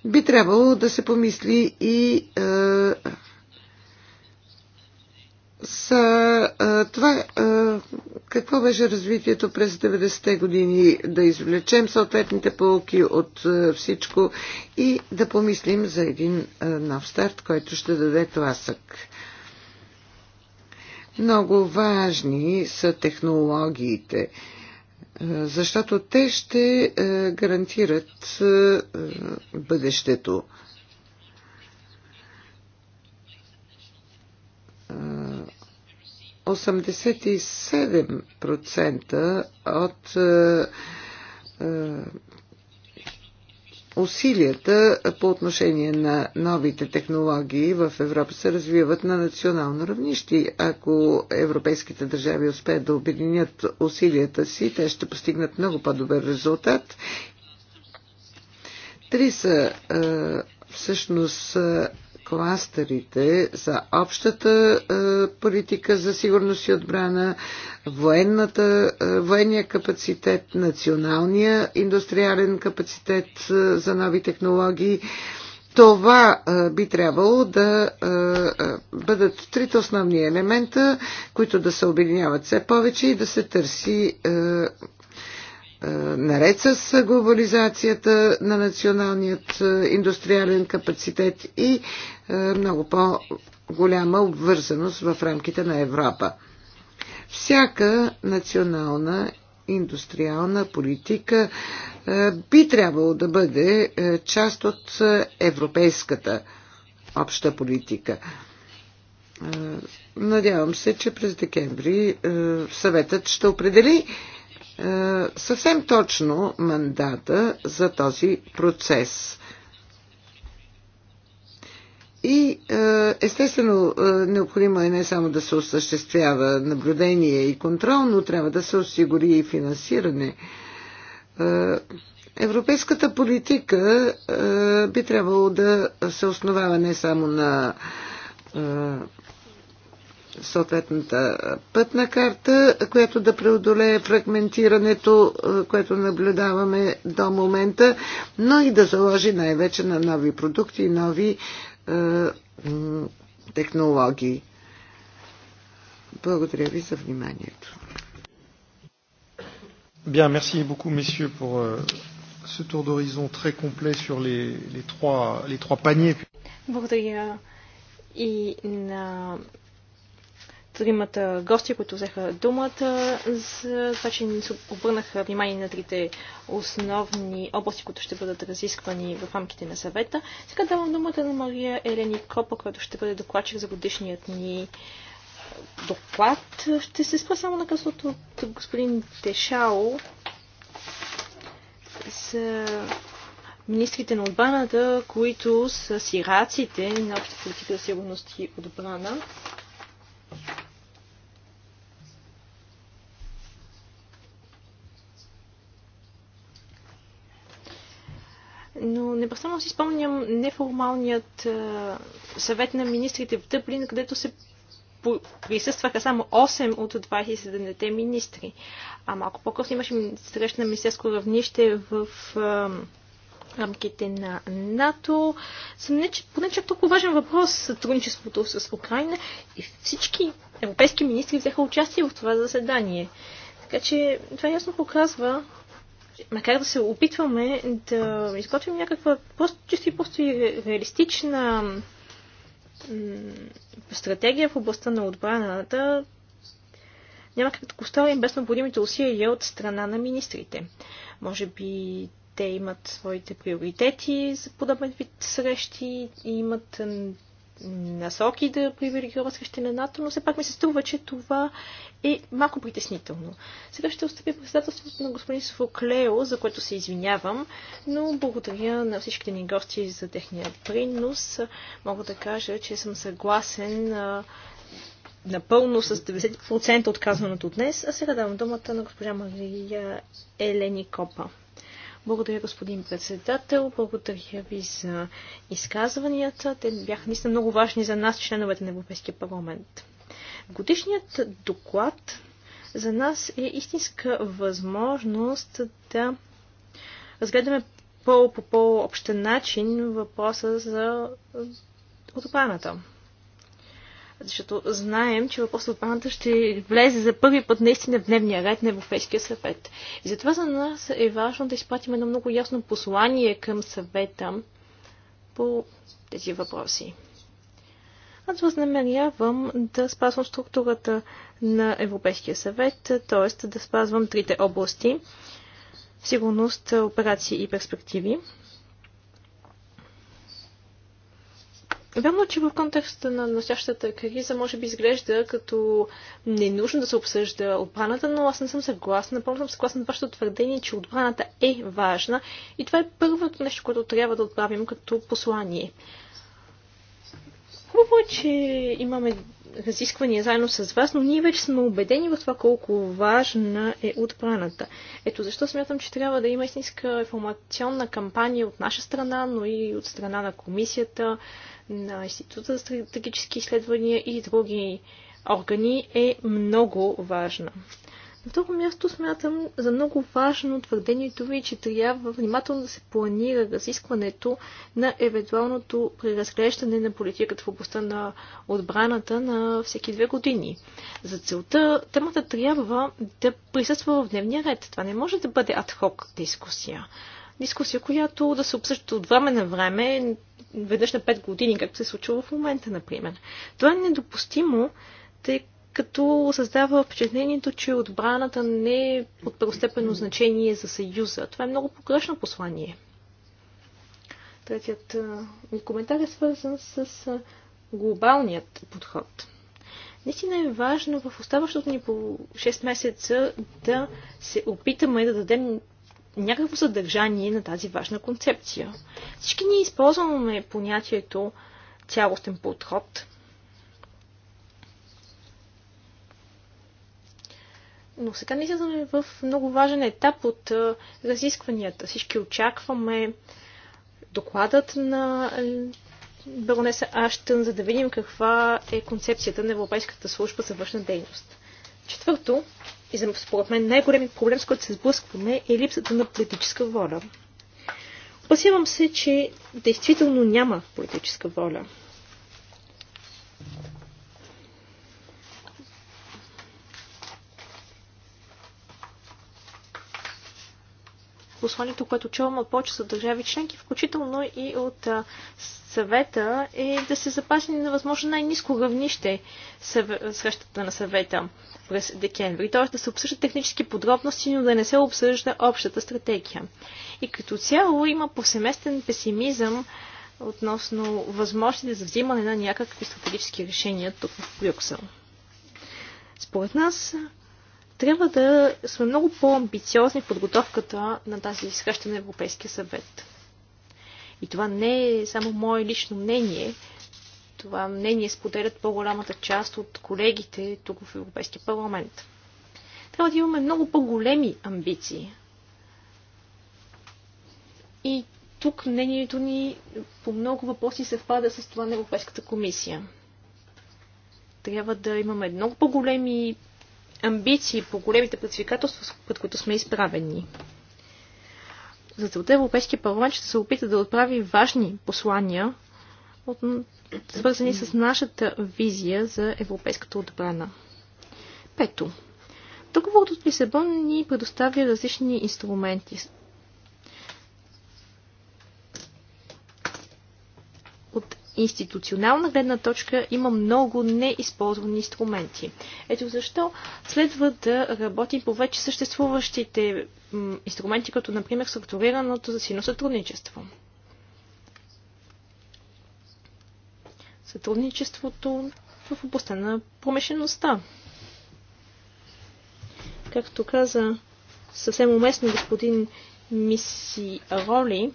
C: Би трябвало да се помисли и са а, това а, какво беше развитието през 90-те години, да извлечем съответните полки от а, всичко и да помислим за един а, нов старт, който ще даде тласък. Много важни са технологиите, а, защото те ще а, гарантират а, бъдещето 87% от е, е, усилията по отношение на новите технологии в Европа се развиват на национално равнище. Ако европейските държави успеят да обединят усилията си, те ще постигнат много по-добър резултат. Три са е, всъщност кластерите за общата е, политика за сигурност и отбрана, военната, е, военния капацитет, националния индустриален капацитет е, за нови технологии. Това би трябвало да бъдат трите основни елемента, които да се объединяват все повече и да се търси е, наред с глобализацията на националният е, индустриален капацитет и е, много по-голяма обвързаност в рамките на Европа. Всяка национална индустриална политика би трябвало да бъде част от европейската обща политика. Надявам се, че през декември съветът ще определи е, съвсем точно мандата за този процес. И е, естествено е, необходимо е не само да се осъществява наблюдение и контрол, но трябва да се осигури и финансиране. Европейската политика би трябвало да се основава не само на съответната пътна карта, която да преодолее фрагментирането, е, което наблюдаваме до момента, но и да заложи най-вече на нови продукти и нови е, технологии. Благодаря ви за вниманието. Bien, merci beaucoup, messieurs, pour euh,
A: ce tour d'horizon très complet sur les, les, trois, les trois paniers.
B: Благодаря и на тримата гости, които взеха думата, за това, че ни обърнаха внимание на трите основни области, които ще бъдат разисквани в рамките на съвета. Сега давам думата на Мария Елени Копа, която ще бъде докладчик за годишният ни е, доклад. Ще се спра само на късното от господин Тешао за министрите на отбраната, които са сираците на общата политика за сигурност и отбрана. но непрестанно си спомням неформалният а, е, съвет на министрите в Дъблин, където се присъстваха само 8 от 27-те министри. А малко по-късно имаше среща на министерско равнище в а, е, рамките на НАТО. Съмне, че поне чак е толкова важен въпрос сътрудничеството с Украина и всички европейски министри взеха участие в това заседание. Така че това ясно показва, макар да се опитваме да изготвим някаква просто, чисто и просто и реалистична стратегия в областта на отбраната, няма как да го оставим без необходимите усилия от страна на министрите. Може би те имат своите приоритети за подобен вид срещи и имат насоки да привилегироват свещена НАТО, но все пак ми се струва, че това е малко притеснително. Сега ще оставя председателството на господин Софоклео, за което се извинявам, но благодаря на всичките ни гости за техния принос. Мога да кажа, че съм съгласен напълно с 90% от днес, а сега давам думата на госпожа Мария Елени Копа. Благодаря, господин председател. Благодаря ви за изказванията. Те бяха наистина много важни за нас, членовете на Европейския парламент. Годишният доклад за нас е истинска възможност да разгледаме по, по по-общен начин въпроса за отбраната защото знаем, че въпросът от паната ще влезе за първи път наистина в дневния ред на Европейския съвет. И затова за нас е важно да изпратим едно много ясно послание към съвета по тези въпроси. Аз възнамерявам да спазвам структурата на Европейския съвет, т.е. да спазвам трите области сигурност, операции и перспективи. Вярно, че в контекста на настоящата криза може би изглежда като ненужно да се обсъжда отбраната, но аз не съм съгласна. Напълно съм съгласна с вашето твърдение, че отбраната е важна и това е първото нещо, което трябва да отправим като послание. Хубаво е, че имаме разисквания заедно с вас, но ние вече сме убедени в това колко важна е отбраната. Ето защо смятам, че трябва да има истинска информационна кампания от наша страна, но и от страна на комисията, на Института за стратегически изследвания и други органи е много важна. На второ място смятам за много важно твърдението ви, че трябва внимателно да се планира разискването на евентуалното преразглеждане на политиката в областта на отбраната на всеки две години. За целта темата трябва да присъства в дневния ред. Това не може да бъде адхок дискусия дискусия, която да се обсъжда от време на време, веднъж на 5 години, както се случва в момента, например. Това е недопустимо, тъй като създава впечатлението, че отбраната не е от първостепенно значение за Съюза. Това е много погрешно послание. Третият коментар е свързан с глобалният подход. Наистина е важно в оставащото ни по 6 месеца да се опитаме да дадем някакво съдържание на тази важна концепция. Всички ние използваме понятието цялостен подход. Но сега не сме в много важен етап от разискванията. Всички очакваме докладът на баронеса Аштън, за да видим каква е концепцията на Европейската служба за външна дейност. Четвърто, и според мен най-големият проблем, с който се сблъскваме, е липсата на политическа воля. Опасявам се, че действително няма политическа воля. посланието, което чуваме от от държави членки, включително и от съвета, е да се запази на възможно най-низко равнище срещата на съвета през декември. Т.е. да се обсъждат технически подробности, но да не се обсъжда общата стратегия. И като цяло има повсеместен песимизъм относно възможностите за взимане на някакви стратегически решения тук в Брюксел. Според нас трябва да сме много по-амбициозни в подготовката на тази среща на Европейския съвет. И това не е само мое лично мнение. Това мнение споделят по-голямата част от колегите тук в Европейския парламент. Трябва да имаме много по-големи амбиции. И тук мнението ни по много въпроси се впада с това на Европейската комисия. Трябва да имаме много по-големи амбиции по големите предизвикателства, пред които сме изправени. За целта Европейския парламент ще се опита да отправи важни послания, свързани с нашата визия за европейската отбрана. Пето. Договорът от Лисабон ни предоставя различни инструменти. институционална гледна точка има много неизползвани инструменти. Ето защо следва да работим по вече съществуващите инструменти, като например структурираното за сино сътрудничество. Сътрудничеството в областта на промишлеността. Както каза съвсем уместно господин Миси Роли,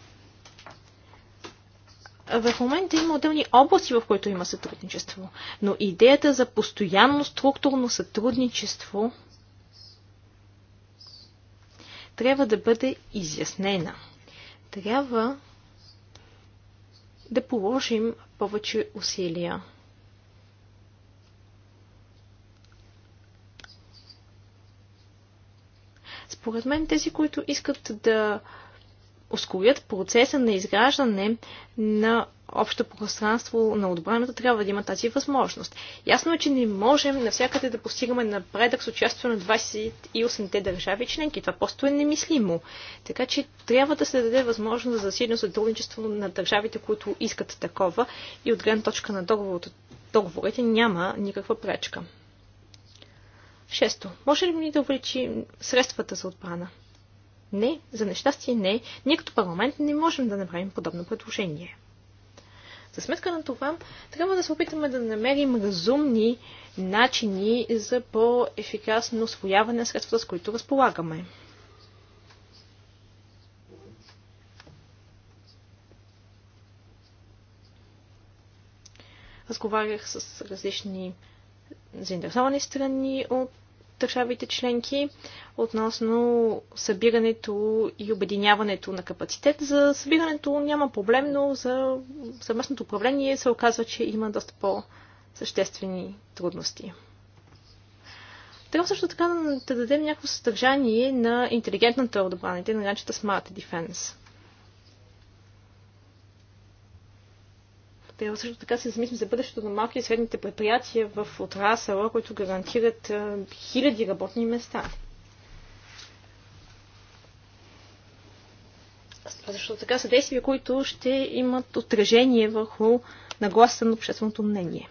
B: в момента има отделни области, в които има сътрудничество. Но идеята за постоянно структурно сътрудничество трябва да бъде изяснена. Трябва да положим повече усилия. Според мен тези, които искат да ускорят процеса на изграждане на общо пространство на отбраната, трябва да има тази възможност. Ясно е, че не можем навсякъде да постигаме напредък с участието на 28-те държави членки. Това просто е немислимо. Така че трябва да се даде възможност за силно сътрудничество на държавите, които искат такова и от гледна точка на договорите няма никаква пречка. Шесто. Може ли да увеличим средствата за отбрана? Не, за нещастие не. Ние като парламент не можем да направим подобно предложение. За сметка на това, трябва да се опитаме да намерим разумни начини за по-ефикасно освояване на средствата, с които разполагаме. Разговарях с различни заинтересовани страни от държавите членки относно събирането и обединяването на капацитет. За събирането няма проблем, но за съвместното управление се оказва, че има доста по-съществени трудности. Трябва също така да дадем някакво съдържание на интелигентната отбрана, на начата Smart Defense. Трябва също така се замислим за бъдещето на малки и средните предприятия в отрасъла, които гарантират хиляди работни места. Защото така са действия, които ще имат отражение върху нагласа на общественото мнение.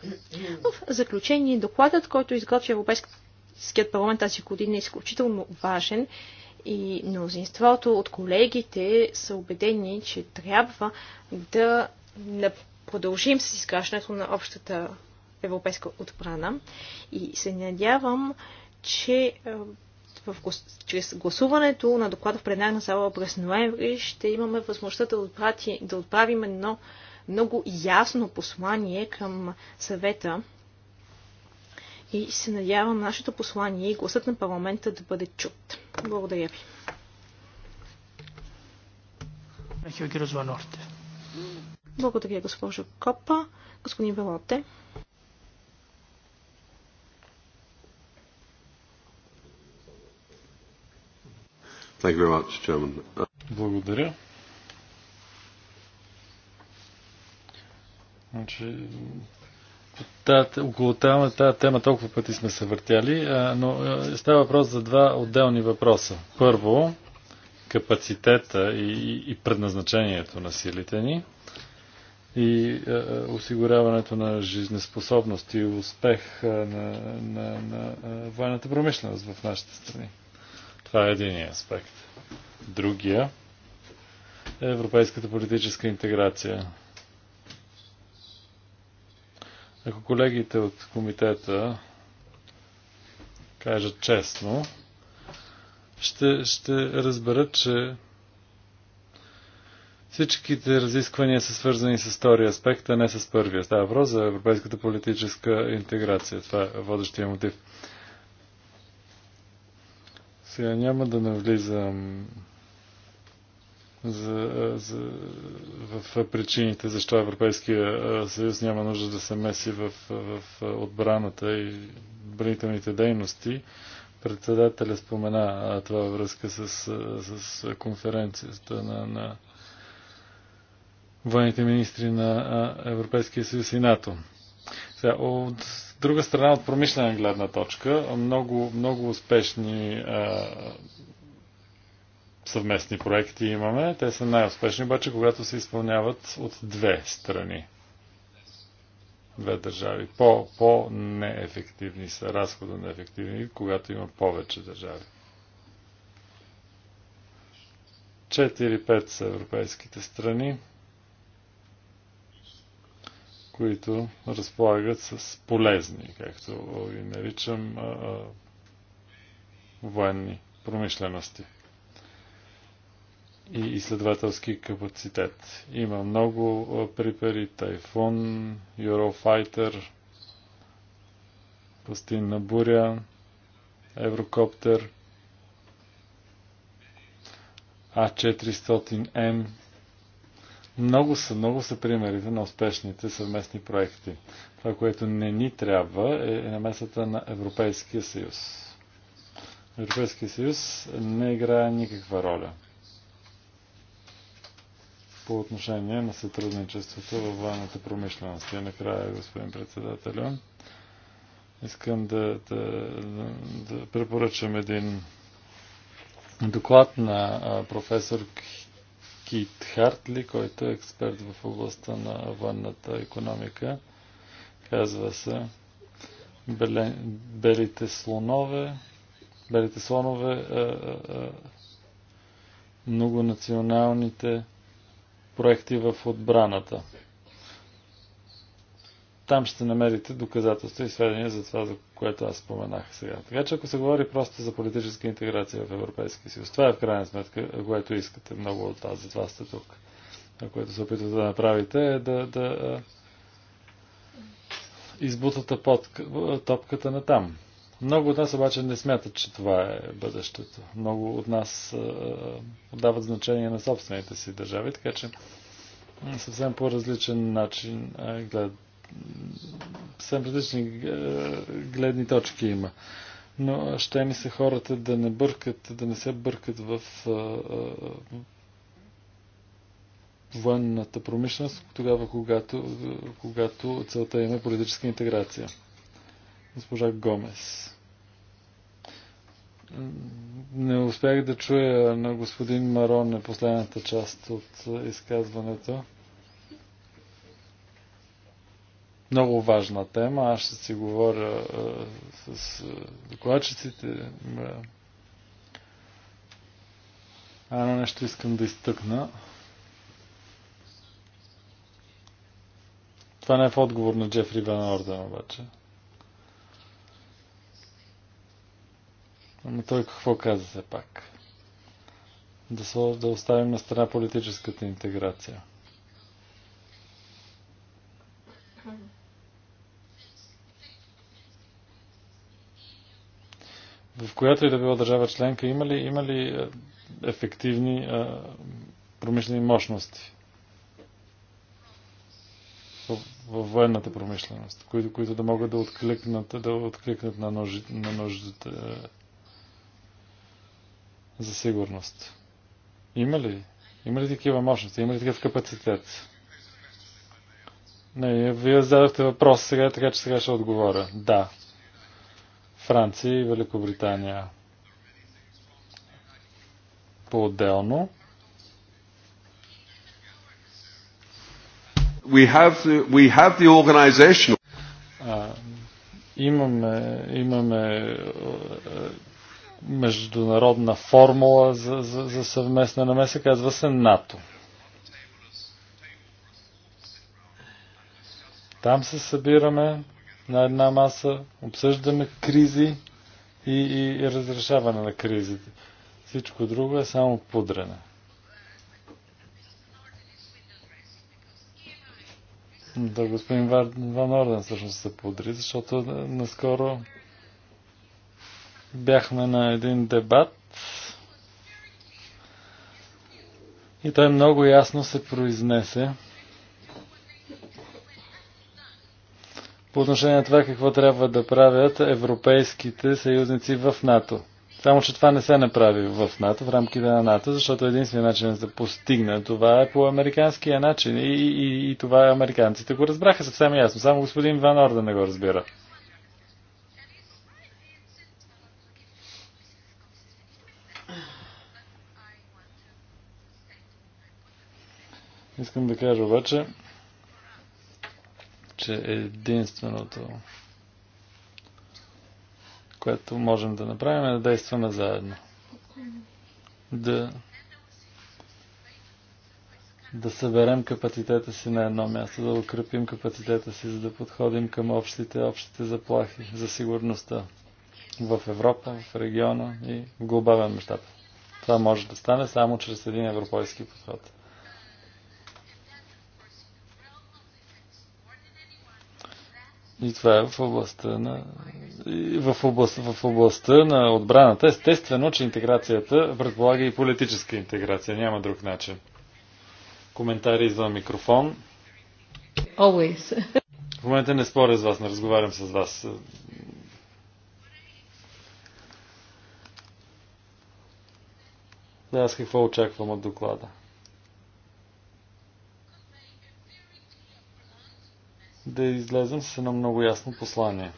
B: В заключение, докладът, който изготвя Европейският парламент тази година е изключително важен и мнозинството от колегите са убедени, че трябва да продължим с изграждането на общата европейска отбрана и се надявам, че е, в, чрез гласуването на доклада в пленарна зала през ноември ще имаме възможността да, отправи, да отправим едно много ясно послание към съвета и се надявам нашето послание и гласът на парламента да бъде чут. Благодаря ви. Благодаря, госпожо Копа. Господин Велоте.
A: Благодаря. Значи, около тази, тема толкова пъти сме се въртяли, но става въпрос за два отделни въпроса. Първо, капацитета и, и предназначението на силите ни и е, е, осигуряването на жизнеспособност и успех е, на, на, на военната промишленост в нашите страни. Това е един аспект. Другия е европейската политическа интеграция. Ако колегите от комитета кажат честно, ще, ще разберат, че Всичките разисквания са свързани с втория аспект, а не с първия. Става въпрос за европейската политическа интеграция. Това е водещия мотив. Сега няма да навлизам за, за, в причините защо Европейския съюз няма нужда да се меси в, в отбраната и бранителните дейности. Председателя спомена това връзка с, с конференцията на, на военните министри на Европейския съюз и НАТО. Сега, от друга страна, от промишлена гледна точка, много, много успешни а, съвместни проекти имаме. Те са най-успешни, обаче, когато се изпълняват от две страни. Две държави. По, по-неефективни са, на неефективни, когато има повече държави. 4-5 са европейските страни които разполагат с полезни, както и наричам, военни промишлености и изследователски капацитет. Има много припери, тайфун, Eurofighter, пустинна буря, еврокоптер, А400М, много са, много са примерите на успешните съвместни проекти. Това, което не ни трябва е, е намесата на Европейския съюз. Европейския съюз не играе никаква роля по отношение на сътрудничеството във военната промишленост. И накрая, господин председателю, искам да, да, да, да препоръчам един доклад на професор Кит Хартли, който е експерт в областта на военната економика. Казва се Белите слонове. Белите слонове а, е, а, е, е, многонационалните проекти в отбраната. Там ще намерите доказателства и сведения за това, за което аз споменах сега. Така че ако се говори просто за политическа интеграция в Европейския съюз, това е в крайна сметка, което искате много от вас, това сте тук. А което се опитвате да направите е да, да избутате под, топката на там. Много от нас обаче не смятат, че това е бъдещето. Много от нас дават значение на собствените си държави, така че съвсем по-различен начин гледат съвсем различни е, гледни точки има. Но ще ми се хората да не бъркат, да не се бъркат в е, е, военната промишленост, тогава когато, когато целта има политическа интеграция. Госпожа Гомес. Не успях да чуя на господин Мароне последната част от изказването. Много важна тема. Аз ще си говоря а, с докладчиците. А, едно нещо искам да изтъкна. Това не е в отговор на Джефри Бен Орден, обаче. Ама той какво каза се пак? Да, слов, да оставим на страна политическата интеграция. Mm-hmm. в която и да била държава членка, има ли, има ли е, ефективни е, промишлени мощности в, в военната промишленост, които, които да могат да откликнат, да откликнат на, нуж, на нуждите е, за сигурност? Има ли? Има ли такива мощности? Има ли такъв капацитет? Не, вие зададохте въпрос сега, така че сега ще отговоря. Да, Франция и Великобритания. По-отделно. We have the, we have the organizational... а, имаме, имаме международна формула за, за, за съвместна намеса, казва се НАТО. Там се събираме, на една маса, обсъждаме кризи и, и, и разрешаване на кризите. Всичко друго е само пудрене. Да, господин Ван Орден всъщност се пудри, защото наскоро бяхме на един дебат и той много ясно се произнесе по отношение на това какво трябва да правят европейските съюзници в НАТО. Само, че това не се направи в НАТО, в рамките на НАТО, защото единственият начин да се постигне това е по американския начин. И, и, и това е американците го разбраха съвсем ясно. Само господин Ван Орден не го разбира. Искам да кажа обаче, че е единственото, което можем да направим е да действаме заедно. Да, да съберем капацитета си на едно място, да укрепим капацитета си, за да подходим към общите, общите заплахи за сигурността в Европа, в региона и в глобален мащаб. Това може да стане само чрез един европейски подход. И това е в областта на, в област, в областта на отбраната. Естествено, че интеграцията предполага и политическа интеграция. Няма друг начин. Коментари за микрофон.
C: Always.
A: В момента не споря с вас, не разговарям с вас. Да, аз какво очаквам от доклада? да излезем с едно много ясно послание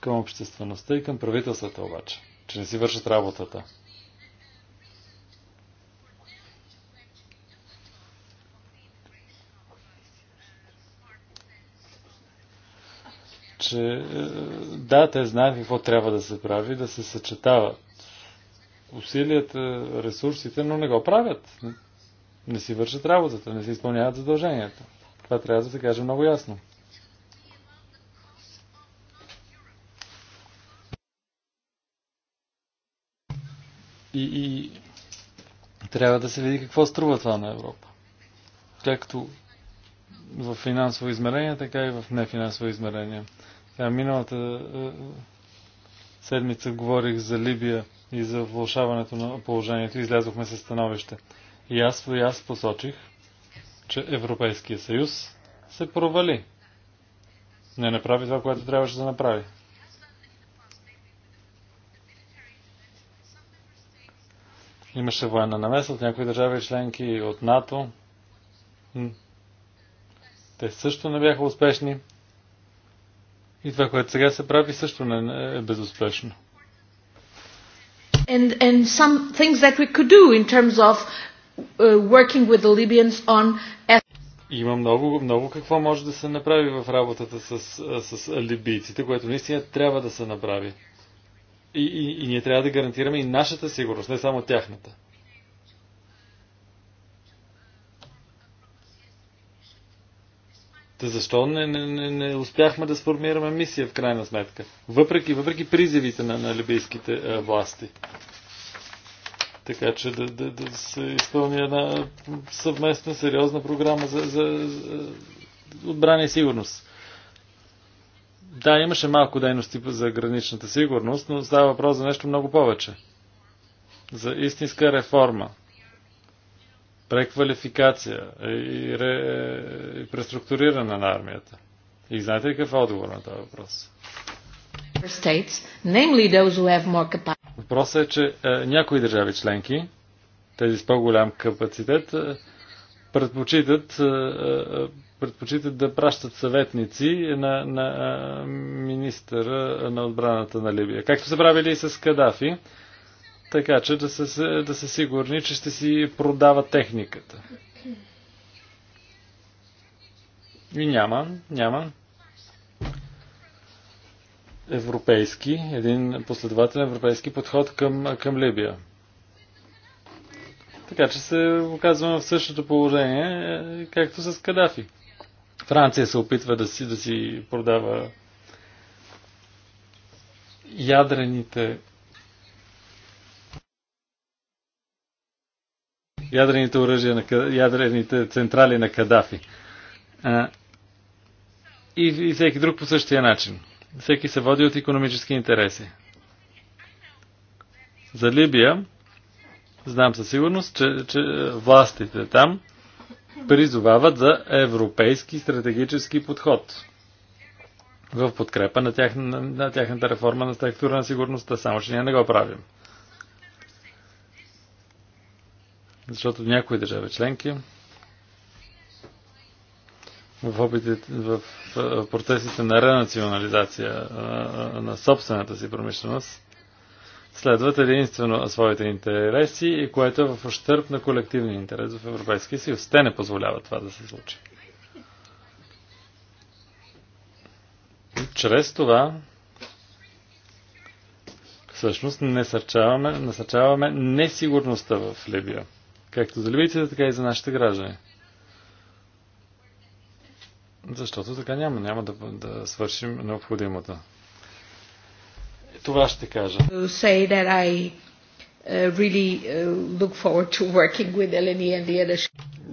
A: към обществеността и към правителствата обаче, че не си вършат работата. че е, да, те знаят какво трябва да се прави, да се съчетават усилията, ресурсите, но не го правят не си вършат работата, не си изпълняват задълженията. Това трябва да се каже много ясно. И, и трябва да се види какво струва това на Европа. Както в финансово измерение, така и в нефинансово измерение. Сега, миналата е, е, седмица говорих за Либия и за влушаването на положението. Излязохме с становище. И аз, и аз посочих, че Европейския съюз се провали. Не направи това, което трябваше да направи. Имаше военна намеса от някои държави членки от НАТО. Те също не бяха успешни. И това, което сега се прави, също не е безуспешно.
B: And, and some things that we could do in terms of е, working with the Libyans on
A: има много, много какво може да се направи в работата с, е, с либийците, което наистина трябва да се направи. И, и, и ние трябва да гарантираме и нашата сигурност, не само тяхната. Та защо не, не, не, не успяхме да сформираме мисия в крайна сметка? Въпреки, въпреки призивите на, на либийските е, власти така че да, да, да се изпълни една съвместна, сериозна програма за, за, за отбрана и сигурност. Да, имаше малко дейности за граничната сигурност, но става въпрос за нещо много повече. За истинска реформа, преквалификация и, ре... и преструктуриране на армията. И знаете ли какъв е отговор на този въпрос?
B: States,
A: Въпросът е, че е, някои държави членки, тези с по-голям капацитет, е, предпочитат, е, предпочитат да пращат съветници на, на министъра на отбраната на Либия. Както са правили и с Кадафи, така че да са, да са сигурни, че ще си продава техниката. И няма, няма европейски, един последователен европейски подход към, към Либия. Така че се оказваме в същото положение, е, както с Кадафи. Франция се опитва да си, да си продава ядрените ядрените оръжия на ядрените централи на Кадафи. и, и всеки друг по същия начин всеки се води от економически интереси. За Либия знам със сигурност, че, че властите там призовават за европейски стратегически подход в подкрепа на, тях, на, на тяхната реформа на структура на сигурността, само че ние не го правим. Защото някои държави членки в, опитите, в процесите на ренационализация на собствената си промишленост, следват единствено своите интереси и което е в ощърп на колективния интерес в Европейския съюз. Те не позволяват това да се случи. Чрез това всъщност насърчаваме, насърчаваме несигурността в Либия. Както за либийците, така и за нашите граждани. Защото така няма, няма да, да свършим необходимото. Това ще кажа.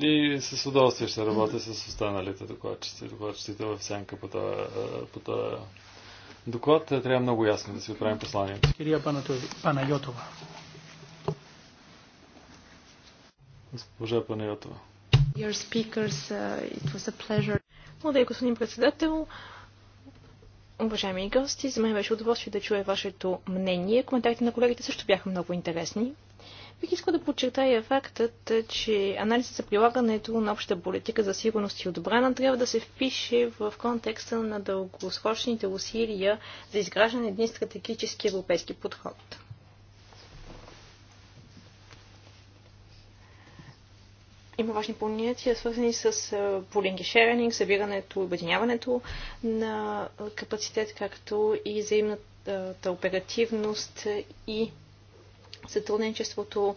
A: И с удоволствие ще работя с останалите докладчици, докладчиците в сянка по това, uh, по това доклад. Трябва много ясно да си отправим посланието. Кирия Панайотова. Госпожа Панайотова.
B: Your speakers, uh, it was a pleasure. Благодаря, господин председател. Уважаеми гости, за мен беше удоволствие да чуя вашето мнение. Коментарите на колегите също бяха много интересни. Бих искал да подчертая фактът, че анализът за прилагането на обща политика за сигурност и отбрана трябва да се впише в контекста на дългосрочните усилия за изграждане на един стратегически европейски подход. Има важни понятия, свързани с пулинг и шеринг, събирането и обединяването на капацитет, както и взаимната оперативност и сътрудничеството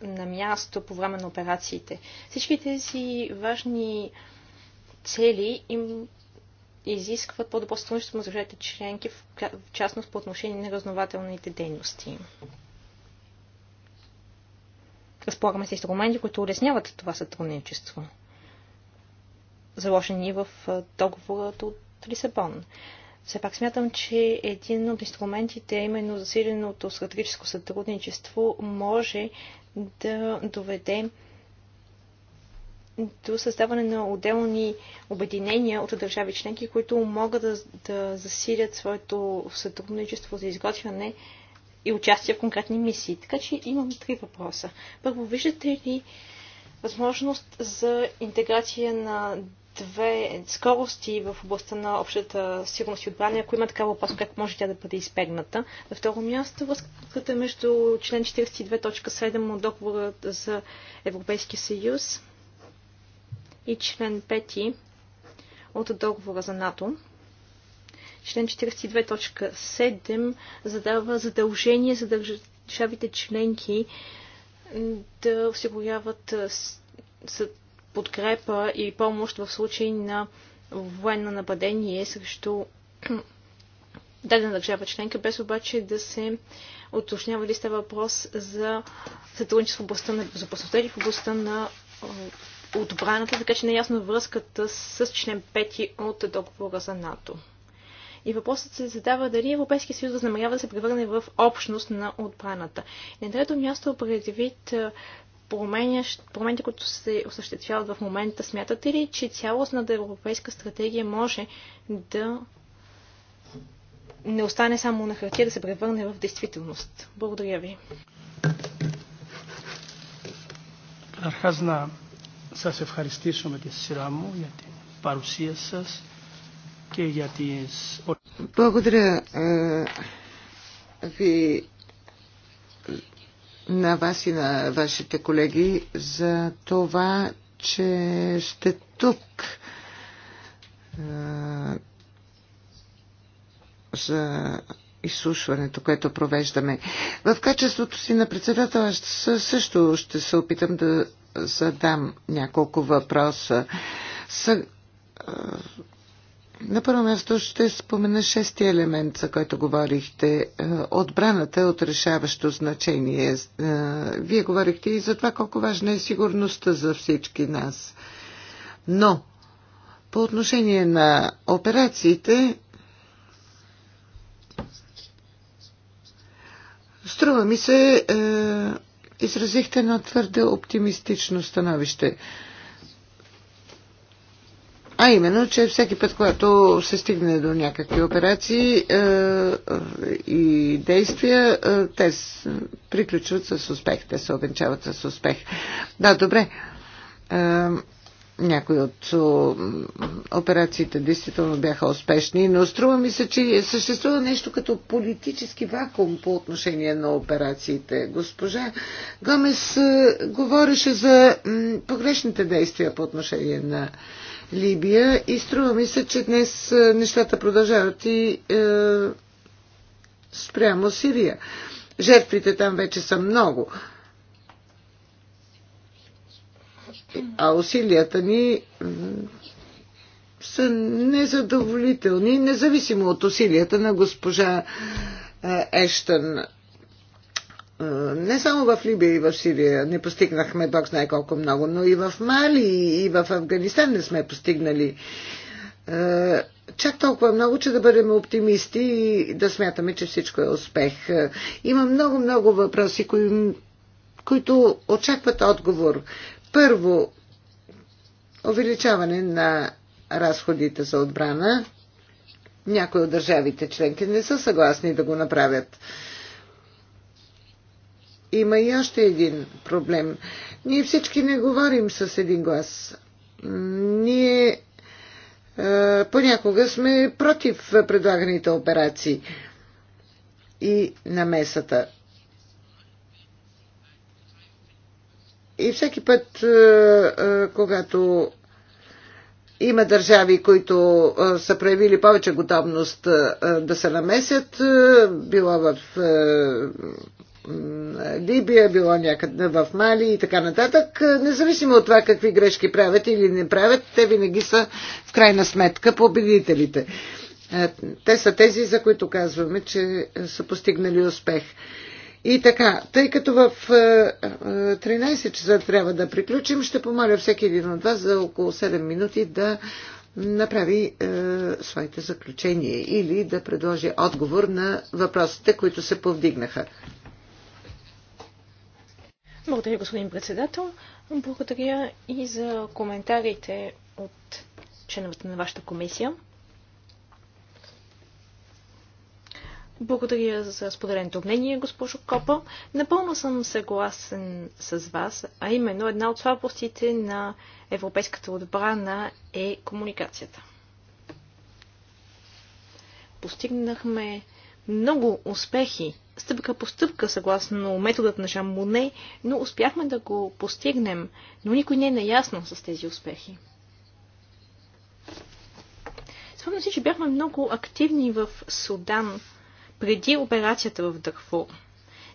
B: на място по време на операциите. Всички тези важни цели им изискват по-добро сътрудничество на държавите членки, в частност по отношение на разнователните дейности разполагаме с инструменти, които улесняват това сътрудничество, заложени в договорът от Лисабон. Все пак смятам, че един от инструментите, именно засиленото стратегическо сътрудничество, може да доведе до създаване на отделни обединения от държави членки, които могат да, да засилят своето сътрудничество за изготвяне и участие в конкретни мисии. Така че имам три въпроса. Първо, виждате ли възможност за интеграция на две скорости в областта на общата сигурност и отбрана, ако има такава опасност, как може тя да бъде изпегната. На второ място, връзката между член 42.7 от договора за Европейския съюз и член 5 от договора за НАТО. Член 42.7 задава задължение за държавите членки да осигуряват подкрепа и помощ в случай на военно нападение срещу *clears throat* дадена държава членка, без обаче да се уточнява ли става въпрос за сътрудничество в областта на безопасността или в областта на отбраната, така че не връзката с член 5 от договора за НАТО. И въпросът се задава дали Европейския съюз възнамерява да се превърне в общност на отбраната. И на трето място предвид промените, които се осъществяват в момента, смятате ли, че цялостната европейска стратегия може да не остане само на хартия, да се превърне в действителност? Благодаря ви.
A: Архазна να се ευχαριστήσω με τη σειρά μου για την
B: παρουσία σας και για τις...
C: Благодаря ви на вас и на вашите колеги за това, че сте тук за изслушването, което провеждаме. В качеството си на председател аз също ще се опитам да задам няколко въпроса. Съ... На първо място ще спомена шестия елемент, за който говорихте. Е, отбраната е от решаващо значение. Е, вие говорихте и за това колко важна е сигурността за всички нас. Но по отношение на операциите, струва ми се, е, изразихте на твърде оптимистично становище. А именно, че всеки път, когато се стигне до някакви операции е, е и действия, е, те приключват с успех, те се обенчават с успех. Да, добре. Е, някои от операциите действително бяха успешни, но струва ми се, че съществува нещо като политически вакуум по отношение на операциите. Госпожа Гомес е, говореше за погрешните действия по отношение на Либия и струва ми се, че днес е, нещата продължават и е, спрямо Сирия. Жертвите там вече са много. А усилията ни са незадоволителни, независимо от усилията на госпожа е, Ештън. Е, не само в Либия и в Сирия не постигнахме Бог знае колко много, но и в Мали и в Афганистан не сме постигнали е, чак толкова много, че да бъдем оптимисти и да смятаме, че всичко е успех. Е, има много-много въпроси, кои, които очакват отговор. Първо, увеличаване на разходите за отбрана. Някои от държавите членки не са съгласни да го направят има и още един проблем. Ние всички не говорим с един глас. Ние е, понякога сме против предлаганите операции и намесата. И всеки път, е, е, когато има държави, които е, са проявили повече готовност е, да се намесят, е, било в Е, Либия, било някъде в Мали и така нататък. Независимо от това какви грешки правят или не правят, те винаги са в крайна сметка победителите. Е, те са тези, за които казваме, че са постигнали успех. И така, тъй като в 13 е, е, часа трябва да приключим, ще помоля всеки един от вас за около 7 минути да направи е, своите заключения или да предложи отговор на въпросите, които се повдигнаха.
B: Благодаря, господин председател. Благодаря и за коментарите от членовете на вашата комисия. Благодаря за споделеното мнение, госпожо Копа. Напълно съм съгласен с вас, а именно една от слабостите на европейската отбрана е комуникацията. Постигнахме много успехи, стъпка по стъпка, съгласно методът на Жан Моне, но успяхме да го постигнем, но никой не е наясно с тези успехи. Спомням си, че бяхме много активни в Судан преди операцията в Дърфур.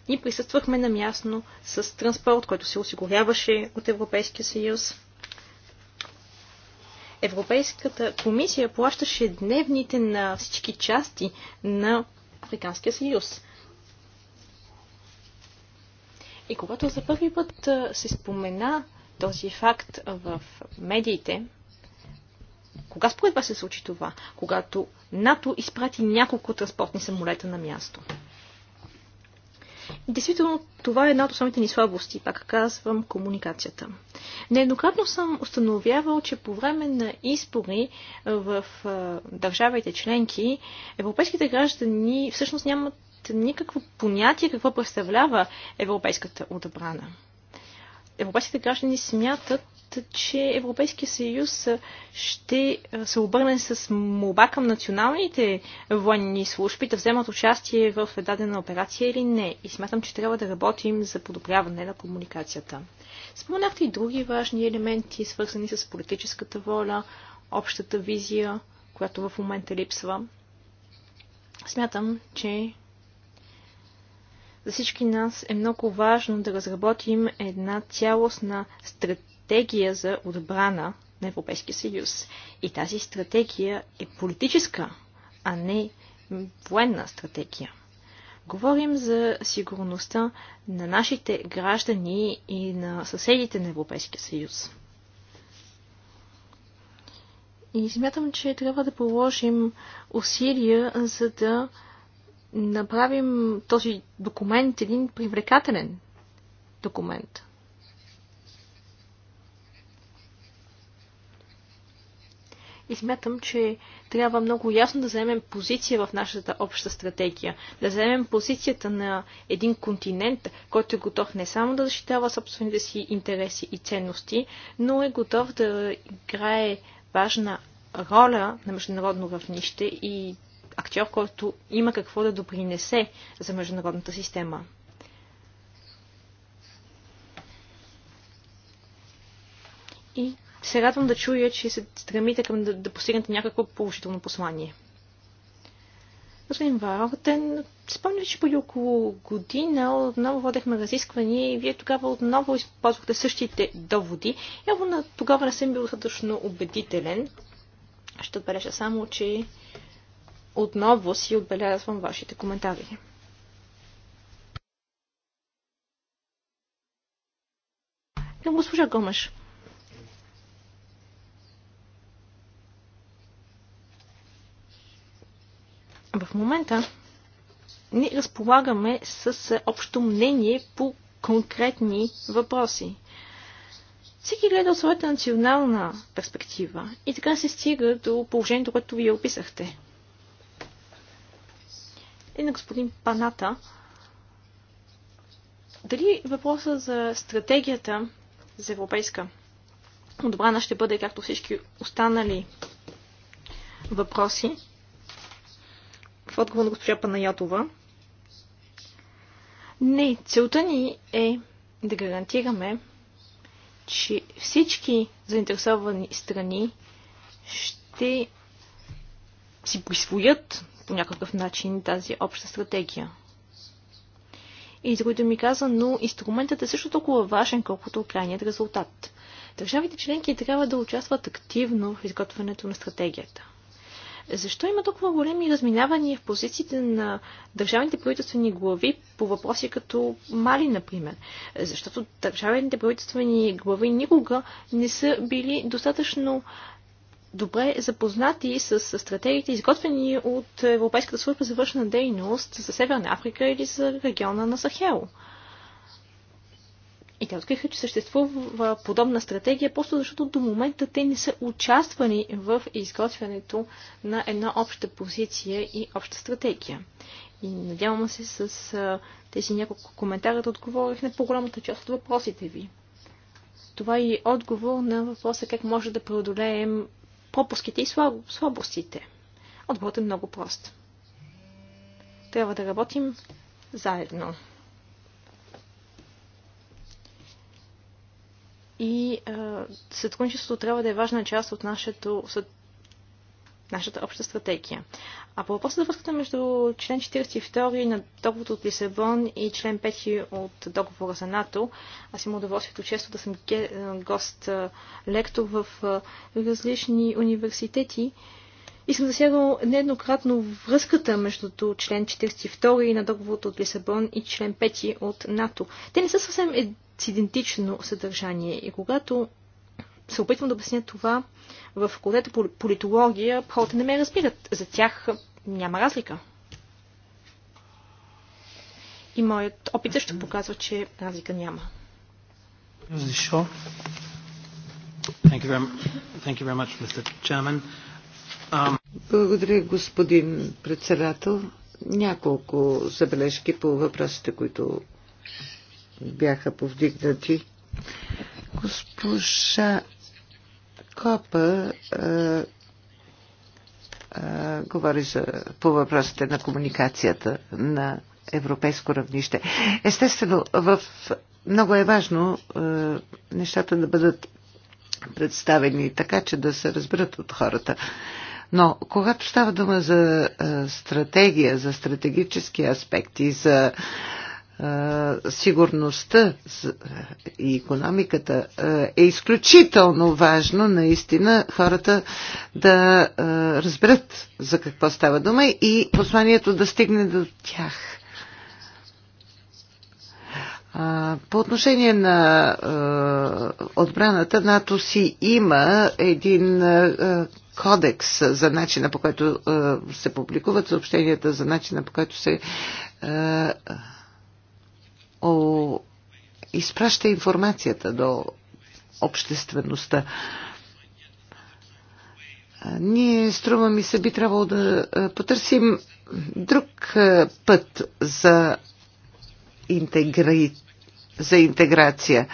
B: Ние присъствахме на място с транспорт, който се осигуряваше от Европейския съюз. Европейската комисия плащаше дневните на всички части на Африканския съюз. И когато за първи път се спомена този факт в медиите, кога според вас се случи това? Когато НАТО изпрати няколко транспортни самолета на място. Действително, това е една от основните ни слабости, пак казвам, комуникацията. Нееднократно съм установявал, че по време на избори в държавите членки, европейските граждани всъщност нямат никакво понятие какво представлява европейската отбрана. Европейските граждани смятат, че Европейския съюз ще се обърне с молба към националните военни служби да вземат участие в дадена операция или не. И смятам, че трябва да работим за подобряване на комуникацията. Споменахте и други важни елементи, свързани с политическата воля, общата визия, която в момента липсва. Смятам, че за всички нас е много важно да разработим една цялостна стратегия стратегия за отбрана на Европейския съюз. И тази стратегия е политическа, а не военна стратегия. Говорим за сигурността на нашите граждани и на съседите на Европейския съюз. И смятам, че трябва да положим усилия, за да направим този документ един привлекателен документ. и смятам, че трябва много ясно да вземем позиция в нашата обща стратегия. Да вземем позицията на един континент, който е готов не само да защитава собствените си интереси и ценности, но е готов да играе важна роля на международно равнище и актьор, който има какво да допринесе за международната система. И се радвам да чуя, че се стремите към да, да постигнете някакво положително послание. Господин Варотен, спомня, че преди около година отново водехме разисквания и вие тогава отново използвахте същите доводи. Явно на тогава не съм бил достатъчно убедителен. Ще отбележа само, че отново си отбелязвам вашите коментари. Към госпожа Гомаш, В момента ние разполагаме с е, общо мнение по конкретни въпроси. Всеки гледа от своята национална перспектива и така се стига до положението, което вие описахте. И на господин Паната, дали въпроса за стратегията за европейска отбрана ще бъде, както всички останали въпроси, в отговор на госпожа Панайотова. Не, целта ни е да гарантираме, че всички заинтересовани страни ще си присвоят по някакъв начин тази обща стратегия. И за които ми каза, но инструментът е също толкова важен, колкото крайният резултат. Държавите членки трябва да участват активно в изготвянето на стратегията. Защо има толкова големи разминавания в позициите на държавните правителствени глави по въпроси като Мали, например? Защото държавните правителствени глави никога не са били достатъчно добре запознати с стратегиите, изготвени от Европейската служба за вършна дейност за Северна Африка или за региона на Сахел. И те откриха, че съществува подобна стратегия, просто защото до момента те не са участвани в изготвянето на една обща позиция и обща стратегия. И надявам се с а, тези няколко коментара да отговорих на по-голямата част от въпросите ви. Това е и отговор на въпроса как може да преодолеем пропуските и слаб... слабостите. Отговорът е много прост. Трябва да работим заедно. и а, сътрудничеството трябва да е важна част от нашето, съд, нашата обща стратегия. А по въпроса за връзката между член 42 на договорът от Лисабон и член 5 от договора за НАТО, аз имам удоволствието често да съм гост лектор в различни университети и съм засягал нееднократно връзката между член 42 на договорът от Лисабон и член 5 от НАТО. Те не са съвсем с идентично съдържание. И когато се опитвам да обясня това в факултета по политология, хората не ме разбират. За тях няма разлика. И моят опит ще показва, че разлика няма.
C: Защо? Um, Благодаря, господин председател. Няколко забележки по въпросите, които бяха повдигнати. Госпожа Копа а, а, говори за, по въпросите на комуникацията на европейско равнище. Естествено, в, много е важно а, нещата да бъдат представени така, че да се разберат от хората. Но когато става дума за а, стратегия, за стратегически аспекти, за сигурността и економиката е изключително важно наистина хората да разберат за какво става дума и посланието да стигне до тях. По отношение на отбраната, НАТО си има един кодекс за начина по който се публикуват съобщенията, за начина по който се о, изпраща информацията до обществеността. Ние, струва ми се, би трябвало да потърсим друг път за, интегри... за интеграция.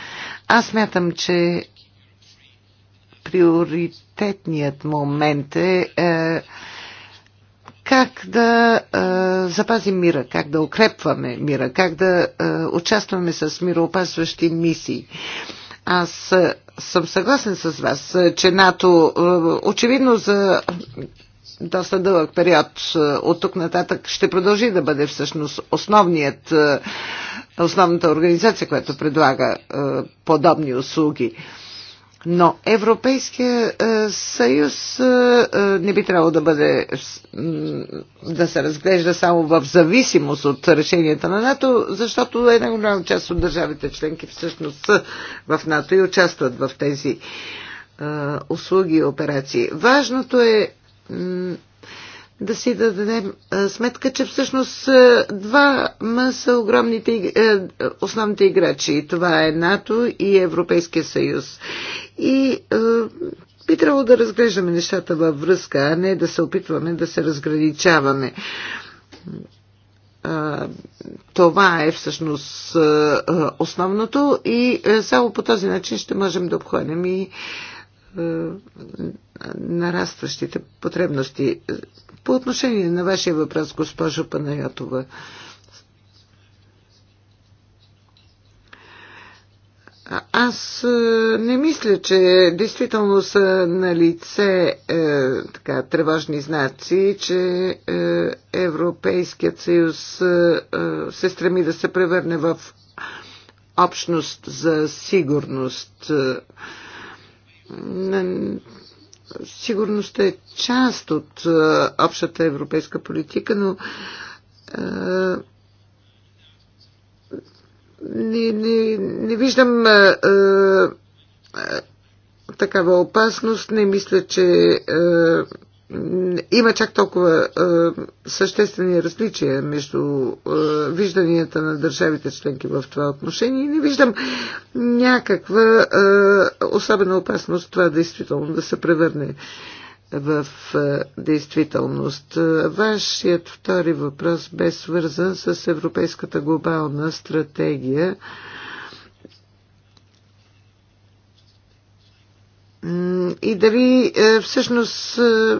C: Аз мятам, че приоритетният момент е, е как да а, запазим мира, как да укрепваме мира, как да а, участваме с мироопазващи мисии. Аз съм съгласен с вас, че НАТО очевидно за доста дълъг период от тук нататък ще продължи да бъде всъщност основният, основната организация, която предлага подобни услуги. Но Европейския е, съюз е, е, не би трябвало да бъде да се разглежда само в зависимост от решенията на НАТО, защото една голяма част от държавите членки всъщност са в НАТО и участват в тези услуги и операции. Важното е да си дадем сметка, че всъщност два ма са огромните, основните играчи. Това е НАТО и Европейския съюз. И би трябвало да разглеждаме нещата във връзка, а не да се опитваме да се разграничаваме. Това е всъщност основното и само по този начин ще можем да обхванем и нарастващите потребности. По отношение на вашия въпрос, госпожо Панайотова, Аз е, не мисля, че действително са на лице е, така, тревожни знаци, че е, Европейският съюз е, е се стреми да се превърне в общност за сигурност. Е, сигурност е част от е, общата европейска политика, но е, не, не, не виждам а, е, а, такава опасност. Не мисля, че а, има чак толкова е, съществени различия между е, вижданията на държавите членки в това отношение и не виждам някаква е, особена опасност това действително да се превърне в е, действителност. Вашият втори въпрос бе свързан с Европейската глобална стратегия. Е, и дали е, всъщност е,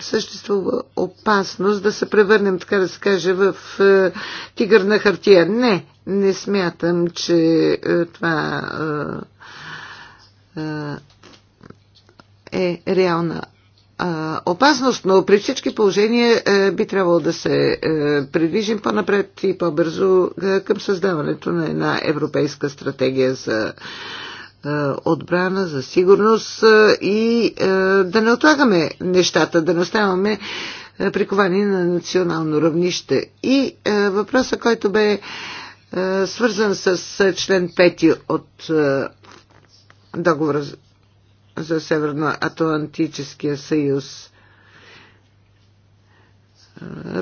C: съществува опасност да се превърнем, така да се каже, в е, тигър на хартия. Не, не смятам, че това е реална опасност, но при всички положения би трябвало да се предвижим по-напред и по-бързо към създаването на една европейска стратегия за е, отбрана, за сигурност е, и е, да не отлагаме нещата, да не оставаме приковани на национално равнище. И въпроса, който бе свързан с член 5 от договора за Северноатлантическия съюз.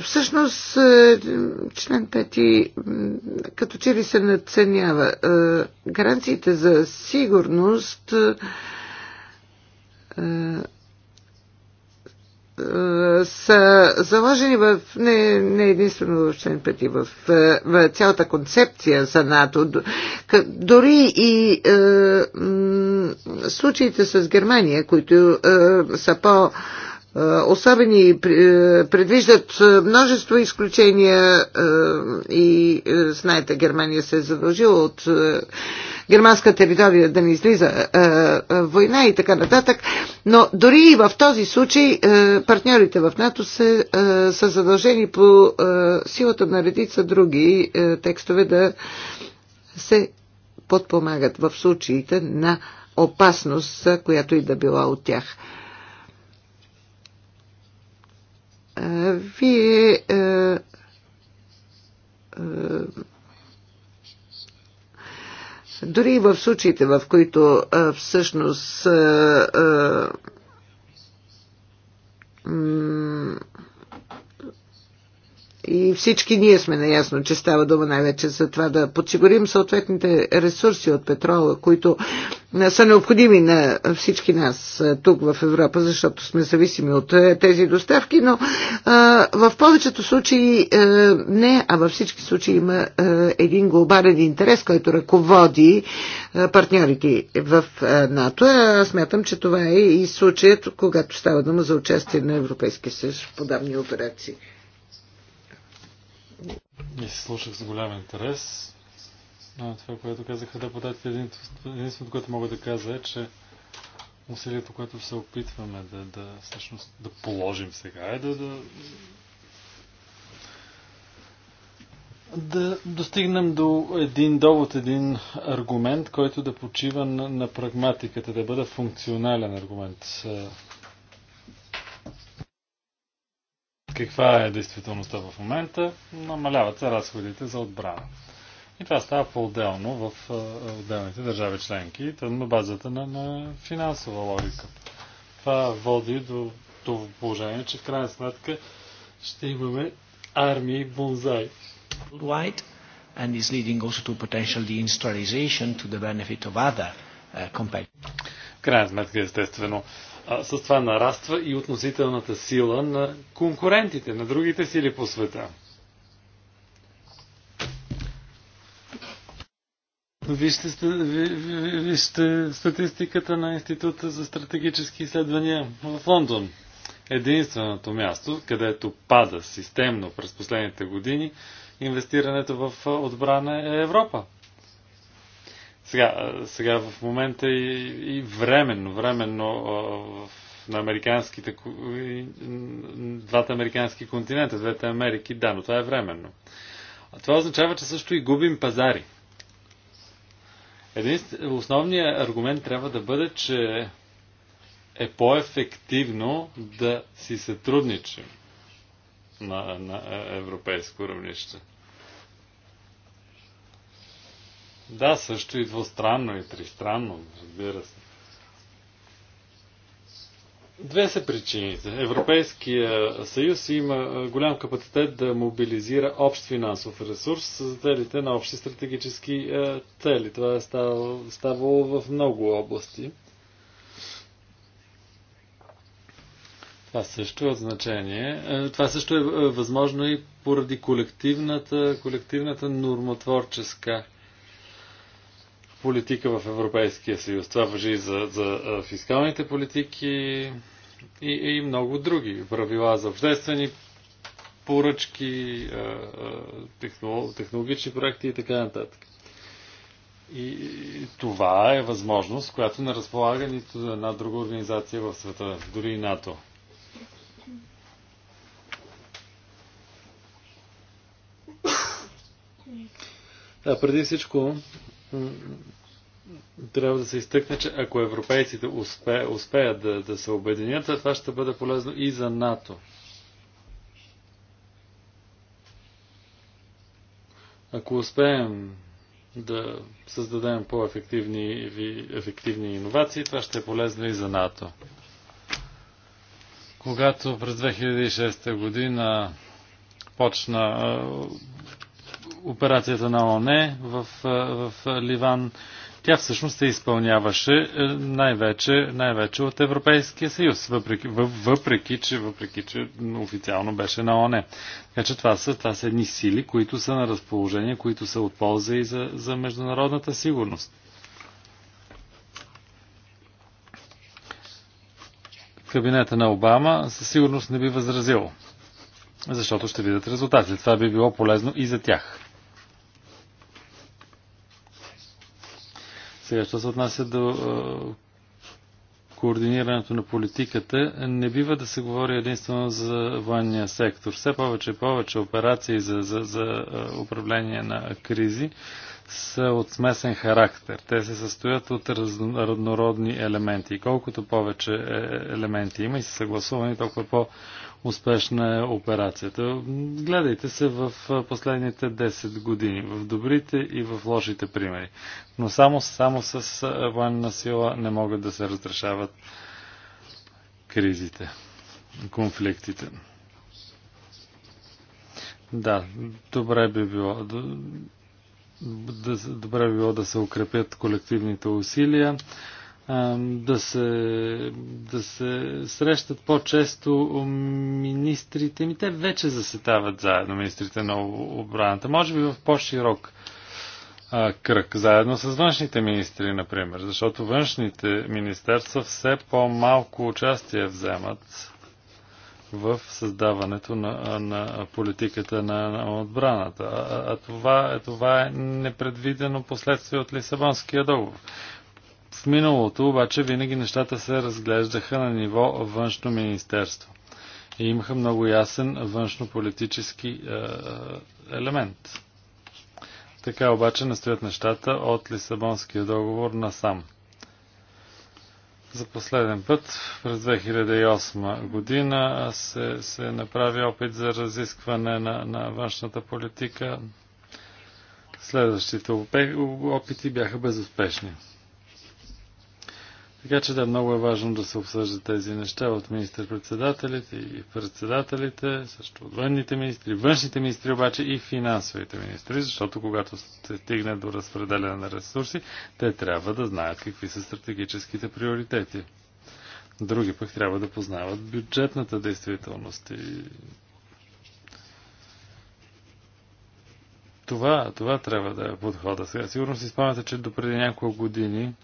C: Всъщност, е, член 5 като че ли се надценява. Е, гаранциите за сигурност е, са заложени в, не, не единствено в член 5, в, в цялата концепция за НАТО. Дори и е, случаите с Германия, които е, са по- е, е, особени е, предвиждат е, множество изключения и знаете, Германия се е задължила от германска територия да не излиза война и така нататък. Но дори и в този случай партньорите в НАТО се, са задължени по силата на редица други текстове да се подпомагат в случаите на опасност, която и да била от тях. Вие дори и в случаите, в които всъщност и всички ние сме наясно, че става дума най-вече за това да подсигурим съответните ресурси от петрола, които са необходими на всички нас тук в Европа, защото сме зависими от е, тези доставки, но а, в повечето случаи а, е, не, а във всички случаи има а, е, един глобален интерес, който ръководи а, партньорите в а, НАТО. А, смятам, че това е и случаят, когато става дума за участие на Европейския съюз в подобни операции.
A: И се слушах с голям интерес. А, това, което казаха депутатите, единственото, което мога да кажа е, че усилието, което се опитваме да, да, всъщност, да положим сега е да, да, да достигнем до един довод, един аргумент, който да почива на, на прагматиката, да бъде функционален аргумент. каква е действителността в момента, намаляват се разходите за отбрана. И това става по-отделно в отделните държави членки, на базата на, на финансова логика. Това води до това положение, че в крайна сметка ще имаме армии бонзай.
B: Worldwide, and is leading also to potential deindustrialization to the benefit of other uh, competitors.
A: крайна сметка, естествено, uh, а, с това нараства и относителната сила на конкурентите, на другите сили по света. Вижте, вижте статистиката на Института за стратегически изследвания в Лондон. Единственото място, където пада системно през последните години инвестирането в отбрана е Европа. Сега, сега в момента и, и временно, временно на американските, двата американски континента, двете Америки, да, но това е временно. А това означава, че също и губим пазари. Един основният аргумент трябва да бъде, че е по-ефективно да си сътрудничим на, на е, европейско равнище. Да, също и двустранно, и тристранно, разбира се. Две са причините. Европейския съюз има голям капацитет да мобилизира общ финансов ресурс за целите на общи стратегически цели. Това е ставало, в много области. Това също е от значение. Това също е възможно и поради колективната, колективната нормотворческа политика в Европейския съюз. Това въжи за, за фискалните политики и, и много други. Правила за обществени поръчки, технологични проекти и така нататък. И това е възможност, която не разполага нито за една друга организация в света, дори и НАТО. А преди всичко трябва да се изтъкне, че ако европейците успе, успеят да, да се обединят, това ще бъде полезно и за НАТО. Ако успеем да създадем по-ефективни ефективни иновации, това ще е полезно и за НАТО. Когато през 2006 година почна операцията на ОНЕ в, в Ливан. Тя всъщност се изпълняваше е, най-вече, най-вече от Европейския съюз, въпреки, въпреки, че, въпреки, че официално беше на ОНЕ. Така че това са, това са едни сили, които са на разположение, които са от полза и за, за международната сигурност. кабинета на Обама със сигурност не би възразил, защото ще видят резултати. Това би било полезно и за тях. Сега, що се отнася до координирането на политиката, не бива да се говори единствено за военния сектор. Все повече и повече операции за, за, за управление на кризи са от смесен характер. Те се състоят от разнородни елементи. И колкото повече е, елементи има и са съгласувани, толкова по- успешна е операцията. Гледайте се в последните 10 години, в добрите и в лошите примери. Но само, само с военна сила не могат да се разрешават кризите, конфликтите. Да, добре би било да, добре би било да се укрепят колективните усилия да се, да се срещат по-често министрите. Ми те вече заседават заедно, министрите на обраната. Може би в по-широк кръг, заедно с външните министри, например, защото външните министерства все по-малко участие вземат в създаването на, на политиката на, на отбраната. А, а това, това е непредвидено последствие от Лисабонския договор. В миналото обаче винаги нещата се разглеждаха на ниво външно министерство и имаха много ясен външно-политически е, елемент. Така обаче настоят нещата от Лисабонския договор насам. За последен път през 2008 година се, се направи опит за разискване на, на външната политика. Следващите опити бяха безуспешни. Така че да, много е важно да се обсъждат тези неща от министър-председателите и председателите, също от военните министри, външните министри обаче и финансовите министри, защото когато се стигне до разпределяне на ресурси, те трябва да знаят какви са стратегическите приоритети. Други пък трябва да познават бюджетната действителност и това, това трябва да е подхода. Сега сигурно си спомняте, че допреди няколко години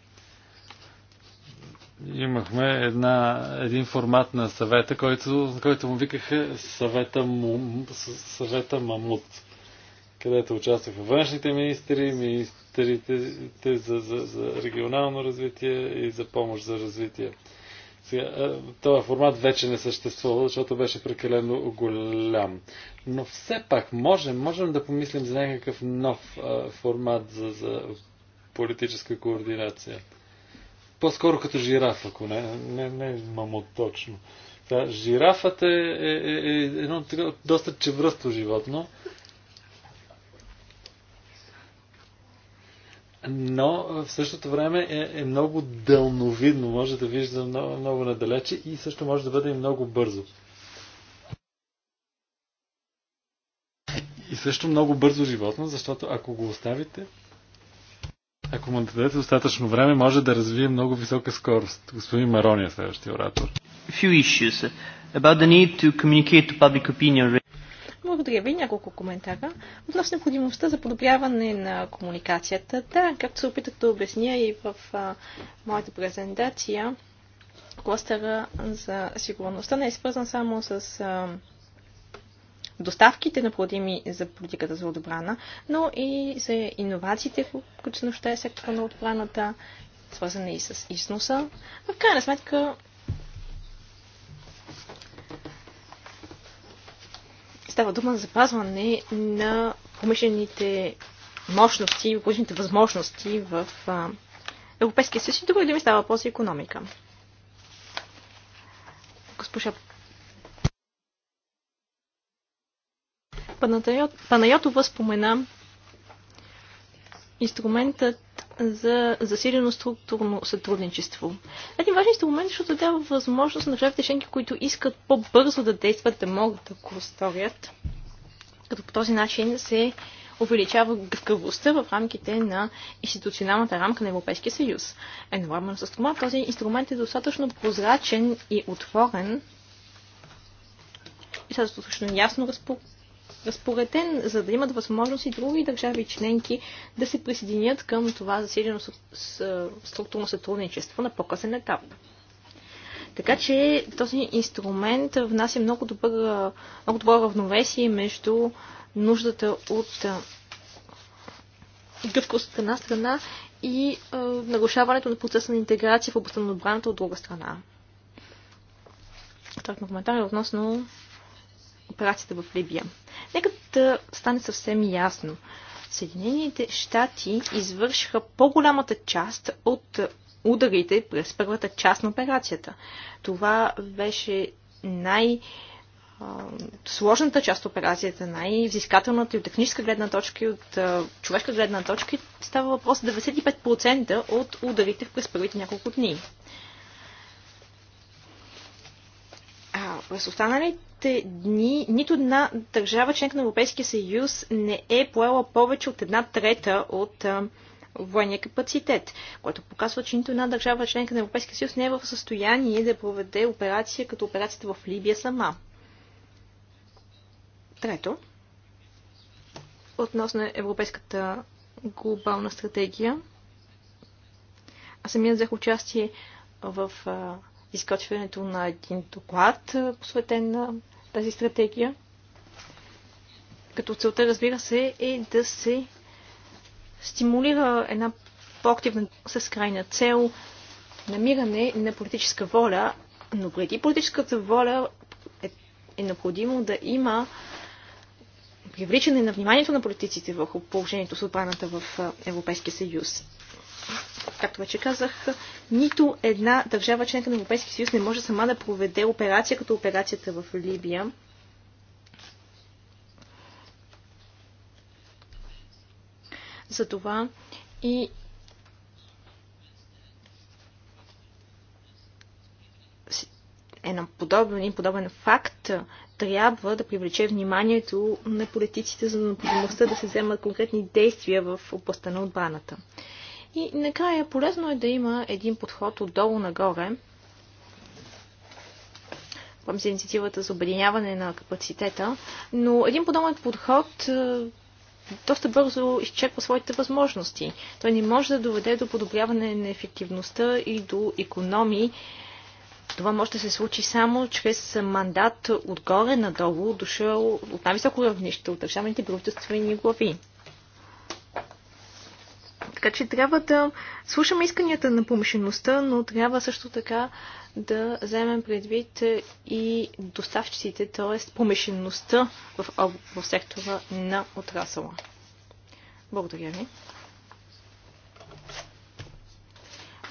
A: имахме една, един формат на съвета, който, който му викаха съвета, му, съвета Мамут, където участваха външните министри, министрите за, за, за регионално развитие и за помощ за развитие. Сега, този формат вече не съществува, защото беше прекалено голям. Но все пак можем, можем да помислим за някакъв нов а, формат за, за политическа координация. По-скоро като жираф, ако не, не, не мамот точно. Та, жирафът е, е, е, е едно така, доста чевръсто животно. но в същото време е, е много дълновидно, може да вижда много, много надалече и също може да бъде и много бързо. И също много бързо животно, защото ако го оставите, ако му дадете достатъчно време, може да развие много висока скорост. Господин Марония, е следващия оратор.
C: Uh,
B: Благодаря ви. Няколко коментара. Относно необходимостта за подобряване на комуникацията. Да, както се опитах да обясня и в а, моята презентация, кластъра за сигурността не е свързан само с а, доставките на продими за политиката за отбрана, но и за иновациите, които се нуждае сектора на отбраната, свързани и с износа. В крайна сметка става дума за запазване на помишлените мощности и промишлените възможности в Европейския съюз и други да ми става въпрос за економика. Госпожа Панайотова спомена инструментът за засилено структурно сътрудничество. Един важен инструмент, защото дава възможност на държавите членки, които искат по-бързо да действат, да могат да го сторят, като по този начин се увеличава гъвкавостта в рамките на институционалната рамка на Европейския съюз. Едновременно с това този инструмент е достатъчно прозрачен и отворен и достатъчно ясно разпо разпореден, за да имат възможност и други държави членки да се присъединят към това засилено структурно сътрудничество на по-късен етап. Така че този инструмент внася много добър, много добро равновесие между нуждата от гъвкост от една страна и е, нарушаването на процеса на интеграция в областта на отбраната от друга страна. Втори коментар е относно операцията в Либия. Нека да стане съвсем ясно. Съединените щати извършиха по-голямата част от ударите през първата част на операцията. Това беше най- сложната част от операцията, най-взискателната и от техническа гледна точка и от човешка гледна точка, става въпрос 95% от ударите през първите няколко дни. През останалите дни нито една държава, членка на Европейския съюз, не е поела повече от една трета от военния капацитет, което показва, че нито една държава, членка на Европейския съюз, не е в състояние да проведе операция като операцията в Либия сама. Трето, относно Европейската глобална стратегия, аз самия взех участие в изготвянето на един доклад, е, посветен на тази стратегия. Като целта, разбира се, е да се стимулира една по-активна с крайна цел намиране на политическа воля, но преди политическата воля е, е необходимо да има привличане на вниманието на политиците върху положението с отбраната в е, Европейския съюз. Както вече казах, нито една държава членка на Европейския съюз не може сама да проведе операция като операцията в Либия. това и една подобен, един подобен факт трябва да привлече вниманието на политиците за необходимостта да се вземат конкретни действия в областта на отбраната. И накрая полезно е да има един подход отдолу нагоре. Помня за инициативата за обединяване на капацитета, но един подобен подход е, доста бързо изчерпва своите възможности. Той не може да доведе до подобряване на ефективността и до економии. Това може да се случи само чрез мандат отгоре надолу, дошъл от най-високо равнище от държавните правителствени глави. Така че трябва да слушаме исканията на помишеността, но трябва също така да вземем предвид и доставчиците, т.е. помишеността в, в сектора на отрасъла. Благодаря ви.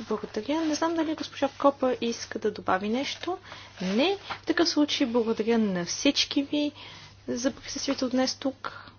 B: Благодаря. Не знам дали госпожа Копа иска да добави нещо. Не. В такъв случай благодаря на всички ви за присъствието днес тук.